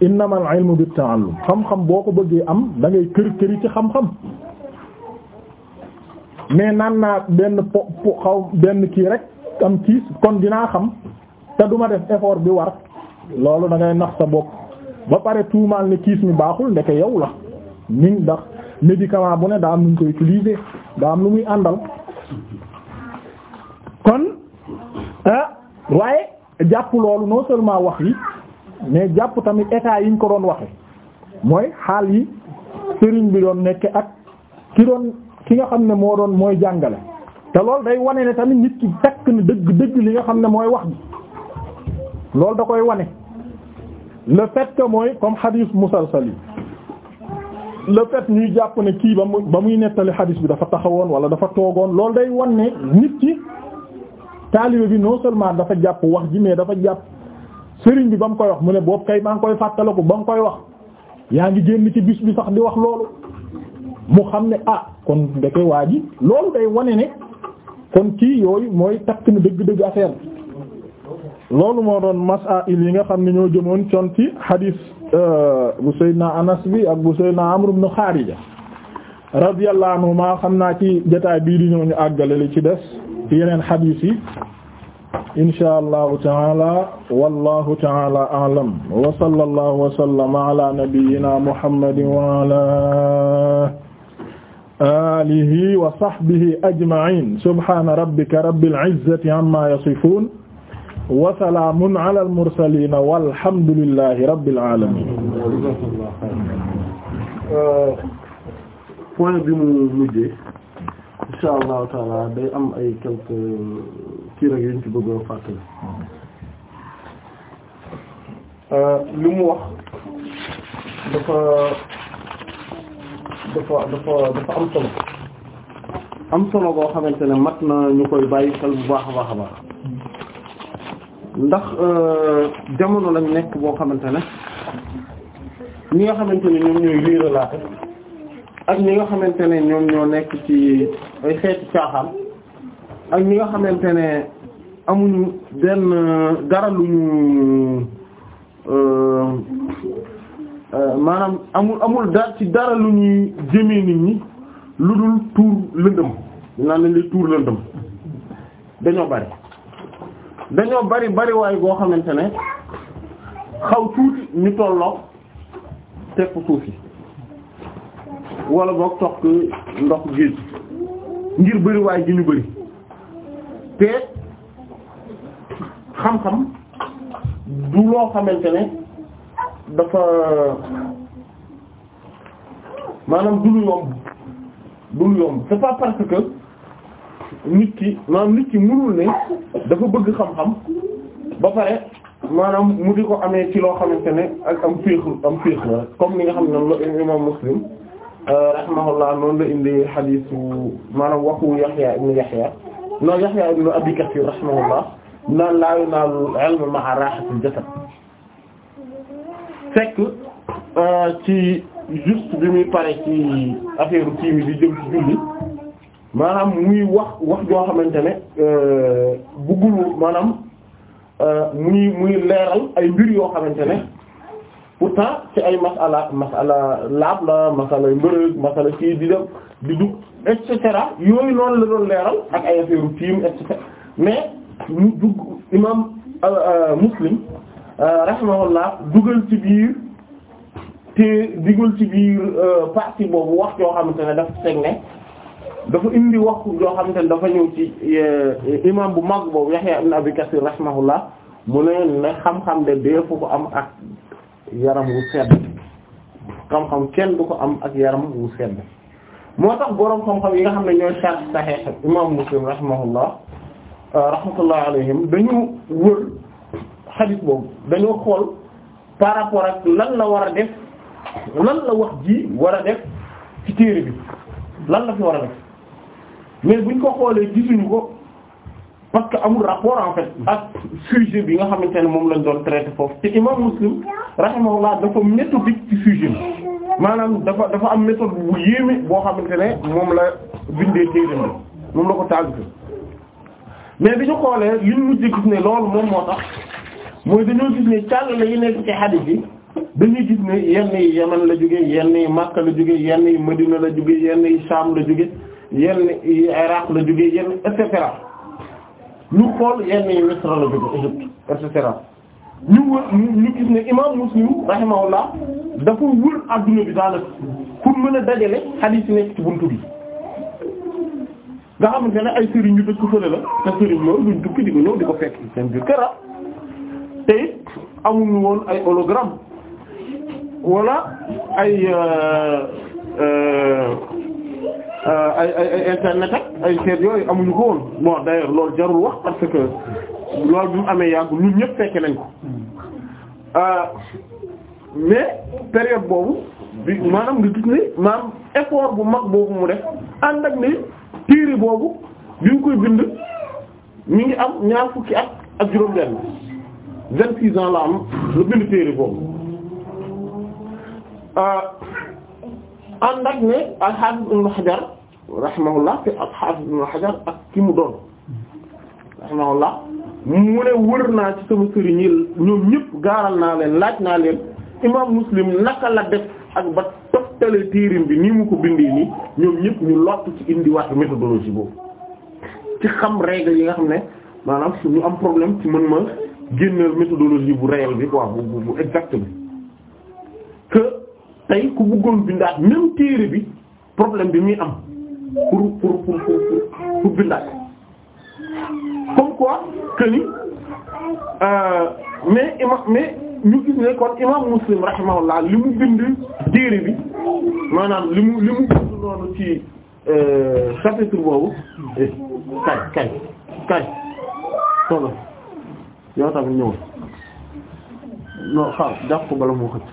innamal ilmu bit ta'allum xam-xam boo ko bëggee am dangay ngay kër këri ci xam-xam mais naan naa benn po xaw benn kii rek am kiis kon dinaa xam te duma def effort bi war loolu da ngay nax sa bopp ba pare tuumaal ne kiis mi baaxul ndeke yow la ni ndax médicament bu ne daa am lu ñu daa am lu muy àndal kon ah waaye jàpp loolu non seulement wax yi mais jàpp tamit état yi ñu ko doon waxe mooy xaal yi sëriñ bi doon nekk ak ki doon ki nga xam ne moo doon mooy jàngale te loolu day wane ne tamit nit ki takk na dëgg dëgg li nga xam ne mooy wax ji loolu da koy wane le fait que mooy comme hadis musalsal yi le fait ñuy jàpp ne kii ba mu muy nettali hadis bi dafa taxawoon wala dafa toogoon loolu day wane ne nit ki taalibe bi non seulement dafa jàpp wax ji dafa jàpp sëriñ bi ba mu koy wax mu ne boobu kay maa ngi koy ko ba mu koy wax yaa ngi génn ci bis bi sax di wax loolu mu xam ne ah kon ndeke waa ji loolu day wane ne kon kii yooyu mooy takk na dëgg-dëgg affaire loolu moo doon masaa'il yi nga xam ne ñoo jëmoon con ci hadis euh, bu Seydina Anas bi ak bu Seydina Amr ibn Kharija radiyallahu anhu maa xam naa ci jotaay bii di ñëw ñu àggale li ci des ci yeneen hadis yi insha allahu taala wallahu taala a'lam wa sallallahu wa sallama ala nabiyyina muhammadin wa ala alihi wa sahbihi ajma'in subhana rabbika rabbil izzati amma yasifun wa salaamun ala al-mursalin walhamdulillahi rabbil alamin euh, point bi mu mujjee insha allahu taala day am ay quelques euh, kii rek yuñ ci bëggoon fàttali euh, li mu wax dafa dafa dafa dafa am solo am solo boo xamante ne mat na ñu koy bàyyi xel bu baax a baax a baax ndax euh, jamono lañ nekk boo xamante ne ñi nga xamante ne ñoom ñooy réeralaate ak ñi nga xamante ne ñoom ñoo nekk ci ay xeeti caaxaan ak ñi nga xamante ne amuñu benn dara lu ñu euh, Euh, maanaam amul amul dara ci dara lu ñuy jëmee nit ñi lu dul tuur lëndëm naan lañ tuur lëndëm dañoo bari dañoo bari bari waay goo xamante ne xaw tuuti ñu tolloo tepp suuf si wala boog toq ndox géej ngir bëri waay gi ñu bëri te xam-xam du loo xamante ne dafa maanaam du lu yomb du yomb c'est pas nit ki maanaam nit ki mënul ne dafa bëgg xam-xam ba pare maanaam mu di ko amee ci loo xamante ne ak am féex am féex la comme ni nga xam ne la imam Muslim euh, rahimahullah noonu la indi xadiisu maanaam waxu Yaxya ibnu Yaxya noonu Yaxya ibnu Abi Kasiir rahimahullah naan laa yunaalul ilmu ma'a raahatil jasad fekk euh, ci juste bi muy pare ci affaire kii bi di jëm ci julli maanaam muy wax wax joo xamante ne euh, buggul maanaam euh, muy muy leeral ay mbir yoo xamante ne pourtant ci ay masala masala laab la masala mbërëg masala kii di dem di dugg et yooyu noonu la doon leeral ak ay affaire tiim et mais mu dugg imam muslim Euh, rahimahullah dugal ci biir te dugal ci biir euh, partie boobu wax yoo xamante ne dafa teg ne dafa indi wax yoo xamante ne dafa ñëw ci euh, imam bu mag boobu Yahya ibn Abi Kathir rahimahullah mu ne ne xam-xam de dee fu ko am ak yaram wu sedd xam-xam kenn du ko am ak yaram wu sedd moo tax boroom xam-xam yi nga xam ne ñooy sharh Sahih imam Muslim rahimahullah rahmatullah alayhim dañu wër xadis boobu dañoo xool par rapport ak lan la war a def lan la wax ji war a def ci téere bi lan la fi war a def mais buñ ko xoolee gisuñu ko parce que amul rapport en fait ak sujet bi nga xamante ne moom lañ doon traité foofu te imam Muslim rahimahullah dafa méthodique ci sujet bi maanaam dafa dafa am méthode bu yéeme boo xamante ne moom la bindee téeram bi moom la ko tàgg mais bi ñu xoolee liñ mujj gis ne loolu moom moo tax mooy dañoo gis ne càllale yi nekk ci xadis yi dañuy gis ne yenn yi Yaman la jóge yenn yi Makka la jóge yenn yi Madina la jóge yenn yi Saam la jóge yenn yi Iraq la jóge yenn et cetera ñu xool yenn yi Misra la jóge Égypte et cetera ñu wër ñu gis ne imam Muslim rahimahullah dafa wër adduna bi daanaka pour mën a dajale xadis yi nekk ci buntu bi nga xamante ne ay sëriñ ñu dëkk fële la te sëriñ loolu duñ tukki di ko ñëw di ko fekk seen biir këra te amuñu woon ay hologramme wala euh, euh, euh, ay ay ay internet ak ay seet yooyu amuñu ko woon bon d'ailleurs loolu jarul wax parce que loolu bi mu amee yàgg ñun ñëpp fekke nañ ko mais période boobu bi maanaam nga gis ni maanaam effort bu mag boobu mu def ànd ak ni téere boobu bi mu koy bind mi ngi am ñaar fukki at ak juróom-benn. vingt six ans la am lu bind téere boobu euh, ànd ak ne al-Hafiz Hajar rahimahullah te al-Hafiz Hajar ak ki mu doon rahimahullah mu ne wër naa ci sama sëriñ yi ñoom ñëpp gaaral naa leen laaj naa leen imam Muslim naka la def ak ba toftale téerim bi nii mu ko bindee nii ñoom ñëpp ñu lott ci indiwaat méthodologie boobu ci xam règle yi nga xam ne maanaam ñu am problème ci mën ma génneel méthodologie bu réel bi quoi bu bu bu exact bi que tey ku bëggoon bindaat même téere bi problème bi muy am pour pour pour pour pour bindaat comme quoi que ni euh, mais ima mais ñu gis ne kon imam Muslim rahimahullah li mu bind téere bi maanaam li mu li mu bind noonu ci euh, chapitre boobu eh, kay kay kay solo yow tamit ñëwul non xaar jàpp ko bala moo xëcc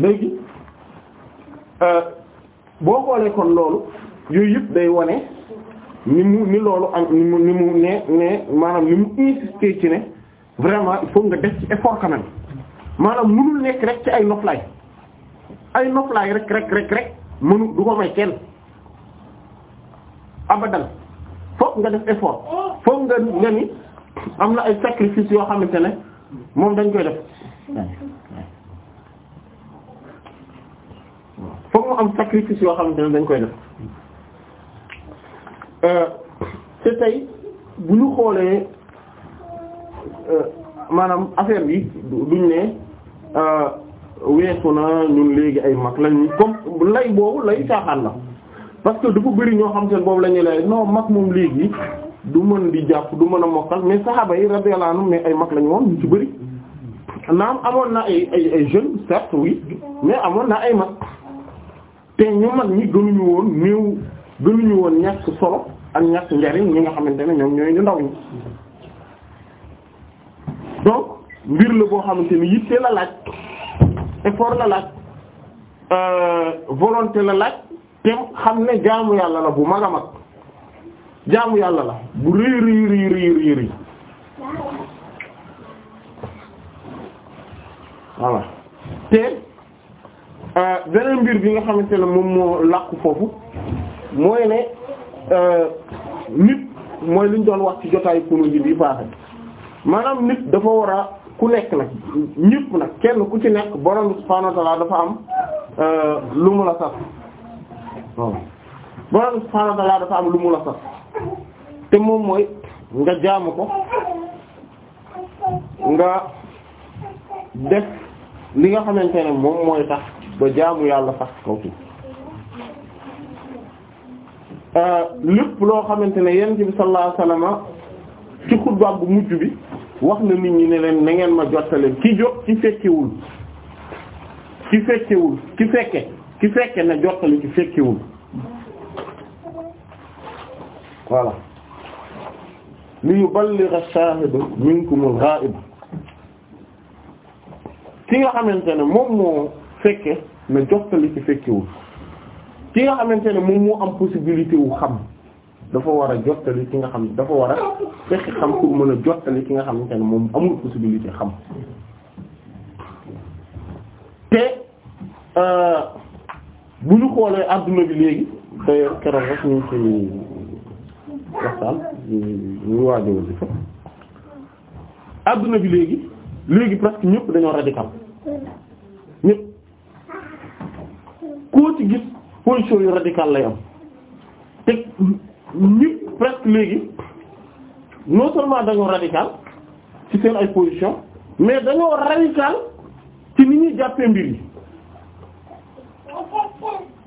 léegi euh, boo xoolee kon loolu yooyu yëpp day wane ni mu ni loolu am ni mu ni mu ne ne maanaam ni mu insister ci ne vraiment il faut nga def ci effort quand maanaam mënul nekk rek ci ay noflaay ay noflaay rek rek rek mënul du ko may kenn abadan fokk nga def effort fokk nga nga ni am na ay sacrifice yoo xamante ne moom dañ koy def fokk mu am sacrifice yoo xamante ne dañ koy def euh, te bu ñu xoolee euh, maanaam affaire bi duñ ne euh, weesu na ñun léegi ay mag lañu comme lay boobu lay caaxaan la parce que dafa bëri ñoo xam seen boobu la ñuy lay non mag moom léegi du mën di jàpp du mën a mokkal mais saxaaba yi radiyallahu mais ay mag lañu woon ñu ci bëri naam amoon na ay ay jeunes certes mais amoon na ay mag te ñu mag ñi gënuñu woon néew gënuñu woon ñàkk solo ak ñàkk njariñ ñi nga xamante ne ñoom ñooy ñu ndaw ñi donc mbir la boo xamante ni yitte la laaj. effort la laaj euh, volonté la laaj te xam ne jaamu yàlla la bu mag a mag jaamu yàlla la bu rii rii rii rii te euh, beneen mbir bi nga xamante ne moom moo làqu foofu mooy ne euh, nit mooy liñ doon wax ci jotaayu kuréel gi bii baaxe nit dafa war ku nekk nag ñëpp nag kenn ku ci nekk borom subhaanahu dafa am euh, lu mu la sas waaw borom dafa am lu mu la sas te moom mooy nga jaamu ko nga def li nga xamante ne moom mooy tax ba jaamu yàlla sax kaw fi euh, lépp loo xamante ne yonent bi sallallahu alayhi wa sallam ci bu mujj bi wax na nit ñu ne leen na ngeen ma jottalee ki jot ki fekkewul ki fekkewul ki fekke ki fekke na jottali ki fekkewul voilà li yuballigha ash-shahidu minkum al-ghaib ki nga xamante ne moom moo fekke na jottali ki fekkewul ki nga xamante ne moom moo am possibilité wu xam dafa war a jottali ki nga xam ne dafa war a fexe xam pour mën a jottali ki nga xamante ne moom amul possibilité xam te euh, bu ñu xoolee àdduna bi léegi day keroog rek ñu ngi waxtaan ñu waajowal di fa adduna bi léegi léegi presque ñëpp dañoo radical ñëpp koo ci gis position yu radical lay am te ñëpp presque léegi non seulement dañoo radical ci seen ay position mais dañoo radical ci ni ñuy jàppee mbir yi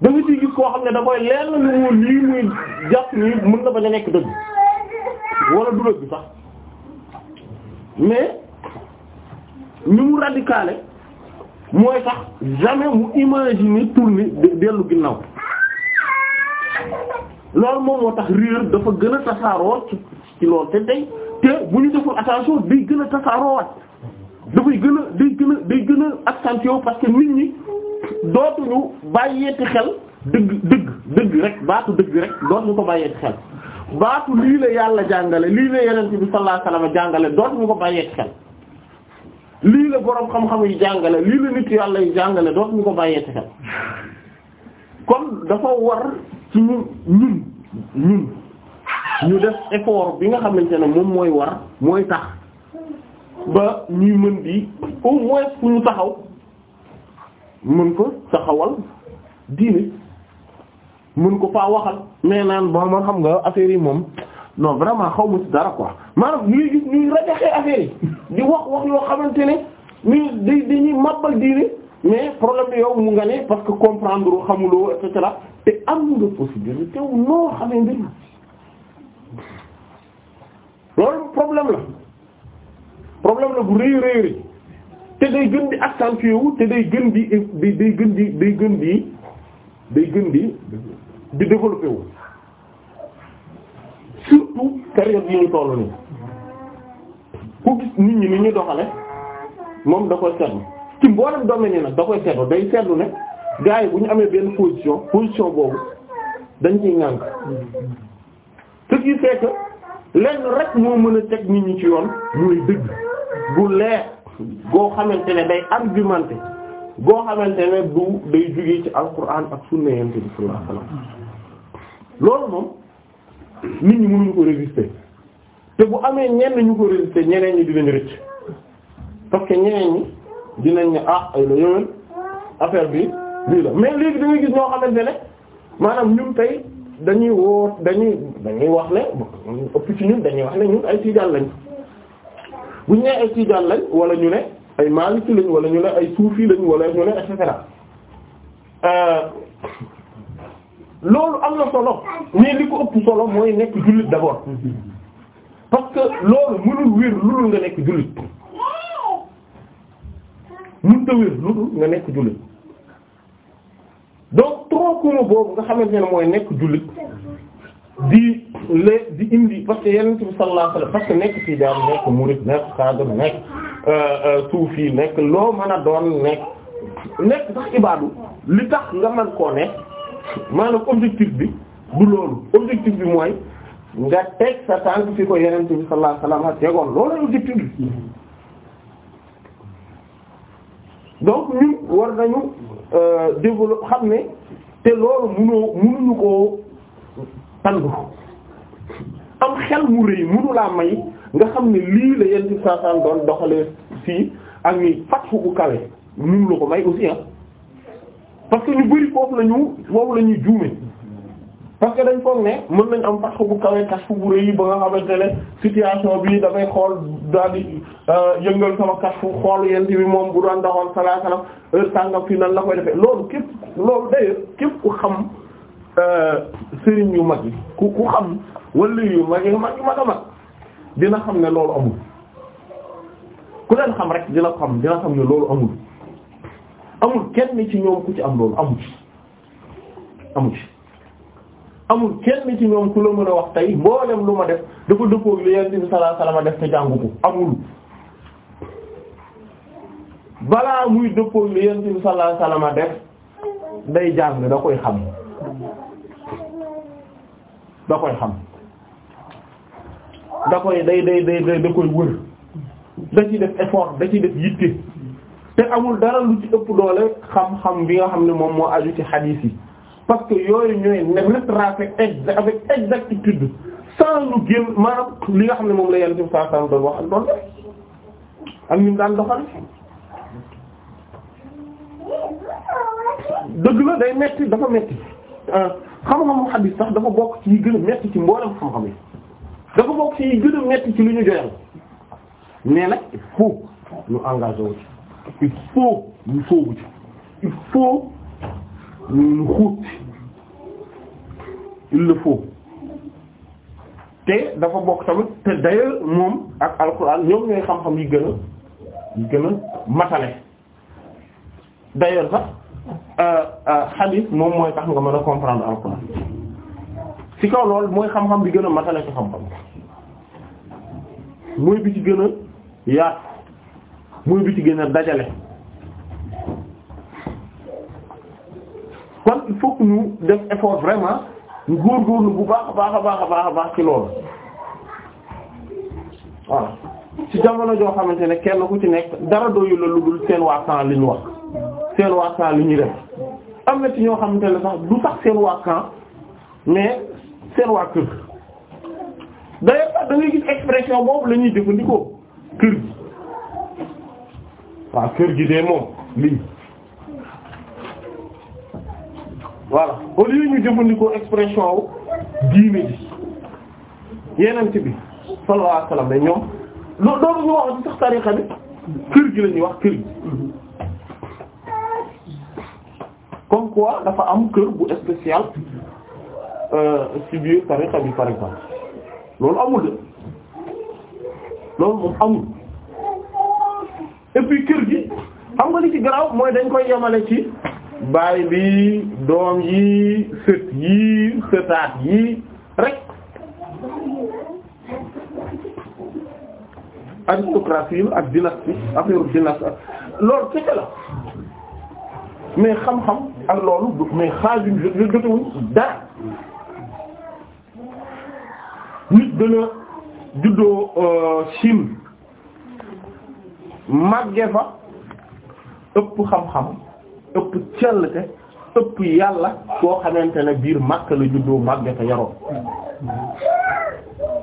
da nga ciy gis koo xam ne da koy leer na lu mu lii muy jàpp nii mën na ba a nekk dëgg wala du dëgg sax mais ni mu radicalé mooy tax jamais mu imaginer tourner dellu ginnaaw loolu moom moo tax réer dafa gën a tasaaroo ci loolu te tey te bu ñu deful attention day gën a tasaaroo waat dafay gën a day gën a day gën a accentué wu parce que nit ñi dootuñu bàyyeeti xel dëgg dëgg dëgg rek baatu dëgg rek dootuñu ko bàyyeeti xel baatu lii la yàlla jàngale lii la yonent bi sallallahu alayhi wasallam jàngale dootuñu ko bàyyeeti xel lii la boroom xam-xam yi jàngale lii la nit yàlla yi jàngale ñu ko bàyyeeti xel kon dafa war ci ñun ñun ñun ñu def effort bi nga xamante ne moom mooy war mooy tax ba ñuy mën bi au moins fu ñu taxaw mën ko taxawal diine mën ko faa waxal mais naan bon man xam nga affaire yi moom non vraiment xaw ma ci dara quoi maanaam ñuy ñuy rajaxee affaire yi di wax wax yoo xamante ne ñuy dañuy màbbal diine mais problème bi yow mu nga ne parce que comprendre xamuloo et cetera te am nga possibilité wu noo xamee mbir loolu problème la problème la bu rëy rëy rëy te day gën di accentuer wu te day gën di di day gën di day gën di day gën di di développer wu surtout période yi ñu tollu nii ku gis nit ñi ni ñu doxale moom da koy ci mboolem domaine yi nag da koy seetlu day seetlu ne gars yi bu ñu amee benn position position boobu dañ ciy ŋànk ce qui lenn rek moo mën a teg nit ñi ci yoon mooy dëgg bu leer goo xamante ne day argumenté goo xamante ne du day jugee ci alquran ak sunna yonent bi sallallahu alayhi loolu moom nit ñi mënuñu ko résister te bu amee ñenn ñu ko résister ñeneen ñi dinañ rëcc parce ñeneen ñi. dinañ ne ah ay la yowén affaire bi lii la mais léegi da ngay gis ñoo xamante ne maanaam ñun tey dañuy woo dañuy dañuy wax ne ëpp ci ñun dañuy wax ne ñun ay tiijaan lañ bu ñu nee ay tiijaan lañ wala ñu ne ay maliki lañ wala ñu ne ay suufi lañ wala ñu ne et cetera euh, (coughs) loolu am na solo ni li ko ëpp solo mooy nekk jullit d'abord parce que loolu mënul wér lu dul nga nekk jullit mun tawéer lu dul nga nekk jullit donc trop commun boobu nga xamante ne mooy nekk jullit di lé di indi parce que yenent bi sallallahu alayhi wasallam nekk ci jaam nekk murid nekk xaadir nekk euh, euh, suufi nekk loo mën a doon nekk nekk sax ibaadu li tax nga mën koo nekk maanaam objectif bi du loolu objectif bi mooy nga teg sa tànk fi ko yenent bi sallallahu alayhi wasallam tegoon loolu objectif bi donc ñu war nañu euh, développer xam ne te loolu munoo munuñu ko tàndu am xel mu rëy munu laa may nga xam ne lii la yenn ci saasaan doon doxalee fii ak ni fàttu bu kawe ñun la ko may aussi ah parce que ñu bari foofu la foofu la ñuy juume. parce que dañ foog ne mën nañ am fatx bu kawe kashfu bu rëy ba nga xamante ne situation bi dafay xool daal euh, yëngal sama kashfu xool yent bi moom bu doon doxal salaa salaam heure fii nan la koy defee loolu képp loolu d'ailleurs képp ku xam euh, sëriñ yu mag yi ku ku xam wala yu mag yi mag mag a mag dina xam ne loolu amul ku leen xam rek dina xam dina xam ne loolu amul amul kenn ci ñoom ku ci am loolu amul amul amul kenn ci ñoom ku la mën a wax tey mboolem lu ma def dafa dëppoog li Yonent bi sallallahu alayhi wasallam def te jàngu ko amul balaa muy dëppoog li Yonent bi sallallahu alayhi wasallam def day jàng da koy xam da koy xam da koy day day day da koy wër da ci def effort da ci def yitte te amul dara lu ci ëpp doole xam-xam bi nga xam ne moom moo aju ci xadiis yi parce que yooyu ñooy ne tracer exa avec exactitude sans lu génn maanaam li nga xam ne moom la yàlla def saa saa doon wax ak doon ñu daan doxal dëgg la day metti dafa metti euh, xam-xamu xadiis sax dafa bokk ci yi gën a metti ci mboolem xam-xam yi dafa bokk ci yi gën metti ci lu ñu joyal mais nag il faut ñu engagé wu ci il faut ci il faut ñu xuut il le faut te dafa bokk tamit te d'ailleurs moom ak alxuraan ñoom ñooy xam-xam yi gën a yi gën a matale d'ailleurs sax xadiis euh, euh, moom mooy tax nga mën a comprendre alxuraan ci kaw lool mooy xam-xam bi gën a matale ci xam-xam mooy bi ci gën a yaat mooy bi ci gën a dajale kon il faut que ñu def effort vraiment ñu góorgóorlu bu baax a baax a baax a baax a ci loolu waaw ci jamono joo xamante ne kenn ku ci nekk dara doyu la lu dul seen waakan li ñu wax seen waakan li ñuy dem am na ci ñoo xamante ne sax du sax seen waakan mais seen waa kër d'ailleurs da ngay gis expression boobu la ñuy kër gi waaw kër gi de moom lii voilà au lieu ñu jëfandikoo expression wu diine ji yeneen bi sallallahu alayhi wasallam mais ñoom loolu doon ñu wax sax tarixa bi kër gi la ñuy wax kër gi comme quoi dafa am kër bu spécial euh, ci tarixa bi par exemple loolu amul de loolu moom amul et kër gi xam nga li ci garaaw mooy dañ koy yemale ci baay bi doom yi sët yi sëtaat yi rek aristocratie la ak dynastie affaire dynastie loolu keke la mais xam-xam ak loolu mais xaaju jotewuñ dara nit la juddoo euh, Chine màgge fa ëpp xam-xam ëpp cellte ëpp yàlla koo xamante ne biir Makka la juddoo màggata yaroon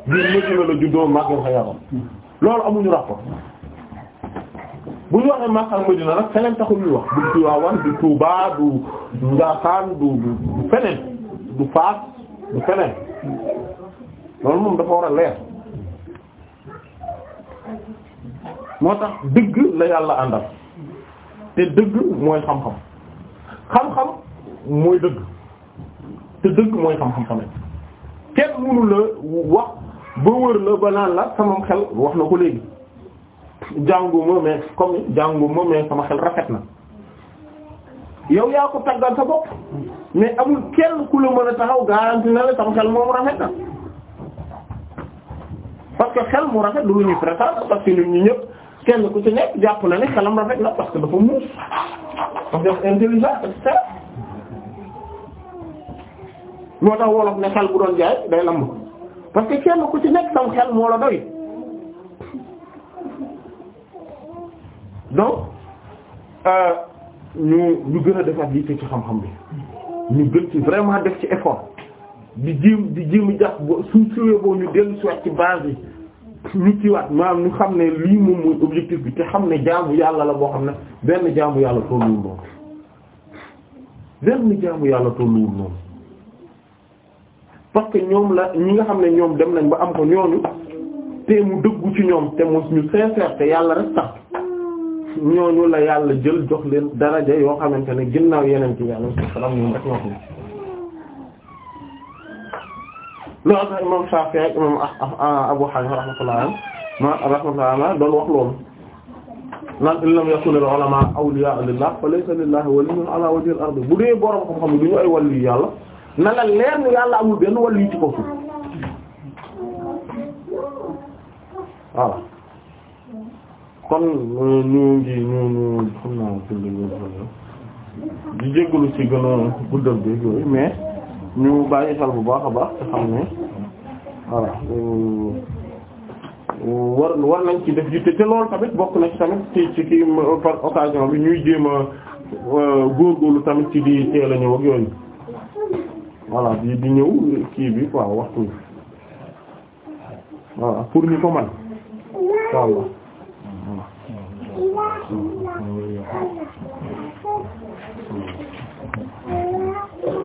biir Madina la juddoo màggata yaroon loolu amuñu rapport ko ñu waxee Makka ak Madina nag feneen taxul ñuy wax du Tiwaawan du Tuubaa du Njaasaan du du feneen du Faas du feneen loolu moom dafa war a leer moo tax digg la yàlla àndal te dëgg mooy xam-xam xam-xam mooy dëgg te dëgg mooy xam-xam tamit kenn mënu la wax ba wër la ba la sama xel wax na ko léegi jànguma mais comme jànguma mais sama xel rafet na yow yaa ko taggal sa bopp mais amul kenn ku la mën a taxaw garanti na la sama xel moom rafet na parce que xel mu rafet du lu ñuy prétendre parce que ñun ñi ñëpp kenn ku ci nekk jàpp na ne xelam rafet na parce que dafa muus parce que dafa intelligent et cetera moo tax wolof ne xel bu doon jaay day lamb parce que kenn ku ci nekk sam xel moo la doy donc euh, ñu ñu gën a defaat yitte ci xam-xam bi ñu gën ci vraiment def ci effort di jéem di jéem a jàpp ba suñ suwee boo ñu dellu si ci base bi. ñu kiiwaat maam ñu xam ne lii moom mooy objectif bi te xam ne jaamu yàlla la boo xam ne benn jaamu yàlla tolluwul noonu benn jaamu yàlla tolluwul noonu parce que ñoom la ñi nga xam ne ñoom dem nañ ba am ko ñooñu te mu dëggu ci ñoom te mu ñu sincère te yàlla rek tax ñooñu la yàlla jël jox leen daraja yoo xamante ne ginnaaw yeneen ci yàlla sallallahu alayhi rek ñoo xam ne loolu a imam Shafi ak imam Abu a rahmatullah rahmatullah doon wax loolu naan in lam yakun al ulama awliya lillah fa laysa lillahi waliyyun ala wajhi al ard bu dee borom xam-xam du ñu ay wàllu yàlla na la leer ni yàlla amul benn wàllu ci kaw suuf kon ñu ngi ñu ñu xam naa di jégalu ci gën bi yooyu mais. ñu bàyyi xel bu baax a baax te xam ne voilà euh, war war nañ ci def yitte te loolu tamit bokk na ci tamit ci ci kii par occasion bi ñuy jéem a euh, góorgóorlu tamit ci di teel a ñëw ak yooyu voilà di di ñëw kii bi quoi waxtu bi voilà pour ñu ko man